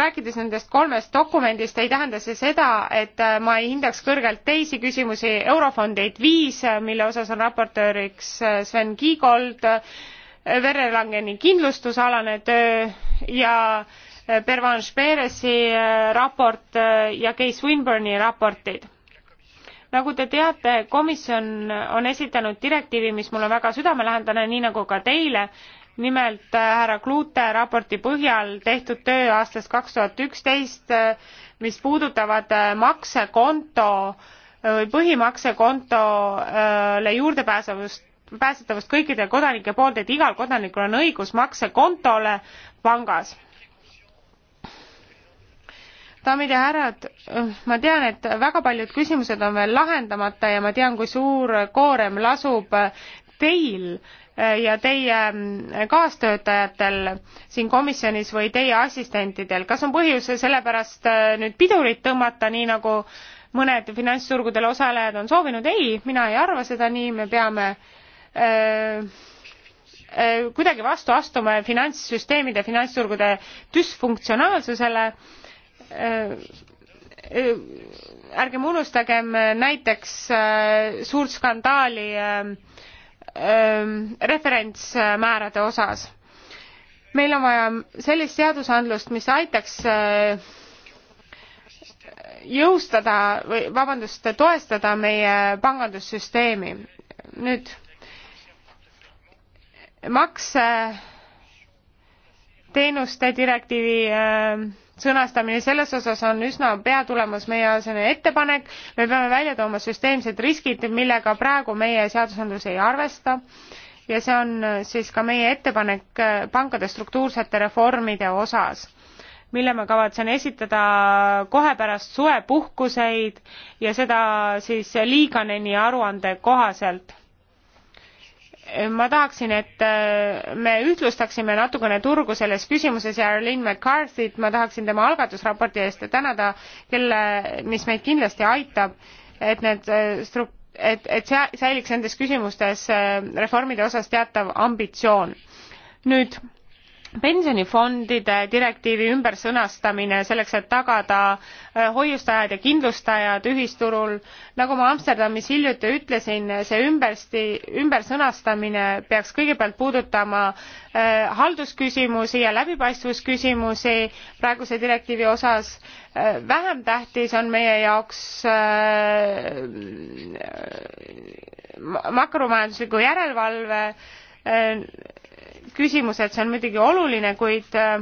rääkides nendest kolmest dokumendist ei tähenda see seda, et ma ei hindaks kõrgelt teisi küsimusi, Eurofondeid viis, mille osas on raportööriks Sven Kiigold, vererangeni kindlustusalane töö ja äh, Pervanche Peresi äh, raport äh, ja Case Winburni raportid. nagu te teate, komisjon on esitanud direktiivi, mis mulle väga südamelähedane, nii nagu ka teile, nimelt äh, härra Klute raporti põhjal tehtud töö aastast kaks tuhat üksteist, mis puudutavad maksekonto või põhimaksekontole juurdepääsevust pääsetavust kõikide kodanike poolt et igal kodanikul on õigus maksekontole pangas daamid ja härrad, ma tean, et väga paljud küsimused on veel lahendamata ja ma tean, kui suur koorem lasub teil ja teie kaastöötajatel siin komisjonis või teie assistentidel. kas on põhjus sellepärast nüüd pidurit tõmmata, nii nagu mõned finantsturgudel osalejad on soovinud? ei, mina ei arva seda nii, me peame öö, äh, öö, äh, kuidagi vastu astuma finantssüsteemide, finantsturgude düsfunktsionaalsusele Äh, äh, ärgem unustagem näiteks äh, suurt skandaali referentsmäärade osas. meil on vaja sellist seadusandlust, mis aitaks jõustada või vabandust, toestada meie pangandussüsteemi. nüüd makse äh, teenuste direktiivi äh, sõnastamine selles osas on üsna pea tulemas meiealasene ettepanek me peame välja tooma süsteemsed riskid millega praegu meie seadusandlus ei arvesta ja see on äh, siis ka meie ettepanek äh, pankade struktuursete reformide osas mille ma kavatsen esitada kohe pärast suvepuhkuseid ja seda siis liiganeni aruande kohaselt ma tahaksin, et äh, me ühtlustaksime natukene turgu selles küsimuses ja Arlene McCarthy't ma tahaksin tema algatusraporti eest tänada, kelle, mis meid kindlasti aitab, et need äh, stru-, et, et sea-, säiliks nendes küsimustes äh, reformide osas teatav ambitsioon. nüüd pensionifondide direktiivi ümbersõnastamine selleks et tagada äh, hoiustajad ja kindlustajad ühisturul nagu ma amsterdamis hiljuti ütlesin see ümbersti ümbersõnastamine peaks kõigepealt puudutama eh, haldusküsimusi ja läbipaistvusküsimusi praeguse direktiivi osas eh, vähem tähtis on meie jaoks eh, makromajandusliku järelevalve Äh, küsimused, see on muidugi oluline, kuid äh,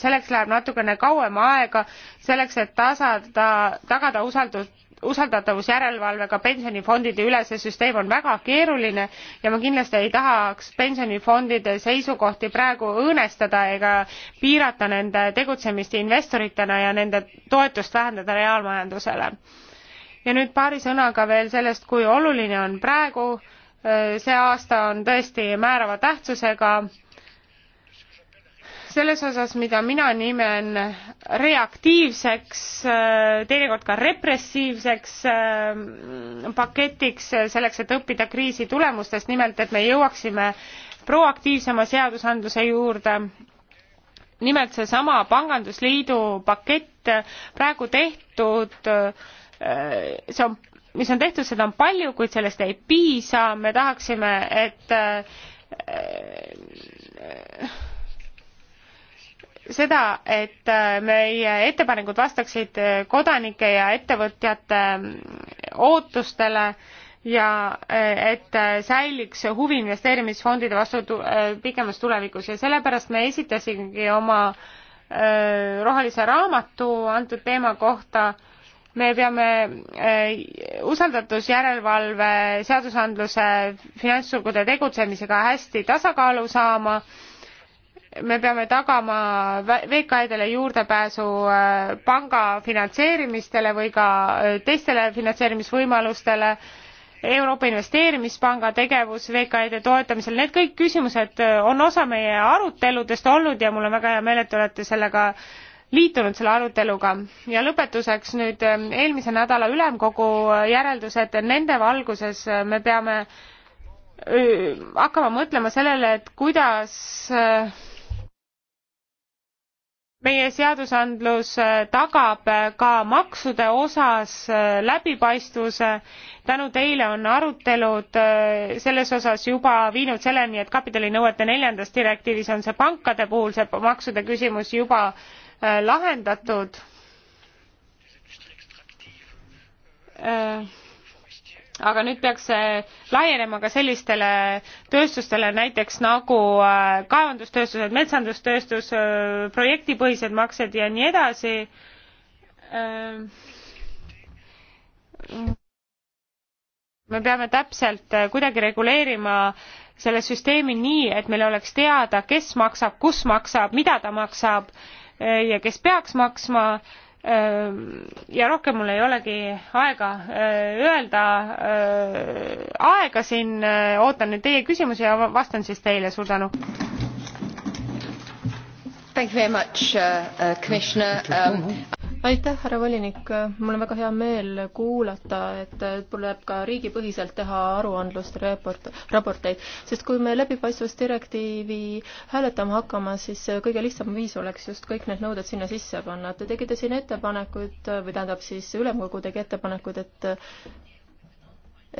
selleks läheb natukene kauem aega, selleks et tasada, tagada usaldus, usaldatavus järelevalvega pensionifondide üle, see süsteem on väga keeruline ja ma kindlasti ei tahaks pensionifondide seisukohti praegu õõnestada ega piirata nende tegutsemist investoritena ja nende toetust vähendada reaalmajandusele. ja nüüd paari sõnaga veel sellest, kui oluline on praegu äh, see aasta on tõesti määrava tähtsusega selles osas, mida mina nimen reaktiivseks, teinekord ka repressiivseks mm, paketiks, selleks et õppida kriisi tulemustest, nimelt et me jõuaksime proaktiivsema seadusandluse juurde. nimelt seesama Pangandusliidu pakett, praegu tehtud, see on mis on tehtud, seda on palju, kuid sellest ei piisa, me tahaksime, et äh, seda, et äh, meie ettepanekud vastaksid kodanike ja ettevõtjate mm, ootustele ja äh, et säiliks huvi investeerimisfondide vastu pikemas tulevikus ja sellepärast me esitasimegi oma rohelise raamatu antud teema kohta äh, me peame äh, usaldatusjärelevalve seadusandluse finantsturgude tegutsemisega hästi tasakaalu saama me peame tagama VKE-dele juurdepääsu äh, panga finantseerimistele või ka äh, teistele finantseerimisvõimalustele euroopa investeerimispanga tegevus vkide toetamisel need kõik küsimused on osa meie aruteludest olnud ja mul on väga hea meel et te olete sellega liitunud selle aruteluga ja lõpetuseks nüüd ähm, eelmise nädala ülemkogu äh, järeldused nende valguses äh, me peame hakkama mõtlema sellele et kuidas äh, meie seadusandlus tagab ka maksude osas läbipaistvuse tänu teile on arutelud selles osas juba viinud selleni et kapitalinõuete neljandas direktiivis on see pankade puhul see maksude küsimus juba Äh, lahendatud äh, aga nüüd peaks see laienema ka sellistele tööstustele näiteks nagu äh, kaevandustööstused, metsandustööstus, projektipõhised maksed ja nii edasi. me peame täpselt kuidagi reguleerima selle süsteemi nii, et meil oleks teada, kes maksab, kus maksab, mida ta maksab ja kes peaks maksma ähm, ja rohkem mul ei olegi aega äh, öelda, äh, aega siin, äh, ootan nüüd teie küsimusi ja vastan siis teile, suur tänu. Thank you very much uh,, uh, Commissioner um, aitäh, härra volinik, mul on väga hea meel kuulata, et tuleb ka riigipõhiselt teha aruandlust, raport, raporteid, sest kui me läbipaistvusdirektiivi hääletama hakkame, siis kõige lihtsam viis oleks just kõik need nõuded sinna sisse panna. Te tegite siin ettepanekuid või tähendab siis ülemkogu tegi ettepanekuid, et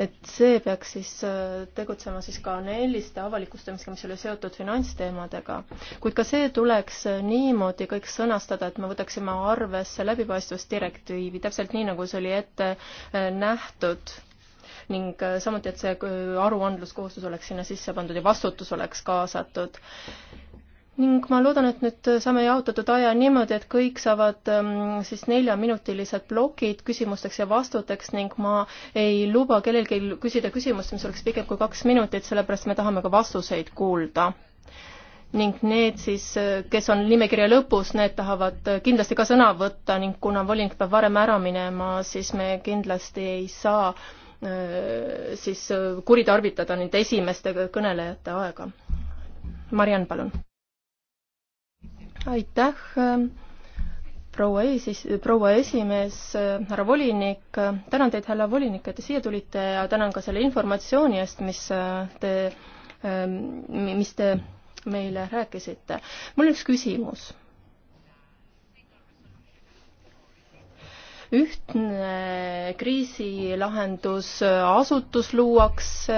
et see peaks siis äh, tegutsema siis ka neeliste avalikustamisega, mis ei ole seotud finantsteemadega. kuid ka see tuleks äh, niimoodi kõik sõnastada, et me võtaksime arvesse läbipaistvusdirektiivi, täpselt nii, nagu see oli ette äh, nähtud ning samuti, et see aruandluskohustus oleks sinna sisse pandud ja vastutus oleks kaasatud ning ma loodan, et nüüd saame jaotatud aja niimoodi, et kõik saavad ähm, siis neljaminutilised plokid küsimusteks ja vastuteks ning ma ei luba kellelgi küsida küsimust, mis oleks pikem kui kaks minutit, sellepärast me tahame ka vastuseid kuulda. ning need siis, kes on nimekirja lõpus, need tahavad kindlasti ka sõna võtta ning kuna volinik peab varem ära minema, siis me kindlasti ei saa äh, siis kuritarvitada nende esimeste kõnelejate aega. Mariann, palun aitäh, ähm, proua eesis-, proua esimees, äh, härra volinik, tänan teid, härra volinik, et te siia tulite ja tänan ka selle informatsiooni eest, mis äh, te, ähm, mis te meile rääkisite. mul on üks küsimus ühtne kriisilahendusasutus luuakse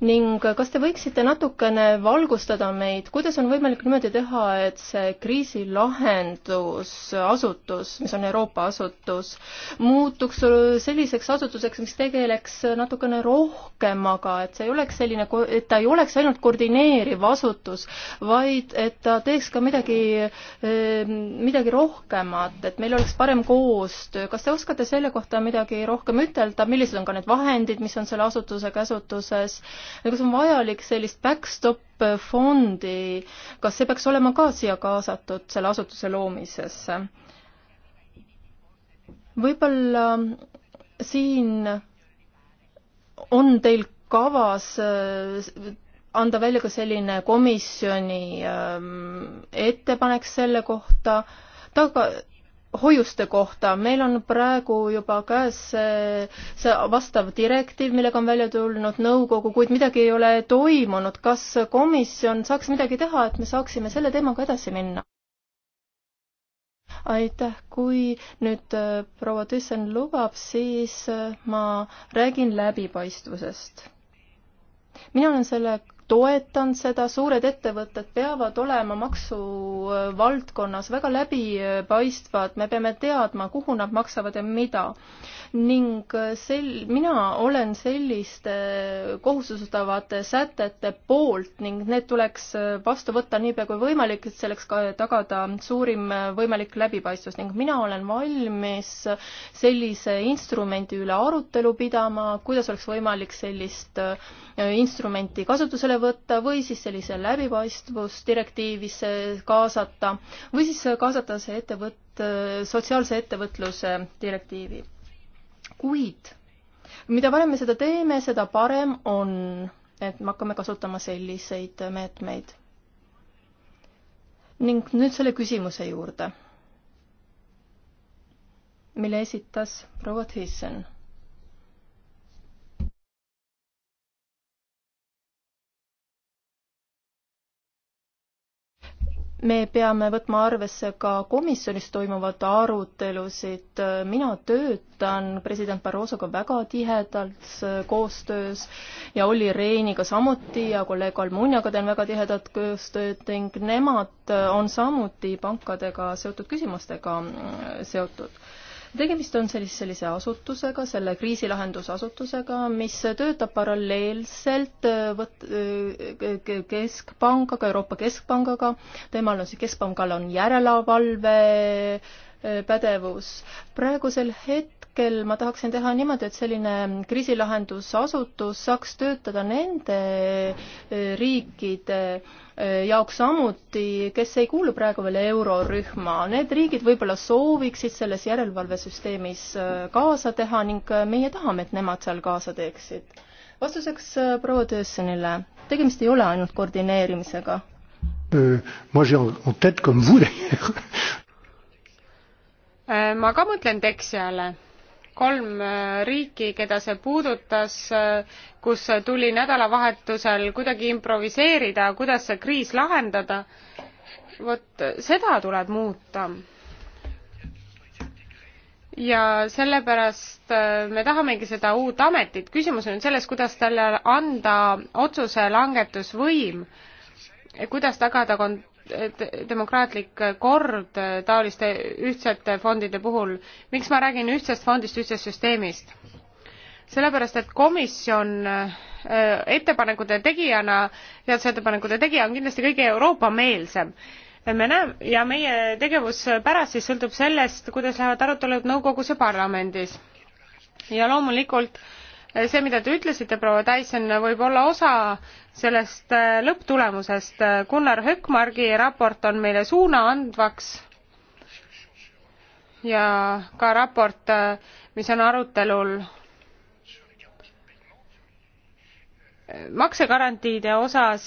ning kas te võiksite natukene valgustada meid, kuidas on võimalik niimoodi teha, et see kriisilahendusasutus, mis on Euroopa asutus, muutuks selliseks asutuseks, mis tegeleks natukene rohkemaga, et see ei oleks selline, et ta ei oleks ainult koordineeriv asutus, vaid et ta teeks ka midagi, eh, midagi rohkemat, et meil oleks parem koostöö, kas kas te oskate selle kohta midagi rohkem ütelda, millised on ka need vahendid, mis on selle asutuse käsutuses ja kas on vajalik sellist backstop fondi, kas see peaks olema ka siia kaasatud selle asutuse loomisesse? võib-olla siin on teil kavas äh, anda välja ka selline komisjoni ähm, ettepanek selle kohta, taga-, hoiuste kohta, meil on praegu juba käes see, see vastav direktiiv, millega on välja tulnud nõukogu, kuid midagi ei ole toimunud. kas komisjon saaks midagi teha, et me saaksime selle teemaga edasi minna? aitäh, kui nüüd äh, proua Tüssen lubab, siis äh, ma räägin läbipaistvusest. mina olen selle toetan seda, suured ettevõtted peavad olema maksuvaldkonnas väga läbipaistvad, me peame teadma, kuhu nad maksavad ja mida. ning sel-, mina olen selliste kohustustavate sätete poolt ning need tuleks vastu võtta niipea kui võimalik, et selleks ka tagada suurim võimalik läbipaistvus ning mina olen valmis sellise instrumendi üle arutelu pidama, kuidas oleks võimalik sellist instrumenti kasutusele üle võtta või siis sellise läbipaistvusdirektiivisse kaasata või siis kaasata see ettevõtt, sotsiaalse ettevõtluse direktiivi. kuid mida varem me seda teeme, seda parem on, et me hakkame kasutama selliseid meetmeid. ning nüüd selle küsimuse juurde, mille esitas proua Thyssen me peame võtma arvesse ka komisjonis toimuvat arutelusid. mina töötan president Barrosoga väga tihedalt koostöös ja Olli Rehniga samuti ja kolleeg Almuniaga teen väga tihedat koostööd ning nemad on samuti pankadega seotud küsimustega seotud tegemist on sellise, sellise asutusega, selle kriisilahendusasutusega, mis töötab paralleelselt äh, võt-, äh, keskpangaga, Euroopa Keskpangaga, temal on see, keskpangal on järelevalve äh, pädevus. praegusel het-, hetkel ma tahaksin teha niimoodi, et selline kriisilahendusasutus saaks töötada nende eh, riikide eh, jaoks samuti, kes ei kuulu praegu veel eurorühma. Need riigid võib-olla sooviksid selles järelevalvesüsteemis eh, kaasa teha ning meie tahame, et nemad seal kaasa teeksid. vastuseks proua Töössonile, tegemist ei ole ainult koordineerimisega euh,. Moi j'ai en tête comme vous d'ailleurs euh, ma ka mõtlen Dexiale kolm äh, riiki, keda see puudutas, äh, kus tuli nädalavahetusel kuidagi improviseerida, kuidas see kriis lahendada. vot seda tuleb muuta. ja sellepärast äh, me tahamegi seda uut ametit. küsimus on selles, kuidas talle anda otsuse langetusvõim, kuidas tagada kont-, demokraatlik kord taoliste ühtsete fondide puhul. miks ma räägin ühtsest fondist, ühtsest süsteemist? sellepärast, et komisjon äh, ettepanekute tegijana, seadusettepanekute tegija on kindlasti kõige Euroopa-meelsem me näeme ja meie tegevus pärast siis sõltub sellest kuidas lähevad arutelud nõukogus ja parlamendis ja loomulikult äh, see, mida te ütlesite, proua Tyson, võib olla osa sellest äh, lõpptulemusest. Gunnar Höckmargi raport on meile suuna andvaks ja ka raport, äh, mis on arutelul maksegarantiide osas,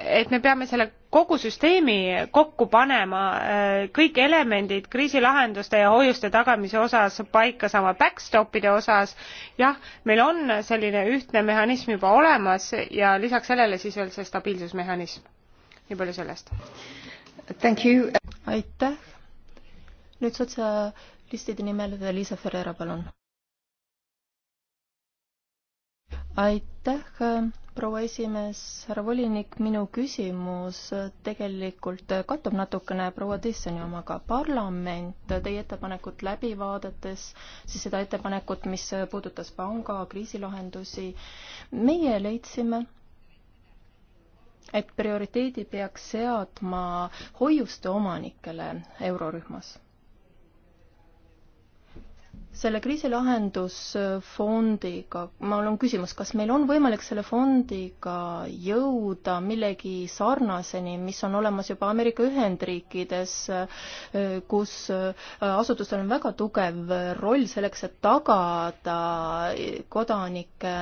et me peame selle kogu süsteemi kokku panema, äh, kõik elemendid kriisilahenduste ja hoiuste tagamise osas paika saama, backstopide osas, jah, meil on selline ühtne mehhanism juba olemas ja lisaks sellele siis veel see stabiilsusmehhanism. nii palju sellest. aitäh. nüüd sotsialistide nimel Liisa Ferreira, palun. aitäh proua esimees, härra volinik, minu küsimus tegelikult kattub natukene proua Tissoni omaga. parlament teie ettepanekut läbi vaadates, siis seda ettepanekut, mis puudutas panga kriisilahendusi, meie leidsime, et prioriteedi peaks seadma hoiuste omanikele eurorühmas selle kriisilahendusfondiga, mul on küsimus, kas meil on võimalik selle fondiga jõuda millegi sarnaseni, mis on olemas juba Ameerika Ühendriikides, kus asutustel on väga tugev roll selleks, et tagada kodanike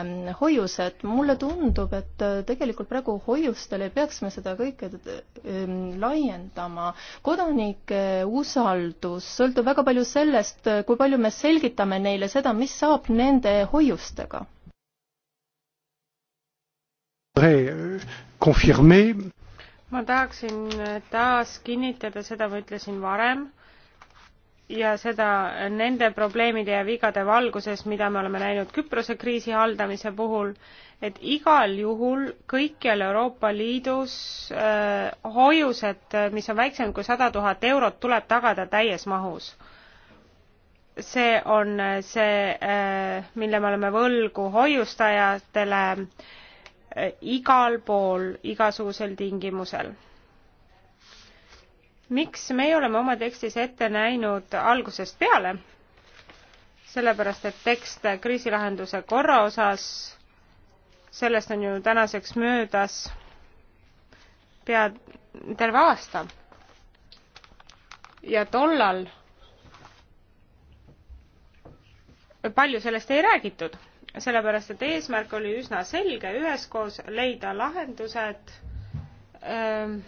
hoiused. mulle tundub, et tegelikult praegu hoiustel ei peaks me seda kõike ähm, laiendama. kodanike usaldus sõltub väga palju sellest, kui palju me selgitame, selgitame neile seda, mis saab nende hoiustega. ma tahaksin taas kinnitada seda, ma ütlesin varem ja seda nende probleemide ja vigade valguses, mida me oleme näinud Küprose kriisi haldamise puhul, et igal juhul kõikjal Euroopa Liidus äh, hoiused, mis on väiksemad kui sada tuhat eurot, tuleb tagada täies mahus see on see, äh, mille me oleme võlgu hoiustajatele äh, igal pool, igasugusel tingimusel. miks meie oleme oma tekstis ette näinud algusest peale? sellepärast, et tekst kriisilahenduse korra osas, sellest on ju tänaseks möödas pea terve aasta. ja tollal palju sellest ei räägitud, sellepärast et eesmärk oli üsna selge, üheskoos leida lahendused, ähm,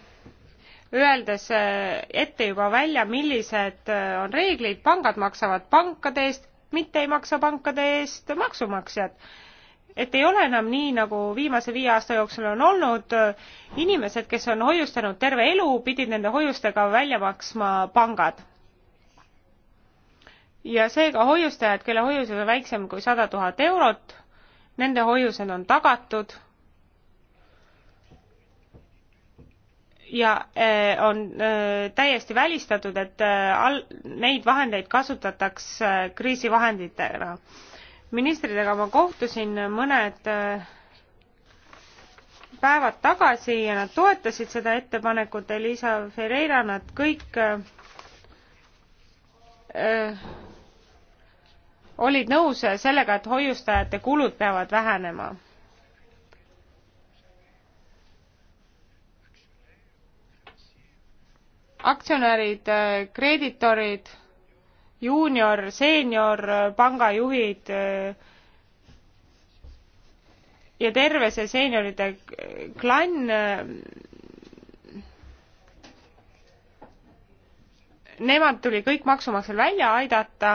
öeldes äh, ette juba välja, millised äh, on reeglid, pangad maksavad pankade eest, mitte ei maksa pankade eest maksumaksjad et ei ole enam nii, nagu viimase viie aasta jooksul on olnud, inimesed, kes on hoiustanud terve elu, pidid nende hoiustega välja maksma pangad ja seega hoiustajad, kelle hoiused on väiksem kui sada tuhat eurot, nende hoiused on tagatud ja eh, on eh, täiesti välistatud, et eh, al-, neid vahendeid kasutatakse kriisivahenditena. ministritega ma kohtusin mõned päevad tagasi ja nad toetasid seda ettepanekut, Elisa Ferreira, nad kõik öö, olid nõus sellega, et hoiustajate kulud peavad vähenema. aktsionärid, kreeditorid, juunior, seenior, pangajuhid ja terve see seenioride klann nemad tuli kõik maksumaksjal välja aidata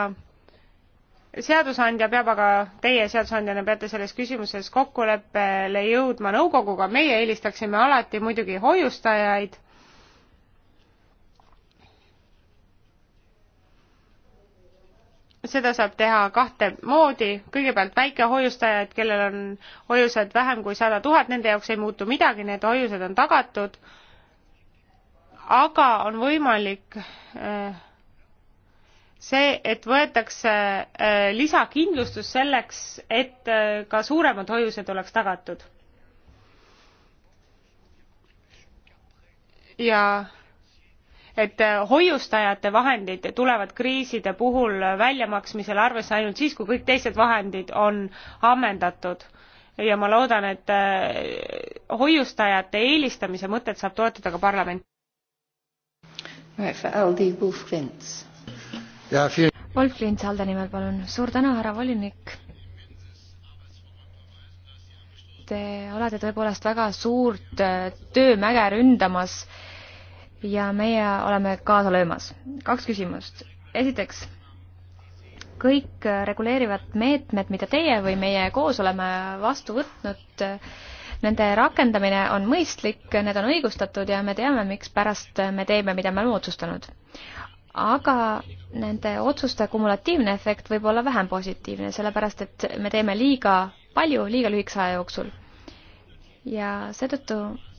seadusandja peab aga, teie seadusandjana peate selles küsimuses kokkuleppele jõudma nõukoguga, meie eelistaksime alati muidugi hoiustajaid. seda saab teha kahte moodi, kõigepealt väikehoiustajad, kellel on hoiused vähem kui sada tuhat, nende jaoks ei muutu midagi, need hoiused on tagatud, aga on võimalik äh, see, et võetakse äh, lisakindlustus selleks, et äh, ka suuremad hoiused oleks tagatud. ja et äh, hoiustajate vahendid tulevad kriiside puhul väljamaksmisel arvesse ainult siis, kui kõik teised vahendid on ammendatud ja ma loodan, et hoiustajate eelistamise mõtet saab toetada ka parlament. Right, for Aldi Wolf-Klints Wolf Klints Alde nimel, palun. suur tänu, härra volinik. Te olete tõepoolest väga suurt äh, töömäge ründamas ja meie oleme kaasa löömas. kaks küsimust. esiteks, kõik äh, reguleerivad meetmed, mida teie või meie koos oleme vastu võtnud, äh, nende rakendamine on mõistlik, need on õigustatud ja me teame, mikspärast me teeme, mida me oleme otsustanud aga nende otsuste kumulatiivne efekt võib olla vähem positiivne, sellepärast et me teeme liiga palju liiga lühikese aja jooksul. ja seetõttu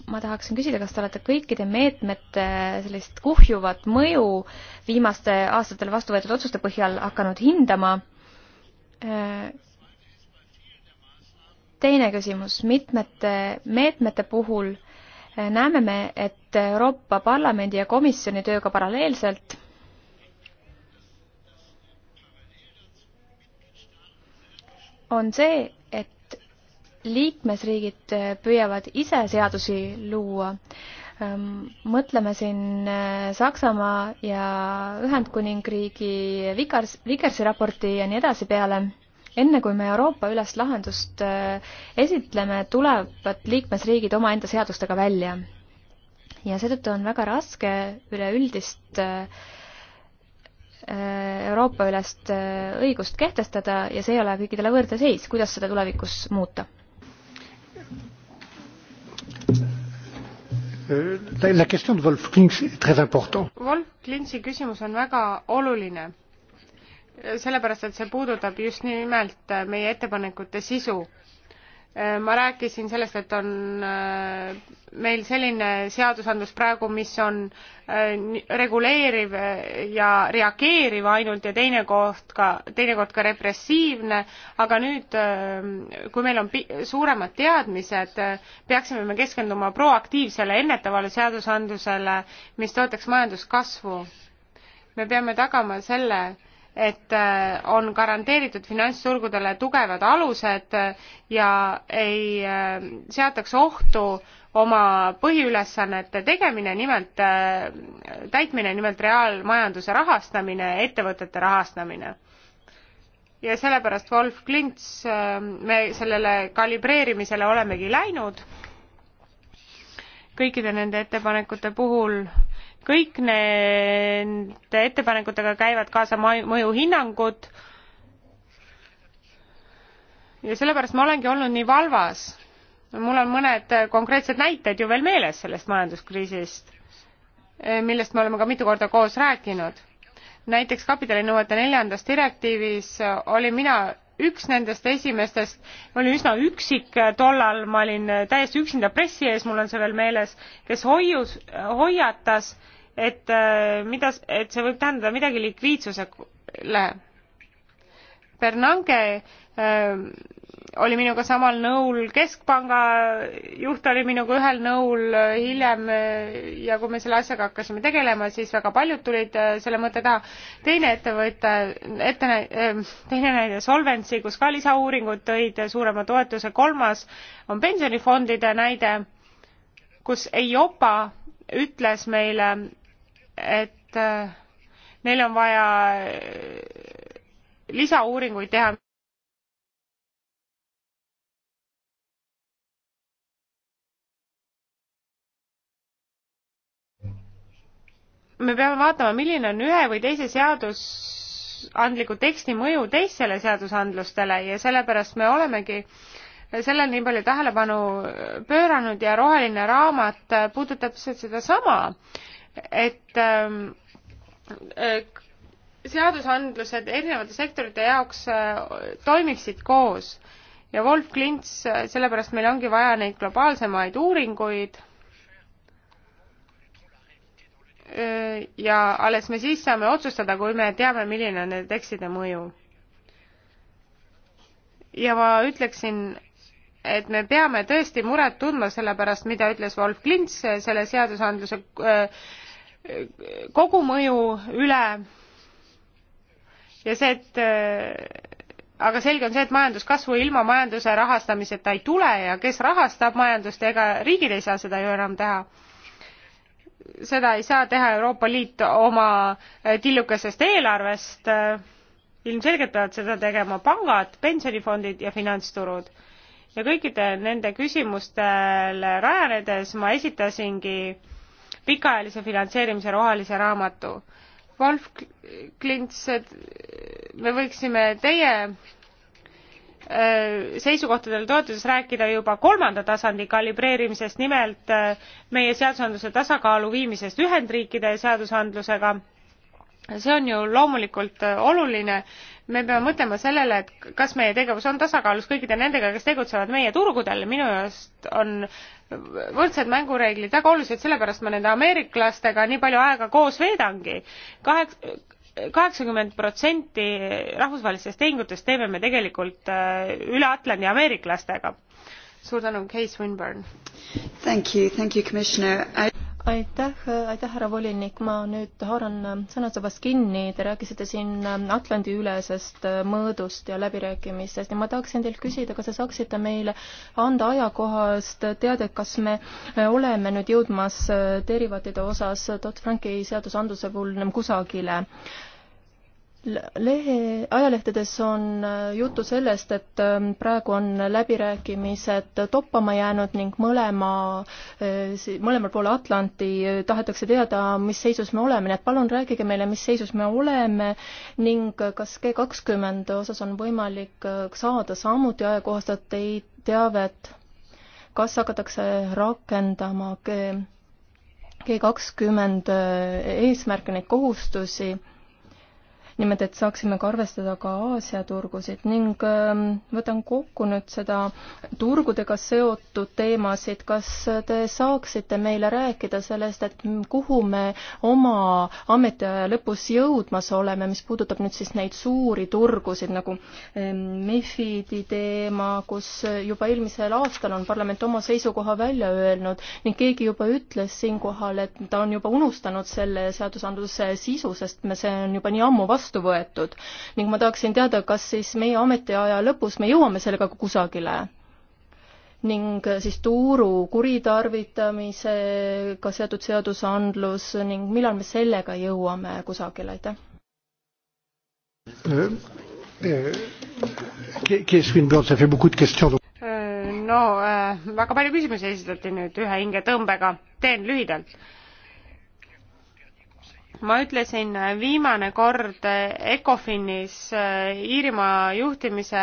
ma tahaksin küsida, kas te olete kõikide meetmete sellist kuhjuvat mõju viimaste aastatel vastu võetud otsuste põhjal hakanud hindama? teine küsimus, mitmete meetmete puhul näeme me, et Euroopa Parlamendi ja komisjoni tööga paralleelselt on see, et liikmesriigid äh, püüavad ise seadusi luua. Ähm, mõtleme siin äh, Saksamaa ja Ühendkuningriigi Vikars, Vikersi raporti ja nii edasi peale enne kui me Euroopa üles lahendust äh, esitleme, tulevad liikmesriigid omaenda seadustega välja. ja seetõttu on väga raske üleüldist äh, Äh, Euroopa-ülest äh, õigust kehtestada ja see ei ole kõikidele võrdne seis, kuidas seda tulevikus muuta? Äh, la question de Wolf Klintz est très important. Wolf Klintzi küsimus on väga oluline, sellepärast et see puudutab just nimelt meie ettepanekute sisu Äh, ma rääkisin sellest, et on äh, meil selline seadusandlus praegu, mis on äh, reguleeriv ja reageeriv ainult ja teine koht ka, teinekord ka repressiivne, aga nüüd, kui meil on suuremad teadmised, peaksime me keskenduma proaktiivsele ennetavale seadusandlusele, mis toetaks majanduskasvu. me peame tagama selle, et äh, on garanteeritud finantsturgudele tugevad alused äh, ja ei äh, seataks ohtu oma põhiülesannete tegemine, nimelt täitmine, nimelt reaalmajanduse rahastamine, ettevõtete rahastamine. ja sellepärast Wolf Klints, me sellele kalibreerimisele olemegi läinud kõikide nende ettepanekute puhul kõik nende ettepanekutega käivad kaasa mõjuhinnangud ja sellepärast ma olengi olnud nii valvas mul on mõned konkreetsed näited ju veel meeles sellest majanduskriisist millest me oleme ka mitu korda koos rääkinud näiteks kapitalinõuete neljandas direktiivis olin mina üks nendest esimestest oli üsna üksik tollal ma olin täiesti üksinda pressi ees mul on see veel meeles kes hoius hoiatas et eh, mida et see võib tähendada midagi likviidsusele Bernanke ähm, oli minuga samal nõul, Keskpanga juht oli minuga ühel nõul äh, hiljem äh, ja kui me selle asjaga hakkasime tegelema, siis väga paljud tulid äh, selle mõtte taha. teine ettevõte, ette, ähm, teine näide Solvency, kus ka lisauuringud tõid suurema toetuse, kolmas on pensionifondide näide, kus EIOPA ütles meile, et neil on vaja lisauuringuid teha. me peame vaatama, milline on ühe või teise seadusandliku teksti mõju teistele seadusandlustele ja sellepärast me olemegi sellele nii palju tähelepanu pööranud ja roheline raamat puudutab lihtsalt sedasama, et ähm, seadusandlused erinevate sektorite jaoks äh, toimiksid koos ja Wolf Klints, äh, sellepärast meil ongi vaja neid globaalsemaid uuringuid äh, ja alles me siis saame otsustada, kui me teame, milline on nende tekstide mõju. ja ma ütleksin, et me peame tõesti muret tundma selle pärast, mida ütles Wolf Klints selle seadusandluse kogumõju üle ja see, et äh, aga selge on see, et majanduskasvu ilma majanduse rahastamiseta ei tule ja kes rahastab majandust, ega riigid ei saa seda ju enam teha. seda ei saa teha Euroopa Liit oma äh, tillukesest eelarvest. Äh, ilmselgelt peavad seda tegema pangad, pensionifondid ja finantsturud. ja kõikide nende küsimustele rajanedes ma esitasingi pikaajalise finantseerimise rohelise raamatu Wolf Klints, me võiksime teie äh, seisukohtadel toetudes rääkida juba kolmanda tasandi kalibreerimisest, nimelt äh, meie seadusandluse tasakaalu viimisest Ühendriikide seadusandlusega see on ju loomulikult äh, oluline me peame mõtlema sellele, et kas meie tegevus on tasakaalus kõikide nendega, kes tegutsevad meie turgudel, minu arust on võrdsed mängureeglid väga olulised, sellepärast ma nende ameeriklastega nii palju aega koos veedangi. kaheksa, kaheksakümmend protsenti rahvusvahelistest tehingutest teeme me tegelikult äh, üle Atlandi ameeriklastega. suur tänu, Kay Swinburne! Thank you, thank you, Commissioner I aitäh, aitäh, härra volinik, ma nüüd haaran sõnasabast kinni, te rääkisite siin Atlandi-ülesest mõõdust ja läbirääkimistest ja ma tahaksin teilt küsida, kas te saaksite meile anda ajakohast teadet, kas me oleme nüüd jõudmas derivaatide osas Dodd-Franki seadusandluse puhul kusagile lehe, ajalehtedes on äh, juttu sellest, et ähm, praegu on läbirääkimised toppama jäänud ning mõlema, äh, mõlemal pool Atlanti äh, tahetakse teada, mis seisus me oleme, nii et palun rääkige meile, mis seisus me oleme ning kas G kakskümmend osas on võimalik saada samuti ajakohastat teavet, kas hakatakse rakendama G G kakskümmend eesmärke, neid kohustusi niimoodi, et saaksime ka arvestada ka Aasia turgusid ning ähm, võtan kokku nüüd seda turgudega seotud teemasid. kas te saaksite meile rääkida sellest, et kuhu me oma ametiaja lõpus jõudmas oleme, mis puudutab nüüd siis neid suuri turgusid nagu ähm, MIFID-i teema, kus juba eelmisel aastal on parlament oma seisukoha välja öelnud ning keegi juba ütles siinkohal, et ta on juba unustanud selle seadusandluse sisu, sest me, see on juba nii ammu vastu vastu võetud. ning ma tahaksin teada, kas siis meie ametiaja lõpus me jõuame sellega kusagile? ning siis tuuru kuritarvitamisega seotud seadusandlus ning millal me sellega jõuame kusagile, aitäh? Äh, no äh, väga palju küsimusi esitati nüüd ühe hinge tõmbega, teen lühidalt ma ütlesin äh, viimane kord äh, ECOFINis äh, Iirimaa juhtimise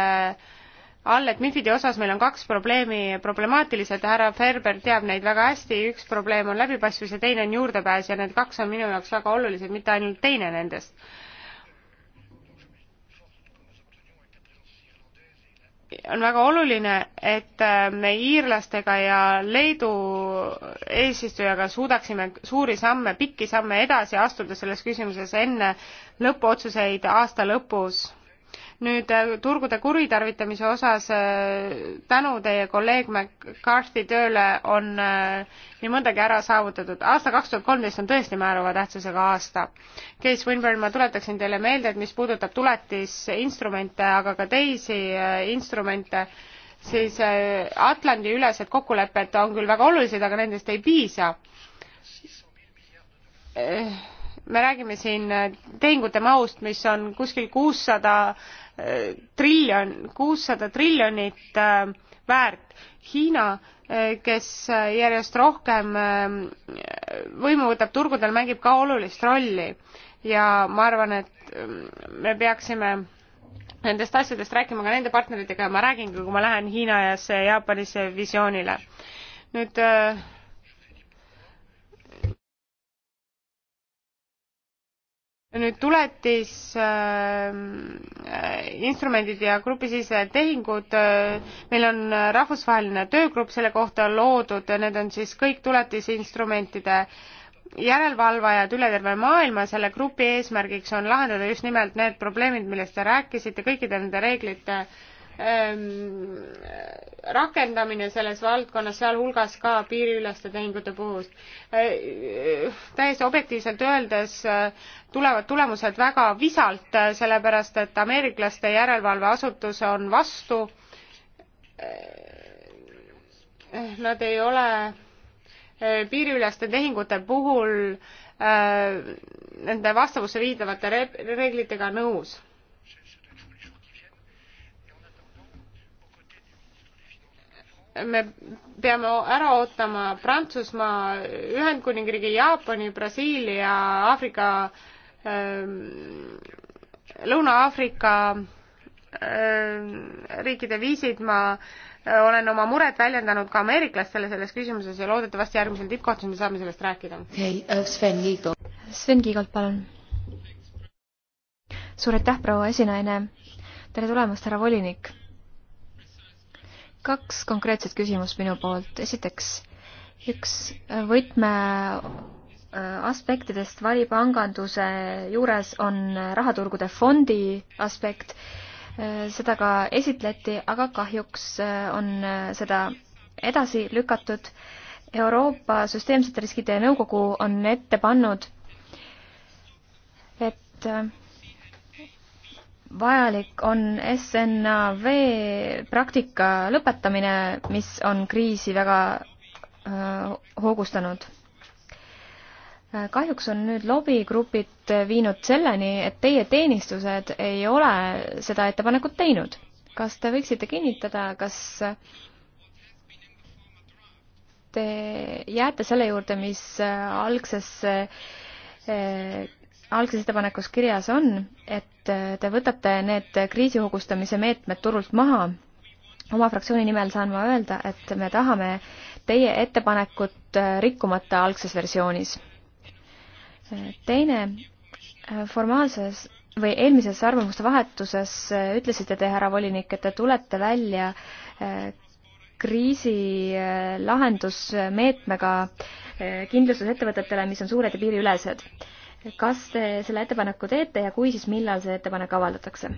all, et MIFIDi osas meil on kaks probleemi problemaatiliselt, härra Ferber teab neid väga hästi, üks probleem on läbipaistvus ja teine on juurdepääs ja need kaks on minu jaoks väga olulised, mitte ainult teine nendest on väga oluline, et äh, me iirlastega ja Leedu eesistujaga suudaksime suuri samme, pikki samme edasi astuda selles küsimuses enne lõpuotsuseid aasta lõpus nüüd äh, turgude kuritarvitamise osas äh, tänu teie kolleeg McCarthy tööle on äh, nii mõndagi ära saavutatud. aasta kaks tuhat kolmteist on tõesti määrava tähtsusega aasta. Case Winburn, ma tuletaksin teile meelde, et mis puudutab tuletisinstrumente, aga ka teisi instrumente, siis Atlandi-ülesed kokkulepped on küll väga olulised, aga nendest ei piisa me räägime siin äh, tehingute mahust, mis on kuskil kuussada äh, triljon, kuussada triljonit äh, väärt. Hiina, kes järjest rohkem võimu võtab turgudel, mängib ka olulist rolli ja ma arvan, et ähm, me peaksime nendest asjadest rääkima ka nende partneritega ja ma räägin ka, kui ma lähen Hiinasse ja Jaapanisse visioonile. nüüd äh, nüüd tuletis ähm, äh, instrumendid ja grupisisesed tehingud äh,, meil on äh, rahvusvaheline töögrupp selle kohta loodud, need on siis kõik tuletisinstrumentide järelevalvajad üle terve maailma, selle grupi eesmärgiks on lahendada just nimelt need probleemid, millest te rääkisite, kõikide nende reeglite äh, ähm, rakendamine selles valdkonnas, sealhulgas ka piiriüleste tehingute puhul äh,. täiesti objektiivselt öeldes äh, tulevad tulemused väga visalt äh,, sellepärast et ameeriklaste järelevalveasutus on vastu. Ehm, nad ei ole eh, piiriüleste tehingute puhul nende vastavusse viidavate re reeglitega nõus me peame ära ootama Prantsusmaa, Ühendkuningriigi, Jaapani, Brasiilia, Aafrika, ähm, Lõuna-Aafrika ähm, riikide viisid, ma äh, olen oma muret väljendanud ka ameeriklastele selles küsimuses ja loodetavasti järgmisel tippkohtumisel saame sellest rääkida okay,. Äh, Sven Kiigolt. Sven Kiigolt, palun. suur aitäh, proua esinaine. tere tulemast, härra volinik kaks konkreetset küsimust minu poolt. esiteks, üks võtme äh, aspektidest varipanganduse juures on rahaturgude fondi aspekt. Äh, seda ka esitleti, aga kahjuks äh, on seda edasi lükatud. Euroopa Süsteemsete Riskide Nõukogu on ette pannud, et vajalik on SNAV praktika lõpetamine, mis on kriisi väga äh, hoogustanud. Äh, kahjuks on nüüd lobigrupid viinud selleni, et teie teenistused ei ole seda ettepanekut teinud. kas te võiksite kinnitada, kas te jääte selle juurde, mis äh, algsesse algses ettepanekus kirjas on, et te võtate need kriisi hoogustamise meetmed turult maha. oma fraktsiooni nimel saan ma öelda, et me tahame teie ettepanekut rikkumata algses versioonis. teine äh, formaalses või eelmises arvamuste vahetuses äh, ütlesite te, härra volinik, et te tulete välja äh, kriisi lahendusmeetmega kindlustusettevõtetele, mis on suured ja piiriülesed kas te selle ettepaneku teete ja kui, siis millal see ettepanek avaldatakse?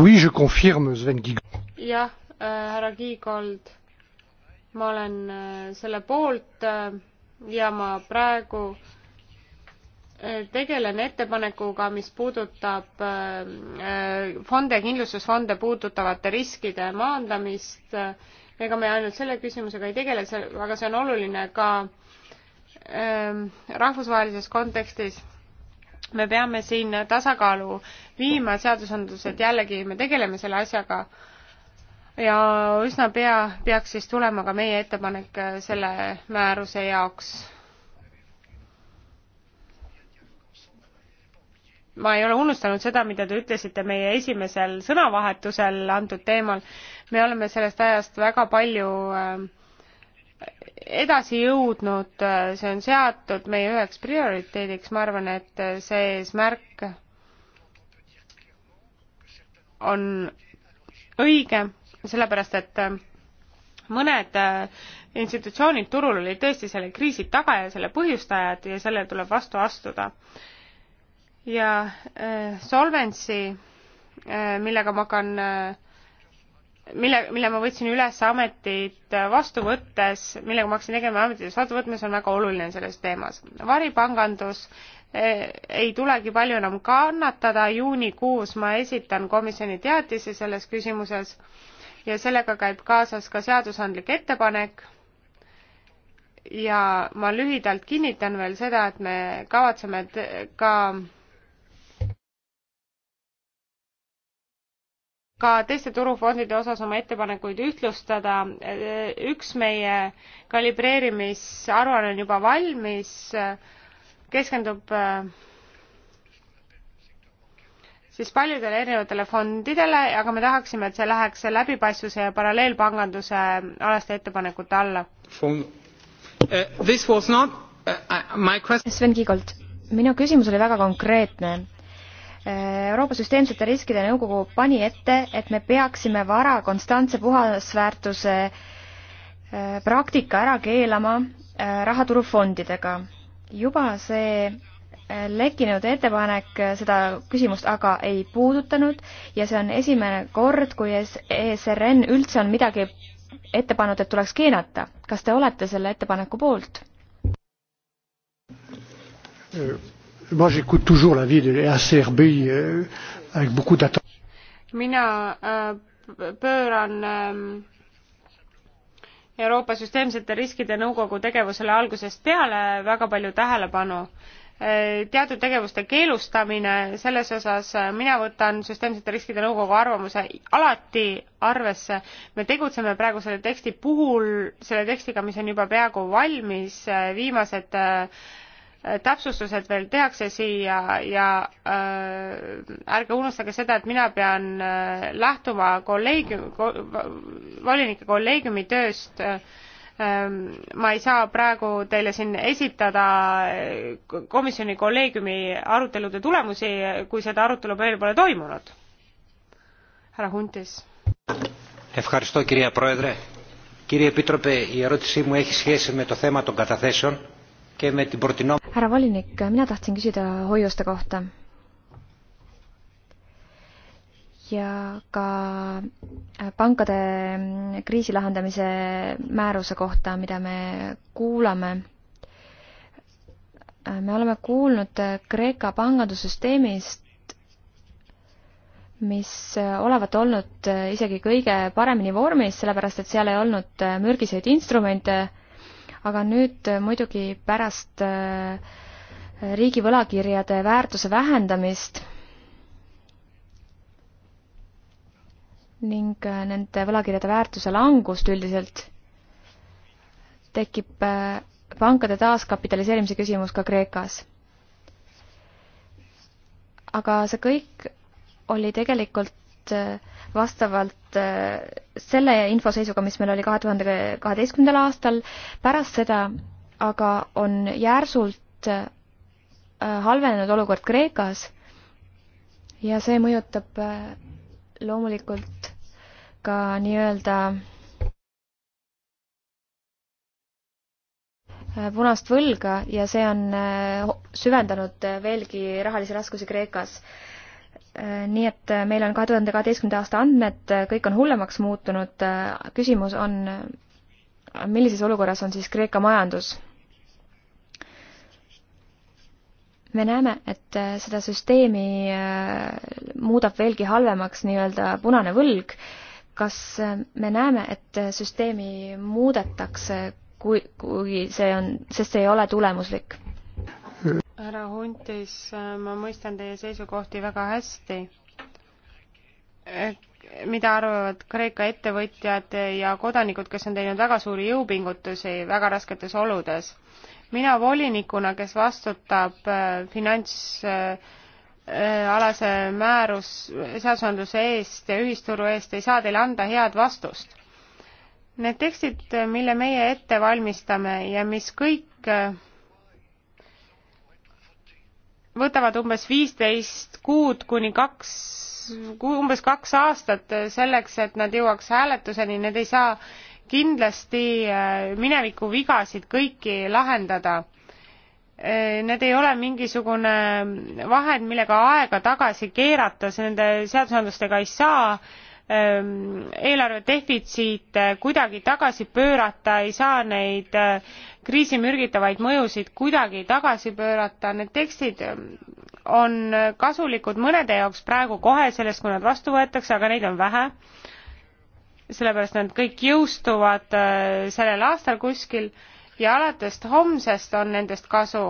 Oui, je confirme, Sven Giegold. jah äh,, härra Giegold, ma olen äh, selle poolt äh, ja ma praegu äh, tegelen ettepanekuga, mis puudutab äh, äh, fonde, kindlustusfonde puudutavate riskide maandamist äh, ega me ainult selle küsimusega ei tegele, aga see on oluline ka ähm, rahvusvahelises kontekstis. me peame siin tasakaalu viima, seadusandlused jällegi, me tegeleme selle asjaga ja üsna pea peaks siis tulema ka meie ettepanek äh, selle määruse jaoks ma ei ole unustanud seda, mida te ütlesite meie esimesel sõnavahetusel antud teemal me oleme sellest ajast väga palju äh, edasi jõudnud, äh, see on seatud meie üheks prioriteediks, ma arvan, et äh, see eesmärk on õige, sellepärast et mõned institutsioonid turul olid tõesti selle kriisi taga ja selle põhjustajad ja sellele tuleb vastu astuda. ja äh, Solvency äh,, millega ma hakkan äh, mille, mille ma võtsin üles ametit vastu võttes, millega ma hakkasin tegema ametit vastu võtmes, on väga oluline selles teemas. varipangandus eh, ei tulegi palju enam kannatada, juunikuus ma esitan komisjoni teatise selles küsimuses ja sellega käib kaasas ka seadusandlik ettepanek. ja ma lühidalt kinnitan veel seda, et me kavatseme ka ka teiste turufondide osas oma ettepanekuid ühtlustada. üks meie kalibreerimisaruanne on juba valmis, keskendub äh, siis paljudele erinevatele fondidele, aga me tahaksime, et see läheks läbipaistvuse ja paralleelpanganduse alaste ettepanekute alla. Uh, uh, uh, Sven Kiigolt, minu küsimus oli väga konkreetne Euroopa Süsteemsete Riskide Nõukogu pani ette, et me peaksime vara konstantse puhasväärtuse äh, praktika ära keelama äh, rahaturufondidega. juba see äh, lekkinud ettepanek seda küsimust aga ei puudutanud ja see on esimene kord, kui ESRN e üldse on midagi ette pannud, et tuleks keelata. kas te olete selle ettepaneku poolt? Moi, j'écoute toujours l'avis de l'ACRB euh, avec beaucoup d'attention. Mina äh, pööran äh, Euroopa süsteemsete riskide nõukogu tegevusele algusest peale väga palju tähelepanu. Äh, teatud tegevuste keelustamine, selles osas äh, mina võtan süsteemsete riskide nõukogu arvamuse alati arvesse. me tegutseme praegu selle teksti puhul, selle tekstiga, mis on juba peaaegu valmis, äh, viimased äh, Äh, täpsustused veel tehakse siia ja äh, ärge unustage seda, et mina pean äh, lähtuma kolleegium ko,, volinike kolleegiumi tööst äh,. ma ei saa praegu teile siin esitada äh, komisjoni kolleegiumi arutelude tulemusi, kui seda arutelu veel pole toimunud. härra Huntis. Ευχαριστώ κυρία Πρόεδρε. Κύριε Επίτροπε, η ερώτησή μου έχει σχέση με το θέμα των καταθέσεων härra volinik, mina tahtsin küsida hoiuste kohta. ja ka äh, pankade mm, kriisi lahendamise määruse kohta, mida me kuulame. Äh, me oleme kuulnud äh, Kreeka pangandussüsteemist, mis olevat olnud isegi kõige paremini vormis, sellepärast et seal ei olnud mürgiseid instrumente aga nüüd äh, muidugi pärast äh, riigi võlakirjade väärtuse vähendamist ning äh, nende võlakirjade väärtuse langust üldiselt tekib pankade taaskapitaliseerimise küsimus ka Kreekas. aga see kõik oli tegelikult äh, vastavalt äh, selle infoseisuga, mis meil oli kahe tuhande kaheteistkümnendal aastal. pärast seda aga on järsult äh, halvenenud olukord Kreekas ja see mõjutab äh, loomulikult ka nii-öelda punast võlga ja see on süvendanud veelgi rahalisi raskusi Kreekas. Äh, nii et äh, meil on kahe tuhande kaheteistkümnenda aasta andmed, äh, kõik on hullemaks muutunud. küsimus on, millises olukorras on siis Kreeka majandus? me näeme, et seda süsteemi muudab veelgi halvemaks nii-öelda punane võlg. kas me näeme, et süsteemi muudetakse, kui, kui see on, sest see ei ole tulemuslik? härra Huntis, ma mõistan teie seisukohti väga hästi. mida arvavad Kreeka ettevõtjad ja kodanikud, kes on teinud väga suuri jõupingutusi väga rasketes oludes? mina volinikuna, kes vastutab äh, finants äh, alase määrus, seadusandluse eest ja ühisturu eest, ei saa teile anda head vastust. Need tekstid, mille meie ette valmistame ja mis kõik äh, võtavad umbes viisteist kuud kuni kaks umbes kaks aastat selleks et nad jõuaks hääletuseni need ei saa kindlasti äh, mineviku vigasid kõiki lahendada äh, need ei ole mingisugune vahend millega aega tagasi keerata nende seadusandlustega ei saa Ehm, eelarve defitsiite eh, kuidagi tagasi pöörata ei saa neid eh, kriisi mürgitavaid mõjusid kuidagi tagasi pöörata need tekstid ehm, on kasulikud mõnede jaoks praegu kohe sellest kui nad vastu võetakse aga neid on vähe sellepärast nad kõik jõustuvad eh, sellel aastal kuskil ja alates homsest on nendest kasu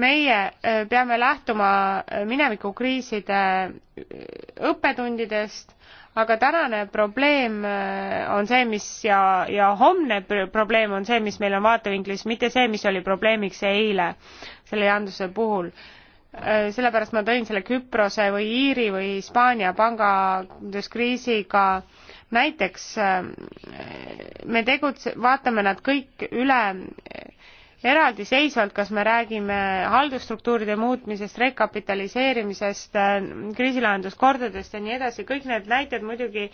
meie äh, peame lähtuma äh, minevikukriiside äh, õppetundidest, aga tänane probleem on see, mis ja, ja homne probleem on see, mis meil on vaatevinklis, mitte see, mis oli probleemiks eile selle janduse puhul. sellepärast ma tõin selle Küprose või Iiri või Hispaania panganduskriisiga näiteks me tegutse-, vaatame nad kõik üle eraldiseisvalt, kas me räägime haldusstruktuuride muutmisest, rekapitaliseerimisest, kriisilahenduskordadest ja nii edasi, kõik need näited muidugi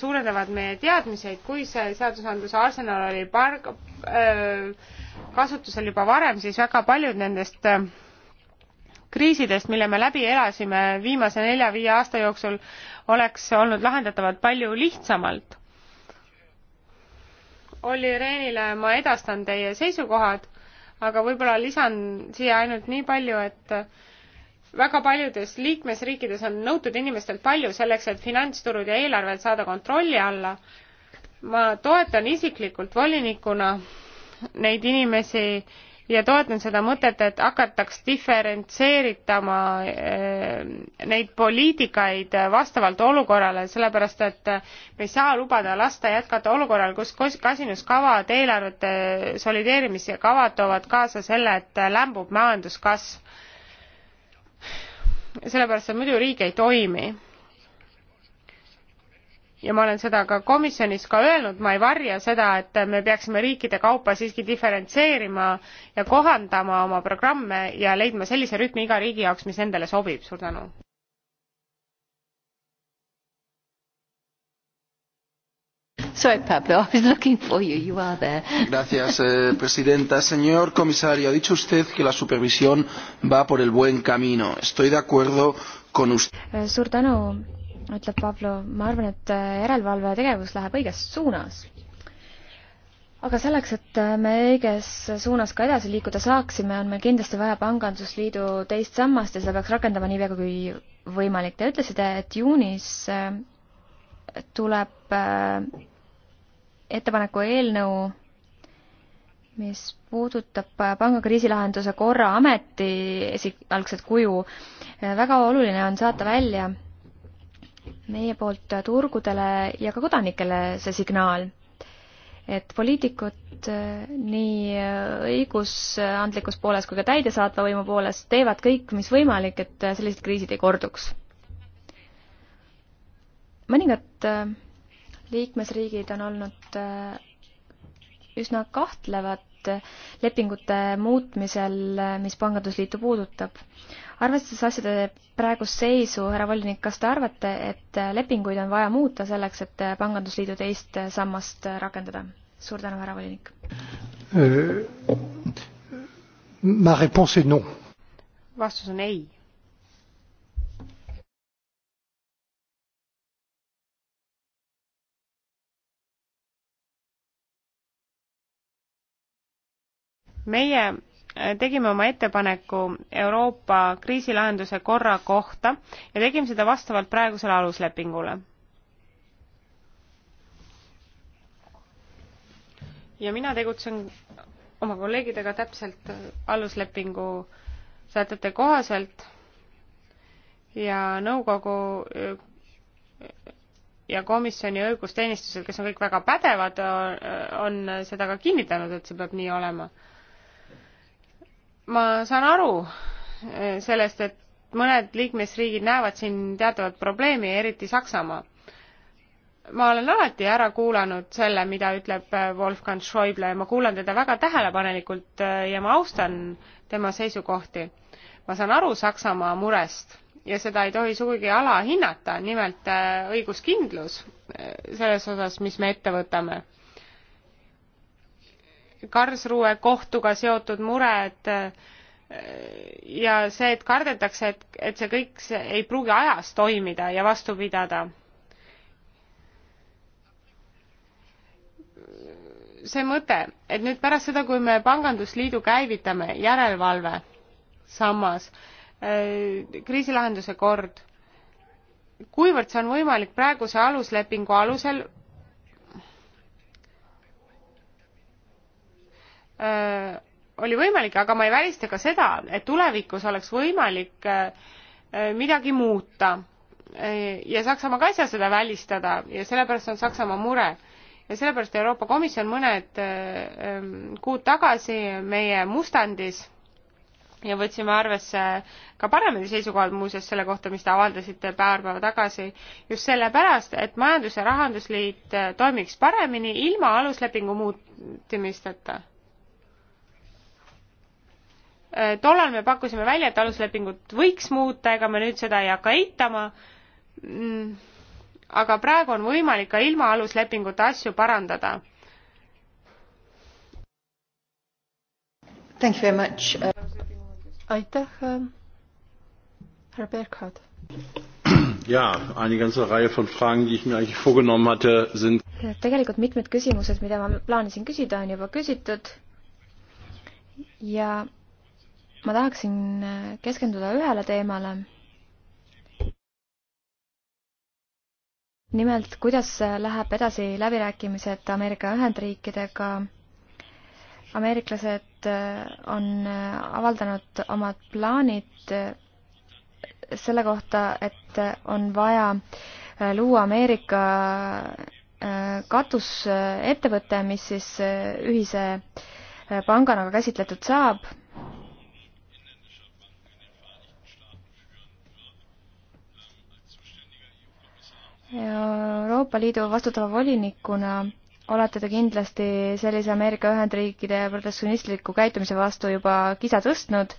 suurendavad meie teadmiseid, kui see seadusandluse arsenal oli par-, äh, kasutusel juba varem, siis väga paljud nendest äh, kriisidest, mille me läbi elasime viimase nelja-viie aasta jooksul, oleks olnud lahendatavad palju lihtsamalt Olli Rehnile ma edastan teie seisukohad aga võib-olla lisan siia ainult nii palju, et väga paljudes liikmesriikides on nõutud inimestelt palju selleks, et finantsturud ja eelarved saada kontrolli alla. ma toetan isiklikult volinikuna neid inimesi ja toetan seda mõtet, et hakataks diferentseeritama eh, neid poliitikaid vastavalt olukorrale, sellepärast et me ei saa lubada lasta jätkata olukorral, kus kasinuskavad, eelarvete solideerimise kavad toovad kaasa selle, et lämbub majanduskasv. sellepärast, et muidu riik ei toimi ja ma olen seda ka komisjonis ka öelnud, ma ei varja seda, et me peaksime riikide kaupa siiski diferentseerima ja kohandama oma programme ja leidma sellise rütmi iga riigi jaoks, mis nendele sobib, suur tänu. Sorry, Pablo, I was looking for you. You are there. Gracias, eh, presidenta. Señor comisario, ha dicho usted que la supervisión va por el buen camino. Estoy de acuerdo con usted. Eh, suur tänu, ütleb Pavlo, ma arvan, et äh, järelevalve tegevus läheb õiges suunas. aga selleks, et äh, me õiges suunas ka edasi liikuda saaksime, on meil kindlasti vaja Pangandusliidu teist sammast ja seda peaks rakendama niipea kui võimalik. Te ütlesite, et juunis äh, tuleb ettepaneku eelnõu mis puudutab panga kriisilahenduse korra ameti esialgset kuju, väga oluline on saata välja meie poolt turgudele ja ka kodanikele see signaal, et poliitikud eh, nii eh, õigusandlikus pooles kui ka täidesaatva võimu pooles teevad kõik, mis võimalik, et eh, sellised kriisid ei korduks. mõningad liikmesriigid on olnud üsna kahtlevad Liidult lepingute muutmisel, mis Pangandusliitu puudutab. arvestades asjade praegust seisu, härra volinik, kas te arvate, et lepinguid on vaja muuta selleks, et Pangandusliidu teist sammast rakendada? suur tänu, härra volinik äh,. Ma réponse est non. vastus on ei meie äh, tegime oma ettepaneku Euroopa kriisilahenduse korra kohta ja tegime seda vastavalt praegusele aluslepingule. ja mina tegutsen oma kolleegidega täpselt äh, aluslepingu sätete kohaselt ja nõukogu äh, ja komisjoni õigusteenistused, kes on kõik väga pädevad, on seda ka kinnitanud, et see peab nii olema ma saan aru eh, sellest, et mõned liikmesriigid näevad siin teatavat probleemi, eriti Saksamaa. ma olen alati ära kuulanud selle, mida ütleb eh, Wolfgang Schäuble ja ma kuulan teda väga tähelepanelikult eh, ja ma austan tema seisukohti. ma saan aru Saksamaa murest ja seda ei tohi sugugi alahinnata, nimelt õiguskindlus selles osas, mis me ette võtame Karlsruhe kohtuga seotud mured äh, ja see, et kardetakse, et, et see kõik see ei pruugi ajas toimida ja vastu pidada. see mõte, et nüüd pärast seda, kui me Pangandusliidu käivitame, järelevalve sammas, äh, kriisilahenduse kord, kuivõrd see on võimalik praeguse aluslepingu alusel öö, oli võimalik, aga ma ei välista ka seda, et tulevikus oleks võimalik öö, äh, äh, midagi muuta. Äh, ja Saksamaa ka ei saa seda välistada ja sellepärast on Saksamaa mure. ja sellepärast Euroopa Komisjon mõned öö, ähm, kuud tagasi meie mustandis ja võtsime arvesse ka parlamendi seisukohad muuseas selle kohta, mis te avaldasite paar päeva tagasi, just sellepärast, et Majandus- ja Rahandusliit toimiks paremini ilma aluslepingu muutimisteta. Äh, tollal me pakkusime välja, et aluslepingut võiks muuta, ega me nüüd seda ei hakka eitama. Mm, aga praegu on võimalik ka ilma aluslepinguta asju parandada. aitäh, äh, härra Berghardt. Ja, eine ganze Reihe von Fragen, die ich mir eigentlich vorgenommen hatte, sind tegelikult mitmed küsimused, mida ma plaanisin küsida, on juba küsitud ja ma tahaksin äh, keskenduda ühele teemale. nimelt, kuidas äh, läheb edasi läbirääkimised Ameerika Ühendriikidega ameeriklased äh, on avaldanud omad plaanid selle kohta, et on vaja luua Ameerika katusettevõte, mis siis ühise pangana ka käsitletud saab Euroopa Liidu vastutava volinikuna olete te kindlasti sellise Ameerika Ühendriikide protektsionistliku käitumise vastu juba kisa tõstnud.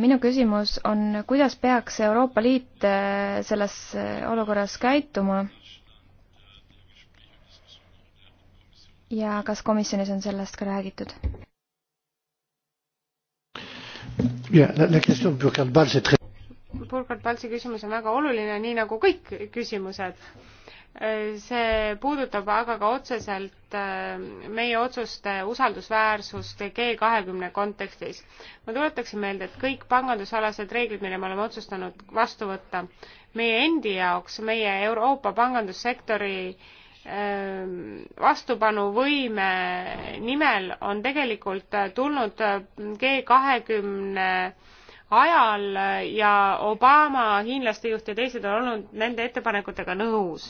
minu küsimus on, kuidas peaks Euroopa Liit äh, selles äh, olukorras käituma? ja kas komisjonis on sellest ka räägitud? Burkhard Paltsi küsimus on väga oluline, nii nagu kõik küsimused. see puudutab aga ka otseselt äh, meie otsuste usaldusväärsust G kahekümne kontekstis. ma tuletaksin meelde, et kõik pangandusalased reeglid, mille me oleme otsustanud vastu võtta, meie endi jaoks, meie Euroopa pangandussektori äh, vastupanuvõime nimel on tegelikult tulnud G kahekümne 20 ajal ja Obama, hiinlaste juht ja teised on olnud nende ettepanekutega nõus.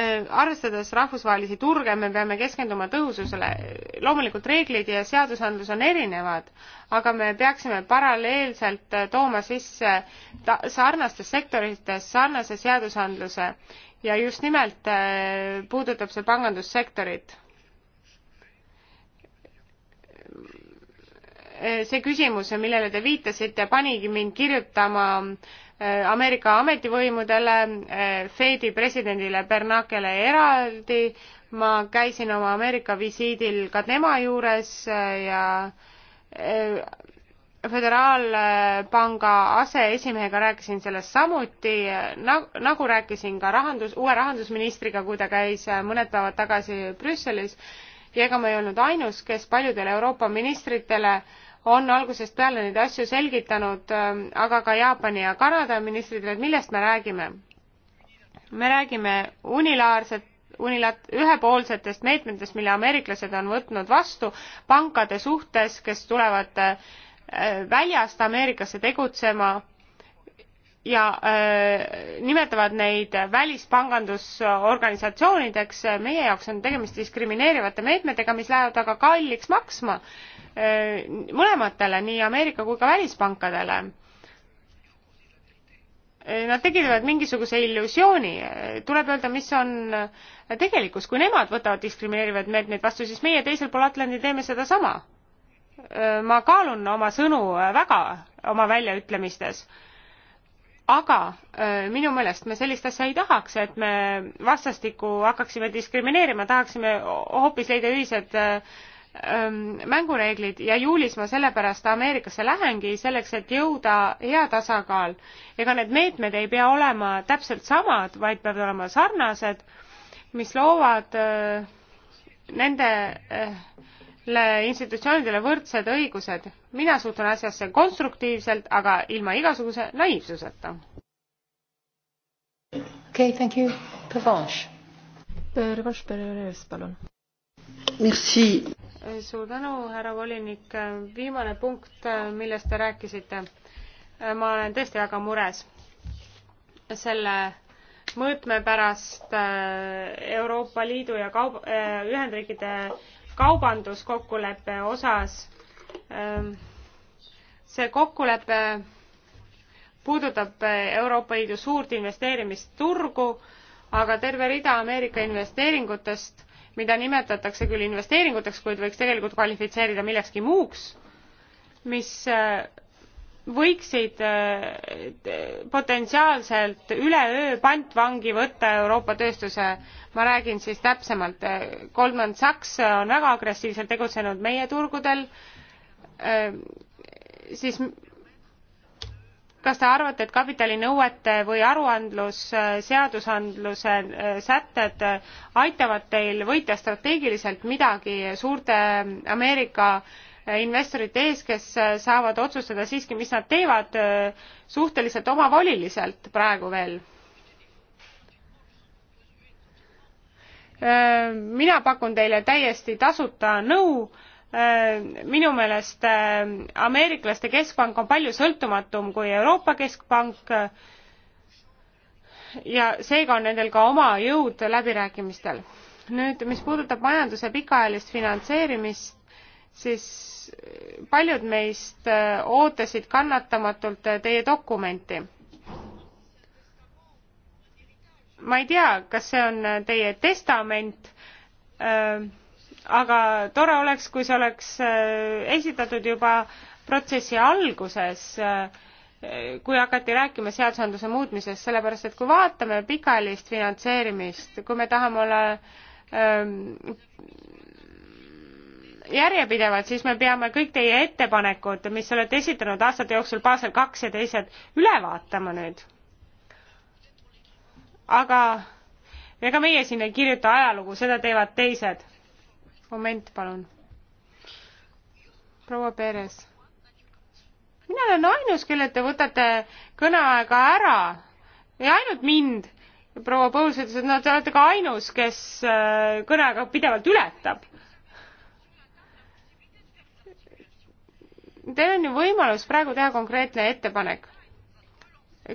Äh, arvestades rahvusvahelisi turge, me peame keskenduma tõhususele. loomulikult reeglid ja seadusandlus on erinevad, aga me peaksime paralleelselt äh, tooma sisse sarnastes sektorites sarnase seadusandluse ja just nimelt äh, puudutab see pangandussektorit Eh, see küsimus, millele te viitasite, panigi mind kirjutama eh, Ameerika ametivõimudele, eh, Fedi presidendile Bernakele eraldi, ma käisin oma Ameerika visiidil ka tema juures ja Föderaalpanga aseesimehega rääkisin sellest samuti, nagu rääkisin ka rahandus, uue rahandusministriga, kui ta käis mõned päevad tagasi Brüsselis ja ega ma ei olnud ainus, kes paljudele Euroopa ministritele äh, on algusest peale neid asju selgitanud, ähm, aga ka Jaapani ja Kanada ministritele, et millest me räägime. me räägime unilaarset unilat-, ühepoolsetest meetmetest, mille ameeriklased on võtnud vastu pankade suhtes, kes tulevad äh, väljast Ameerikasse tegutsema ja öö, äh, nimetavad neid välispangandusorganisatsioonideks. meie jaoks on tegemist diskrimineerivate meetmetega, mis lähevad väga kalliks maksma Äh, mõlematele, nii Ameerika kui ka välispankadele. Äh, nad tekitavad mingisuguse illusiooni, äh, tuleb öelda, mis on tegelikkus, kui nemad võtavad diskrimineerivaid meetmeid vastu, siis meie teisel pool Atlandi teeme sedasama. ma kaalun oma sõnu väga oma väljaütlemistes aga minu meelest me sellist asja ei tahaks, et me vastastikku hakkaksime diskrimineerima, tahaksime hoopis leida ühised Ähm, mängureeglid ja juulis ma sellepärast Ameerikasse lähengi, selleks et jõuda hea tasakaal. ega need meetmed ei pea olema täpselt samad, vaid peavad olema sarnased, mis loovad äh, nendele äh, institutsioonidele võrdsed õigused. mina suhtun asjasse konstruktiivselt, aga ilma igasuguse naiivsuseta. okei okay,, thank you. Pervanche. Pervanche, palun. Merci suur tänu, härra volinik. viimane punkt, millest te rääkisite. ma olen tõesti väga mures selle mõõtme pärast äh, Euroopa Liidu ja kaub-, äh, Ühendriikide kaubanduskokkuleppe osas. Ähm, see kokkulepe puudutab äh, Euroopa Liidu suurt investeerimisturgu, aga terve rida Ameerika investeeringutest mida nimetatakse küll investeeringuteks, kuid võiks tegelikult kvalifitseerida millekski muuks, mis äh, võiksid äh, potentsiaalselt üleöö pantvangi võtta Euroopa tööstuse, ma räägin siis täpsemalt, Goldman Sachs on väga agressiivselt tegutsenud meie turgudel, äh, siis kas te arvate, et kapitalinõuete või aruandlus, seadusandluse äh, sätted äh, aitavad teil võita strateegiliselt midagi suurte Ameerika äh, investorite ees, kes saavad otsustada siiski, mis nad teevad suhteliselt omavoliliselt praegu veel? mina pakun teile täiesti tasuta nõu no, Äh, minu meelest äh, ameeriklaste keskpank on palju sõltumatum kui Euroopa Keskpank äh, ja seega on nendel ka oma jõud läbirääkimistel. nüüd, mis puudutab majanduse pikaajalist finantseerimist, siis paljud meist ootasid kannatamatult teie dokumenti. ma ei tea, kas see on teie testament äh, aga tore oleks, kui see oleks äh, esitatud juba protsessi alguses, äh, kui hakati rääkima seadusandluse muutmisest, sellepärast et kui vaatame pikaajalist finantseerimist, kui me tahame olla ähm, järjepidevad, siis me peame kõik teie ettepanekud, mis olete esitanud aastate jooksul, Basel kaks ja teised, üle vaatama nüüd. aga ega meie siin ei kirjuta ajalugu, seda teevad teised moment, palun. proua Peres. mina olen ainus, kellelt te võtate kõneaega ära ja ainult mind. proua Põus ütles, et no te olete ka ainus, kes äh, kõneaega pidevalt ületab. Teil on ju võimalus praegu teha konkreetne ettepanek.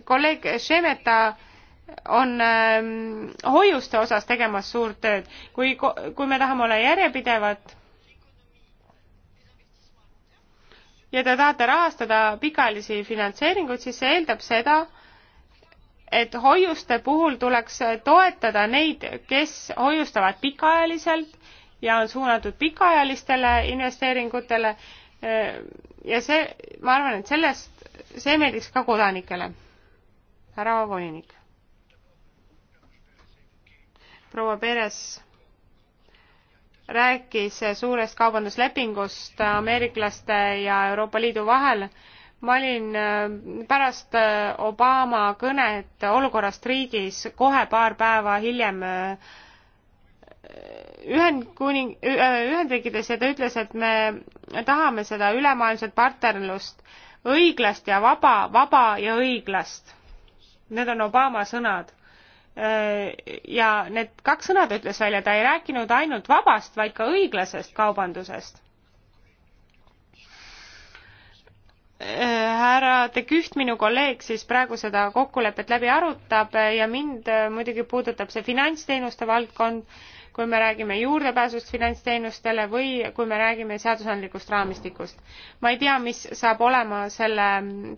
kolleeg Šemeta on ähm, hoiuste osas tegemas suurt tööd. kui, kui me tahame olla järjepidevad ja te tahate rahastada pikaajalisi finantseeringuid, siis see eeldab seda, et hoiuste puhul tuleks toetada neid, kes hoiustavad pikaajaliselt ja on suunatud pikaajalistele investeeringutele. Äh, ja see, ma arvan, et sellest, see meeldiks ka kodanikele. härra volinik proua Peres rääkis suurest kaubanduslepingust ameeriklaste ja Euroopa Liidu vahel. ma olin äh, pärast äh, Obama kõnet olukorrast riigis kohe paar päeva hiljem äh, Ühendkuning-, Ühendriikides ja ta ütles, et me tahame seda ülemaailmset partnerlust, õiglast ja vaba, vaba ja õiglast. Need on Obama sõnad ja need kaks sõna ta ütles välja, ta ei rääkinud ainult vabast, vaid ka õiglasest kaubandusest. härra De Küht, minu kolleeg, siis praegu seda kokkulepet läbi arutab ja mind muidugi puudutab see finantsteenuste valdkond kui me räägime juurdepääsust finantsteenustele või kui me räägime seadusandlikust raamistikust. ma ei tea, mis saab olema selle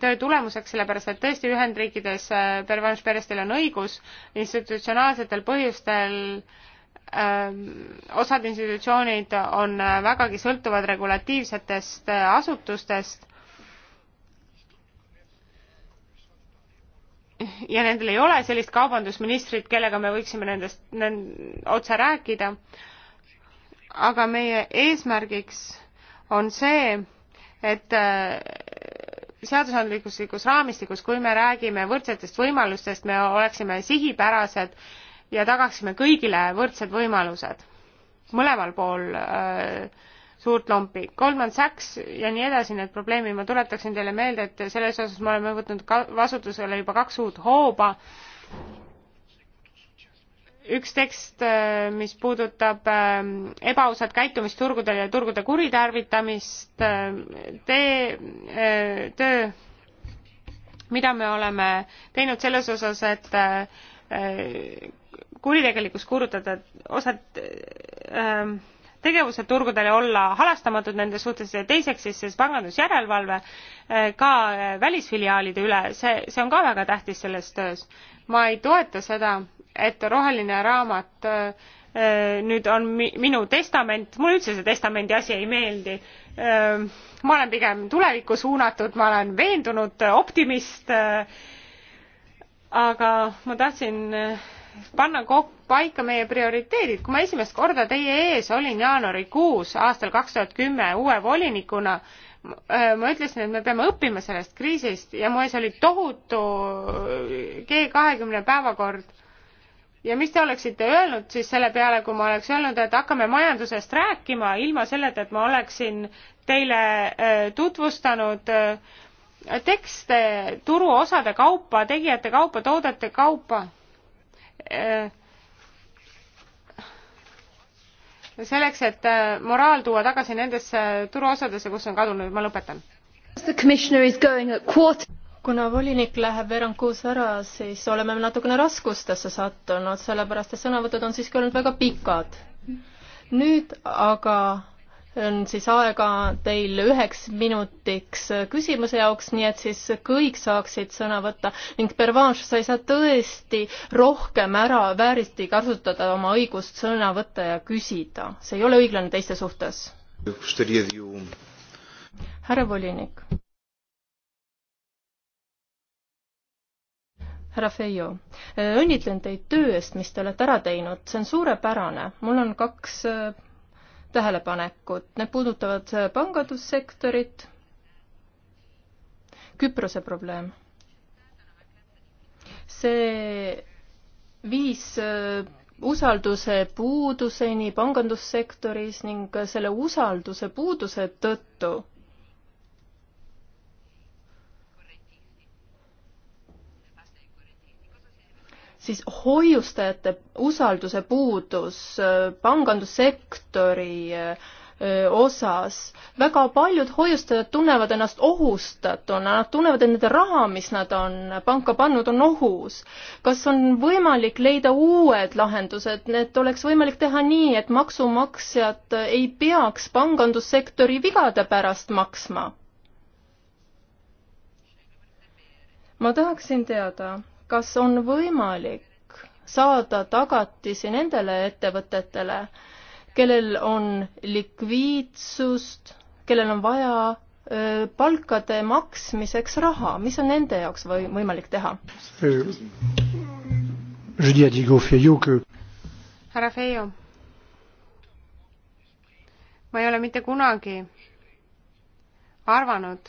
töö tulemuseks, sellepärast et tõesti Ühendriikides äh, Pervanš Perestel on õigus institutsionaalsetel põhjustel ähm, osad institutsioonid on äh, vägagi sõltuvad regulatiivsetest äh, asutustest ja nendel ei ole sellist kaubandusministrit, kellega me võiksime nendest nend, otse rääkida. aga meie eesmärgiks on see, et äh, seadusandlikus raamistikus, kui me räägime võrdsetest võimalustest, me oleksime sihipärased ja tagaksime kõigile võrdsed võimalused mõlemal pool äh, suurt lompi. Goldman Sachs ja nii edasi, need probleemid, ma tuletaksin teile meelde, et selles osas me oleme võtnud ka vastutusele juba kaks uut hooba. üks tekst, äh, mis puudutab äh, ebaausat käitumist turgudel ja turgude kuritarvitamist, äh, tee, töö, mida me oleme teinud selles osas, et kuritegelikkus kuulutada osad ähm, tegevused turgudel ja olla halastamatud nende suhtes ja teiseks siis siis pangandusjärelevalve eh, ka eh, välisfiliaalide üle, see, see on ka väga tähtis selles töös. ma ei toeta seda, et roheline raamat eh, nüüd on mi-, minu testament, mulle üldse see testamendi asi ei meeldi. ma olen pigem tulevikku suunatud, ma olen veendunud optimist, aga ma tahtsin panna kok-, paika meie prioriteedid. kui ma esimest korda teie ees olin jaanuarikuus aastal kaks tuhat kümme uue volinikuna, äh, ma ütlesin, et me peame õppima sellest kriisist ja mu ees oli tohutu G kahekümne päevakord. ja mis te oleksite öelnud siis selle peale, kui ma oleks öelnud, et hakkame majandusest rääkima ilma selleta, et ma oleksin teile äh, tutvustanud äh, tekste turuosade kaupa, tegijate kaupa, toodete kaupa Äh, selleks, et äh, moraal tuua tagasi nendesse turuosadesse, kus on kadunud, ma lõpetan. kuna volinik läheb veerand kuus ära, siis oleme natukene raskustesse sattunud, sellepärast et sõnavõtud on siiski olnud väga pikad. nüüd aga on siis aega teil üheks minutiks küsimuse jaoks, nii et siis kõik saaksid sõna võtta ning Pervanš, sa ei saa tõesti rohkem ära vääriti kasutada oma õigust sõna võtta ja küsida, see ei ole õiglane teiste suhtes. härra volinik. härra Feio, õnnitlen teid töö eest, mis te olete ära teinud, see on suurepärane, mul on kaks tähelepanekut. Need puudutavad äh, pangandussektorit, Küprose probleem. see viis äh, usalduse puuduseni pangandussektoris ning äh, selle usalduse puuduse tõttu siis hoiustajate usalduse puudus äh, pangandussektori äh, osas. väga paljud hoiustajad tunnevad ennast ohustatuna, nad tunnevad, et nende raha, mis nad on panka pannud, on ohus. kas on võimalik leida uued lahendused, et oleks võimalik teha nii, et maksumaksjad ei peaks pangandussektori vigade pärast maksma? ma tahaksin teada kas on võimalik saada tagatisi nendele ettevõtetele, kellel on likviidsust, kellel on vaja palkade maksmiseks raha, mis on nende jaoks või võimalik teha? Euh, härra Feio, ma ei ole mitte kunagi arvanud,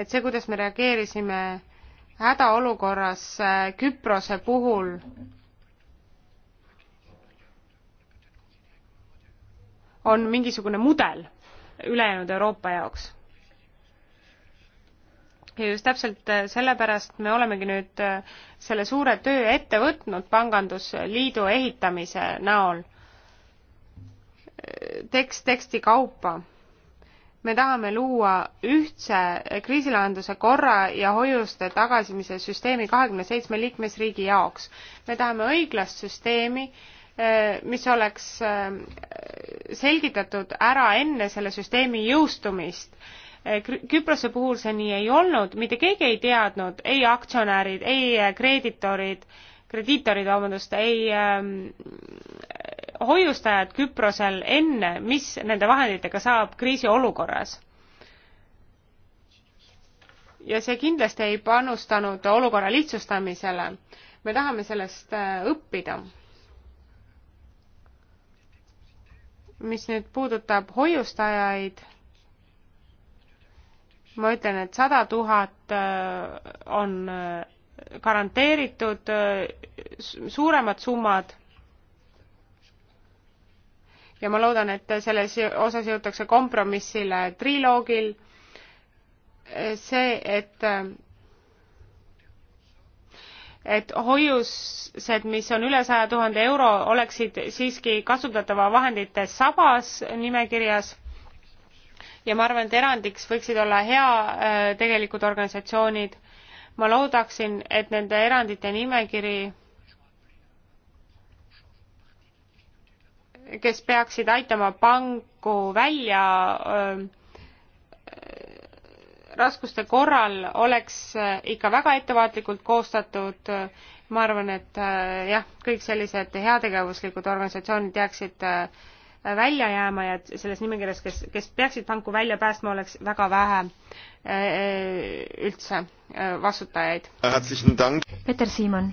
et see, kuidas me reageerisime hädaolukorras äh, Küprose puhul on mingisugune mudel ülejäänud Euroopa jaoks. ja just täpselt äh, sellepärast me olemegi nüüd äh, selle suure töö ette võtnud pangandusliidu ehitamise näol, tekst teksti kaupa me tahame luua ühtse kriisilahenduse korra ja hoiuste tagasimise süsteemi kahekümne seitsme liikmesriigi jaoks. me tahame õiglast süsteemi, eh, mis oleks eh, selgitatud ära enne selle süsteemi jõustumist. Eh, Küprose puhul see nii ei olnud, mitte keegi ei teadnud, ei aktsionärid, ei kreeditorid, krediitorid, vabandust, ei ehm, hoiustajad Küprosel enne, mis nende vahenditega saab kriisiolukorras. ja see kindlasti ei panustanud olukorra lihtsustamisele. me tahame sellest äh, õppida. mis nüüd puudutab hoiustajaid, ma ütlen, et sada tuhat äh, on äh, garanteeritud, suuremad summad ja ma loodan, et selles osas jõutakse kompromissile triloogil. see, et et hoiused, mis on üle saja tuhande euro, oleksid siiski kasutatava vahendite sabas nimekirjas ja ma arvan, et erandiks võiksid olla hea äh, tegelikult organisatsioonid. ma loodaksin, et nende erandite nimekiri kes peaksid aitama panku välja öö, raskuste korral, oleks äh, ikka väga ettevaatlikult koostatud. ma arvan, et äh, jah, kõik sellised heategevuslikud organisatsioonid jääksid äh, välja jääma ja et selles nimekirjas, kes, kes peaksid panku välja päästma, oleks väga vähe üldse vastutajaid. Peeter Siimann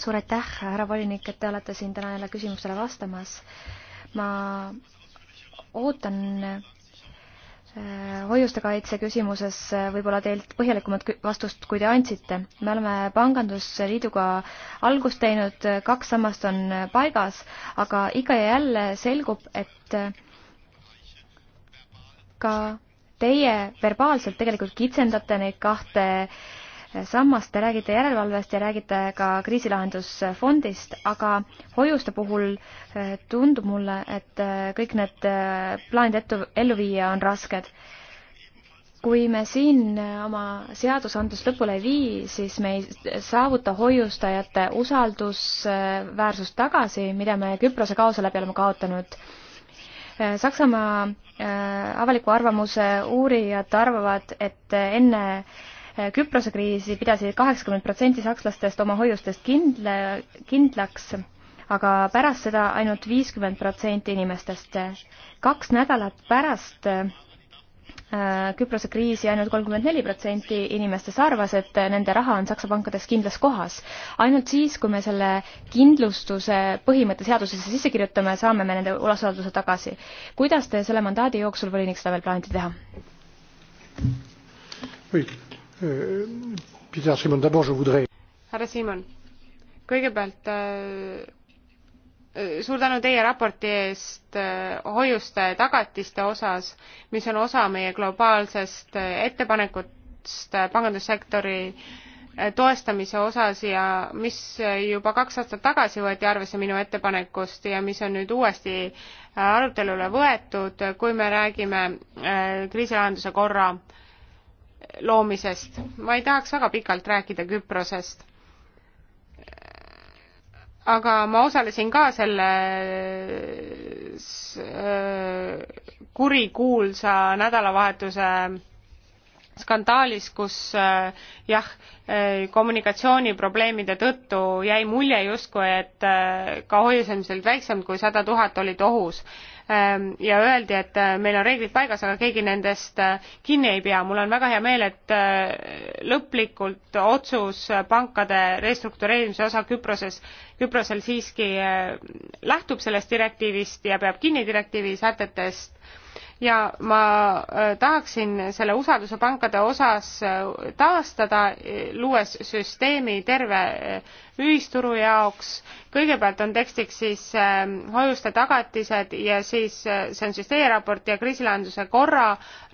suur aitäh, härra volinik, et te olete siin täna jälle küsimustele vastamas. ma ootan äh, hoiuste kaitse küsimuses äh, võib-olla teilt põhjalikumat vastust, kui te andsite. me oleme Pangandusliiduga algust teinud, äh, kaks sammast on paigas, aga ikka ja jälle selgub, et ka teie verbaalselt tegelikult kitsendate neid kahte äh, sammast, te räägite järelevalvest ja räägite ka kriisilahendusfondist, aga hoiuste puhul eh, tundub mulle, et eh, kõik need eh, plaanid ette, ellu viia on rasked. kui me siin oma seadusandlust lõpule ei vii, siis me ei saavuta hoiustajate usaldusväärsust tagasi, mida me Küprose kaose läbi oleme kaotanud Saksamaa avaliku arvamuse uurijad arvavad, et enne Äh, Küprose kriisi pidasid kaheksakümmend protsenti sakslastest oma hoiustest kindla, kindlaks, aga pärast seda ainult viiskümmend protsenti inimestest. kaks nädalat pärast äh, Küprose kriisi ainult kolmkümmend neli protsenti inimestest arvas, et nende raha on Saksa pankades kindlas kohas. ainult siis, kui me selle kindlustuse põhimõtte seadusesse sisse kirjutame, saame me nende usalduse tagasi. kuidas te selle mandaadi jooksul, volinik, seda veel plaanite teha? Euh, Peter Simon, d'abord je voudrais. härra Simon, kõigepealt äh, äh, suur tänu teie raporti eest äh, hoiuste tagatiste osas, mis on osa meie globaalsest ettepanekust pangandussektori toestamise osas ja mis juba kaks aastat tagasi võeti arvesse minu ettepanekust ja mis on nüüd uuesti arutelule võetud, kui me räägime kriisilahenduse korra äh, loomisest. ma ei tahaks väga pikalt rääkida Küprosest. aga ma osalesin ka selles äh, äh, kurikuulsa nädalavahetuse skandaalis, kus eh, jah, eh, kommunikatsiooniprobleemide tõttu jäi mulje justkui, et eh, ka hoiusamisel väiksem kui sada tuhat olid ohus. Ehm, ja öeldi, et meil on reeglid paigas, aga keegi nendest kinni ei pea. mul on väga hea meel, et lõplikult otsus pankade restruktureerimise osa Küproses, Küprosel siiski lähtub sellest direktiivist ja peab kinni direktiivi sätetest ja ma äh, tahaksin selle usalduse pankade osas äh, taastada, äh, luues süsteemi terve ühisturu jaoks. kõigepealt on tekstiks siis ähm, hoiuste tagatised ja siis see on siis teie raport ja kriisilahenduse korra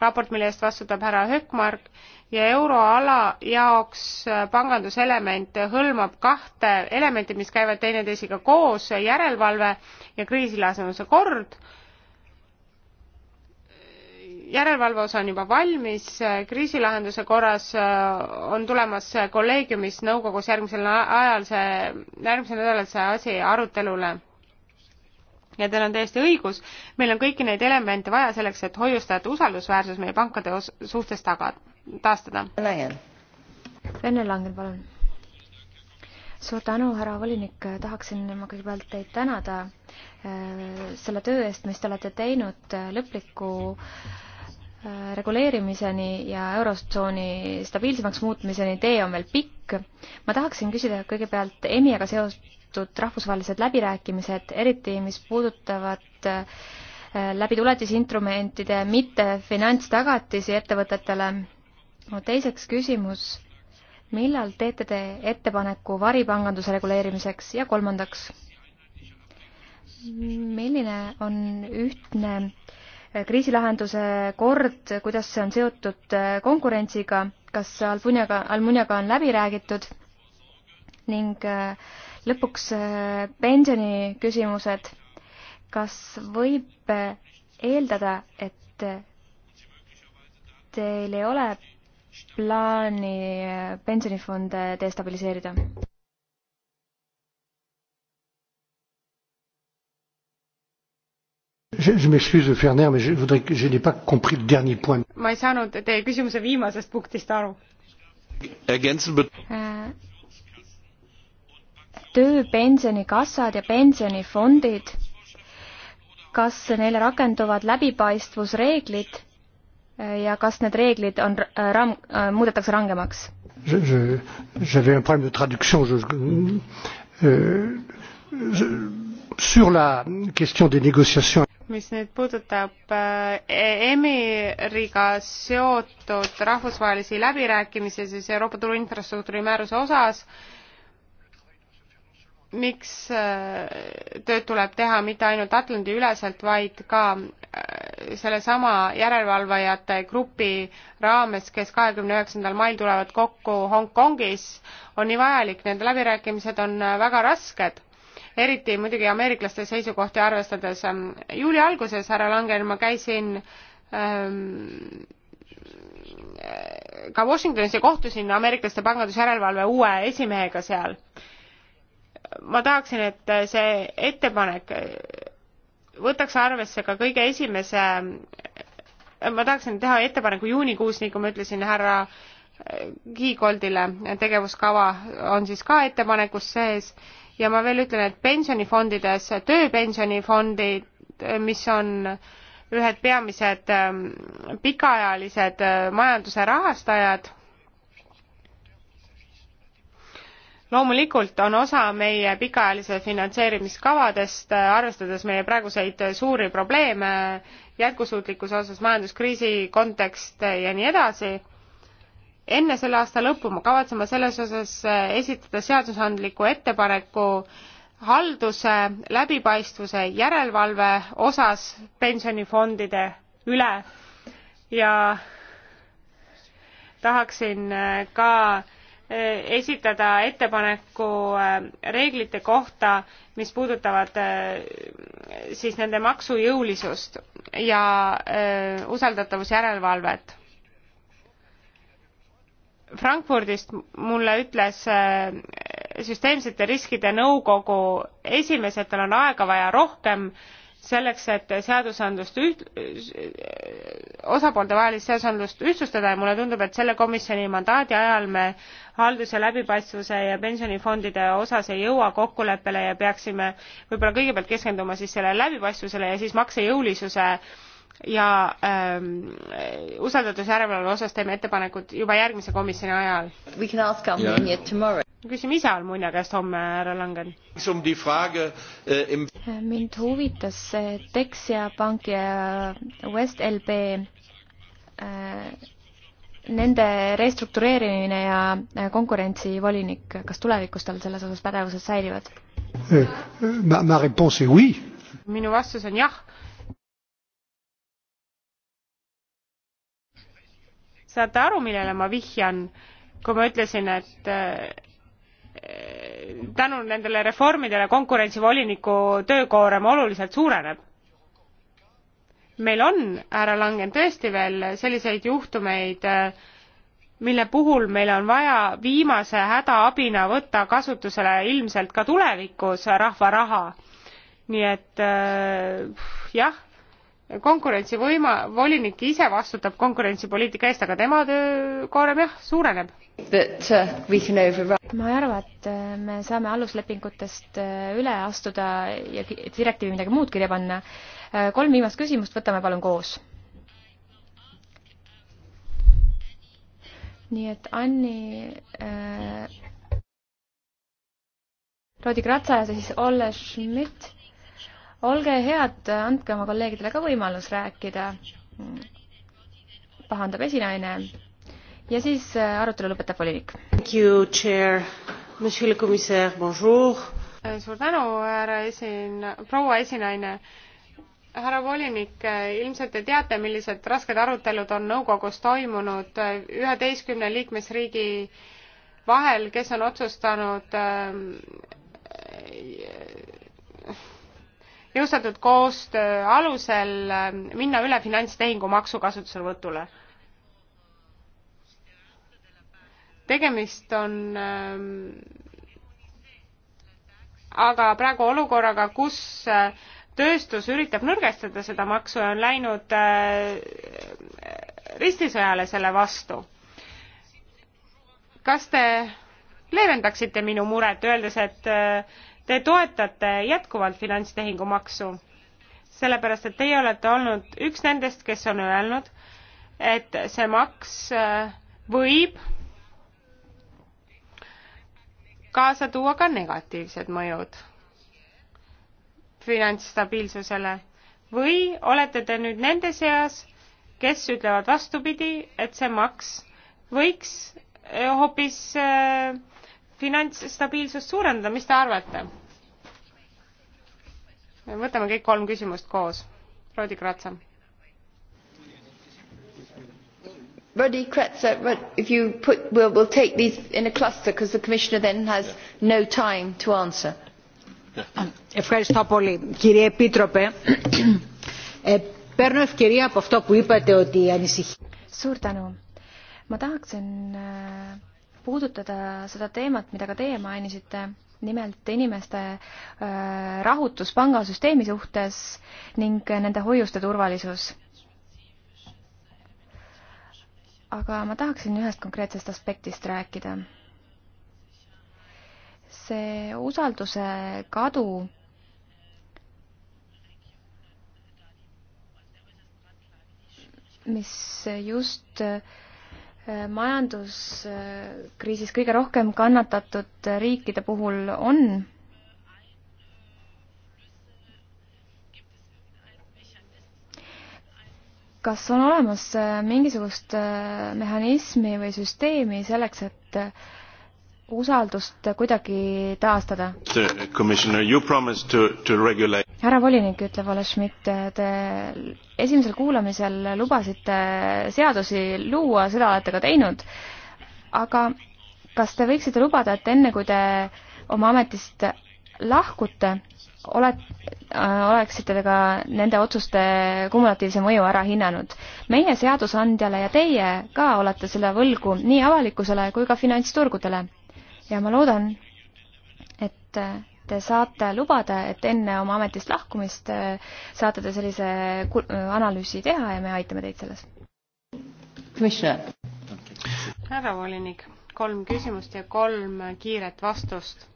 raport, mille eest vastutab härra Hökmark ja euroala jaoks panganduselement hõlmab kahte elementi, mis käivad teineteisega koos, järelevalve ja kriisilahenduse kord järelevalve osa on juba valmis, kriisilahenduse korras äh, on tulemas äh, kolleegiumis nõukogus järgmisel ajal see, järgmisel nädalal see asi arutelule. ja teil on täiesti õigus, meil on kõiki neid elemente vaja selleks, et hoiustajate usaldusväärsus meie pankade os-, suhtes taga, taastada. Vene Langel, palun. suur tänu, härra volinik, tahaksin ma kõigepealt teid tänada äh, selle töö eest, mis te olete teinud lõpliku äh, Äh, reguleerimiseni ja eurotsooni stabiilsemaks muutmiseni tee on veel pikk. ma tahaksin küsida kõigepealt EMI-ga seotud rahvusvahelised läbirääkimised, eriti mis puudutavad äh, läbi tuletisinstrumentide mitte finantstagatisi ettevõtetele. teiseks küsimus, millal teete te ettepaneku varipanganduse reguleerimiseks ja kolmandaks, milline on ühtne äh, Äh, kriisilahenduse kord, kuidas see on seotud äh, konkurentsiga, kas Almuniaga, Almuniaga on läbi räägitud ning äh, lõpuks pensioni küsimused. kas võib eeldada, et teil ei ole plaani pensionifonde destabiliseerida? ma ei saanud teie küsimuse viimasest punktist aru. Äh, tööpensionikassad ja pensionifondid, kas neile rakenduvad läbipaistvusreeglid äh, ja kas need reeglid on äh, ram-, muudetakse rangemaks? J'avais un problème de traduction. Je, euh, sur la question des négociations mis nüüd puudutab äh, EMIRiga seotud rahvusvahelisi läbirääkimisi siis Euroopa Turu infrastruktuuri määruse osas, miks äh, tööd tuleb teha mitte ainult Atlandi üleselt, vaid ka äh, sellesama järelevalvajate grupi raames, kes kahekümne üheksandal mail tulevad kokku Hongkongis, on nii vajalik, need läbirääkimised on väga rasked eriti muidugi ameeriklaste seisukohti arvestades. Ähm, juuli alguses, härra Langen, ma käisin ähm, äh, ka Washingtonis ja kohtusin ameeriklaste pangandusjärelevalve uue esimehega seal. ma tahaksin, et see ettepanek võtaks arvesse ka kõige esimese, ma tahaksin teha ettepaneku juunikuus, nii kui ma ütlesin härra äh, Kiigoldile, tegevuskava on siis ka ettepanekus sees ja ma veel ütlen, et pensionifondides, tööpensionifondid, mis on ühed peamised ähm, pikaajalised äh, majanduse rahastajad, loomulikult on osa meie pikaajalise finantseerimiskavadest äh, arvestades meie praeguseid äh, suuri probleeme jätkusuutlikkuse osas majanduskriisi kontekst ja nii edasi enne selle aasta lõppu me kavatseme selles osas äh, esitada seadusandliku ettepaneku halduse läbipaistvuse järelevalve osas pensionifondide üle ja tahaksin äh, ka äh, esitada ettepaneku reeglite kohta, mis puudutavad siis nende maksujõulisust ja usaldatavusjärelevalvet. Frankfurdist mulle ütles äh, süsteemsete riskide nõukogu esimees, et tal on aega vaja rohkem selleks, et seadusandlust üht-, äh, osapoolte vahelist seadusandlust ühtsustada ja mulle tundub, et selle komisjoni mandaadi ajal me halduse läbipaistvuse ja pensionifondide osas ei jõua kokkuleppele ja peaksime võib-olla kõigepealt keskenduma siis sellele läbipaistvusele ja siis maksejõulisuse äh, ja ähm, usaldades järelevalve osas teeme ettepanekud juba järgmise komisjoni ajal. küsime ise Almunia käest homme, härra Langen. Um äh, mind huvitas see Dexia pank ja West LB äh, nende restruktureerimine ja äh, konkurentsivolinik, kas tulevikus tal selles osas pädevused säilivad? Eh, minu vastus on jah saate aru, millele ma vihjan, kui ma ütlesin, et eh, tänu nendele reformidele konkurentsivoliniku töökoorem oluliselt suureneb. meil on, härra Langen, tõesti veel selliseid juhtumeid, mille puhul meil on vaja viimase hädaabina võtta kasutusele ilmselt ka tulevikus rahva raha. nii et eh, jah konkurentsivõima, volinik ise vastutab konkurentsipoliitika eest, aga tema töökoorem jah, suureneb. Uh, ma ei arva, et äh, me saame aluslepingutest äh, üle astuda ja direktiivi midagi muud kirja panna. Äh, kolm viimast küsimust võtame palun koos. nii et Anni äh, Rodi Kratsa ja siis Olle Schmidt olge head, andke oma kolleegidele ka võimalus rääkida, pahandab esinaine ja siis äh, arutelu lõpetab volinik. Äh, suur tänu, härra esin-, proua esinaine härra volinik, äh, ilmselt te teate, millised rasked arutelud on nõukogus toimunud üheteistkümne liikmesriigi vahel, kes on otsustanud ähm, jõustatud koostöö alusel äh, minna üle finantstehingu maksu kasutuselevõtule. tegemist on ähm, aga praegu olukorraga, kus äh, tööstus üritab nõrgestada seda maksu ja on läinud äh, ristisõjale selle vastu. kas te leevendaksite minu muret, öeldes, et te toetate jätkuvalt finantstehingumaksu, sellepärast et teie olete olnud üks nendest, kes on öelnud, et see maks äh, võib kaasa tuua ka negatiivsed mõjud finantsstabiilsusele või olete te nüüd nende seas, kes ütlevad vastupidi, et see maks võiks äh, hoopis äh, finantsstabiilsust suurendada, mis te arvate? võtame kõik kolm küsimust koos. Rodi Kratsa. Rodi Kratsa, if you put, we'll, we'll take these in a cluster because the commissioner then has no time to answer. Ευχαριστώ πολύ. Κύριε Επίτροπε, ε, παίρνω ευκαιρία από αυτό που είπατε ότι ανησυχεί. Suur tänu. Ma tahaksin äh, puudutada seda teemat, mida ka teie mainisite, nimelt inimeste äh, rahutus pangasüsteemi suhtes ning nende hoiuste turvalisus. aga ma tahaksin ühest konkreetsest aspektist rääkida. see usalduse kadu mis just äh, majanduskriisis kõige rohkem kannatatud riikide puhul on? kas on olemas mingisugust äh, mehhanismi või süsteemi selleks, et usaldust kuidagi taastada. härra volinik, ütleb Ole Schmidt, te esimesel kuulamisel lubasite seadusi luua, seda olete ka teinud, aga kas te võiksite lubada, et enne, kui te oma ametist lahkute, oled, äh, oleksite te ka nende otsuste kumulatiivse mõju ära hinnanud. meie seadusandjale ja teie ka olete selle võlgu nii avalikkusele kui ka finantsturgudele ja ma loodan, et te saate lubada, et enne oma ametist lahkumist äh, saate te sellise äh, analüüsi teha ja me aitame teid selles. härra volinik, kolm küsimust ja kolm kiiret vastust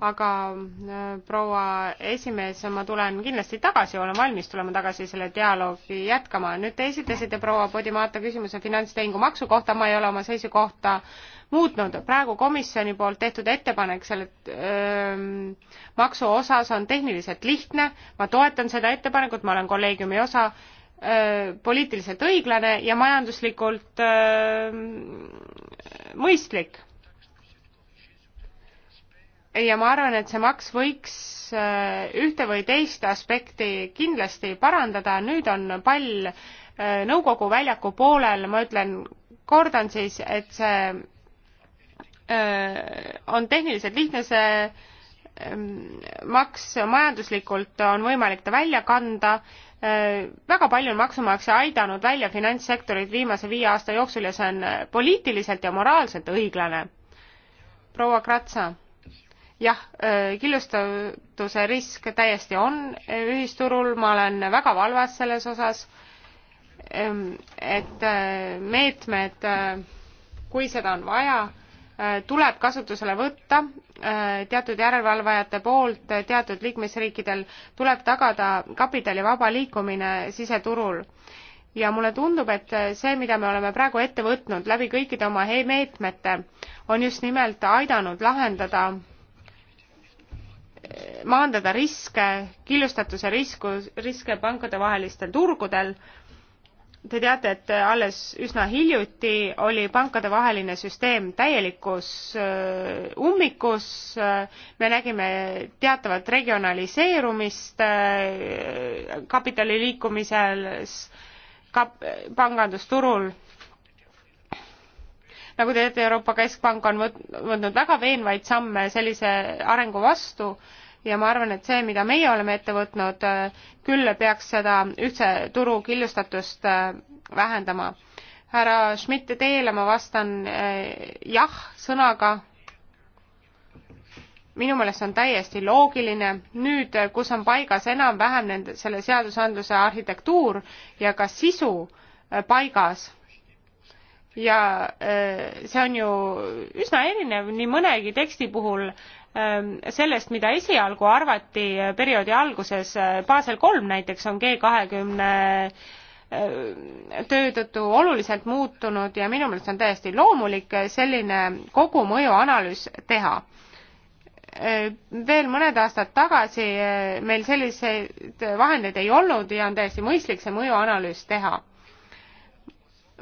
aga äh, proua esimees, ma tulen kindlasti tagasi, olen valmis tulema tagasi selle dialoogi jätkama. nüüd te esitasite proua Podimata küsimuse finantstehingu maksu kohta, ma ei ole oma seisukohta muutnud. praegu komisjoni poolt tehtud ettepanek selle öö, ähm, maksu osas on tehniliselt lihtne, ma toetan seda ettepanekut, ma olen kolleegiumi osa, äh, poliitiliselt õiglane ja majanduslikult öö, ähm, mõistlik ja ma arvan, et see maks võiks äh, ühte või teist aspekti kindlasti parandada, nüüd on pall äh, nõukogu väljaku poolel, ma ütlen, kordan siis, et see äh, on tehniliselt lihtne, see ähm, maks majanduslikult on võimalik ta välja kanda, väga palju on maksumaksja aidanud välja finantssektorit viimase viie aasta jooksul ja see on poliitiliselt ja moraalselt õiglane. proua Kratsa jah, äh, killustatuse risk täiesti on äh, ühisturul, ma olen väga valvas selles osas, ähm, et äh, meetmed, kui seda on vaja, tuleb kasutusele võtta teatud järelevalvajate poolt, teatud liikmesriikidel tuleb tagada kapitali vaba liikumine siseturul ja mulle tundub, et see, mida me oleme praegu ette võtnud läbi kõikide oma meetmete, on just nimelt aidanud lahendada maandada riske, killustatuse risku, riske pankadevahelistel turgudel. Te teate, et alles üsna hiljuti oli pankadevaheline süsteem täielikus äh, ummikus, me nägime teatavat regionaliseerumist äh, kapitali liikumises kap-, pangandusturul nagu te teate, Euroopa Keskpank on võtnud väga veenvaid samme sellise arengu vastu ja ma arvan, et see, mida meie oleme ette võtnud, küll peaks seda ühtse turu killustatust äh, vähendama. härra Schmidt, teile ma vastan äh, jah sõnaga. minu meelest on täiesti loogiline nüüd, kus on paigas enam-vähem nende, selle seadusandluse arhitektuur ja ka sisu äh, paigas ja see on ju üsna erinev nii mõnegi teksti puhul Ähm, sellest, mida esialgu arvati äh, perioodi alguses, äh, Basel kolm näiteks on G kahekümne äh, töö tõttu oluliselt muutunud ja minu meelest on täiesti loomulik selline kogumõjuanalüüs teha veel mõned aastad tagasi meil selliseid vahendeid ei olnud ja on täiesti mõistlik see mõjuanalüüs teha.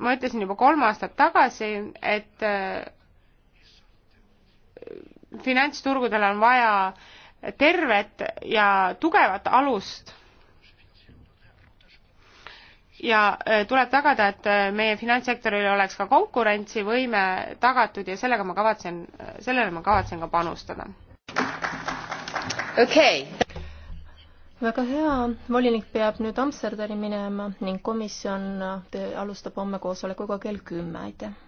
ma ütlesin juba kolm aastat tagasi, et finantsturgudel on vaja tervet ja tugevat alust ja äh, tuleb tagada, et äh, meie finantssektoril oleks ka konkurentsivõime tagatud ja sellega ma kavatsen, äh, sellele ma kavatsen ka panustada. okei okay.. väga hea, volinik peab nüüd Amsterdami minema ning komisjon alustab homme koosolekuga kell kümme, aitäh!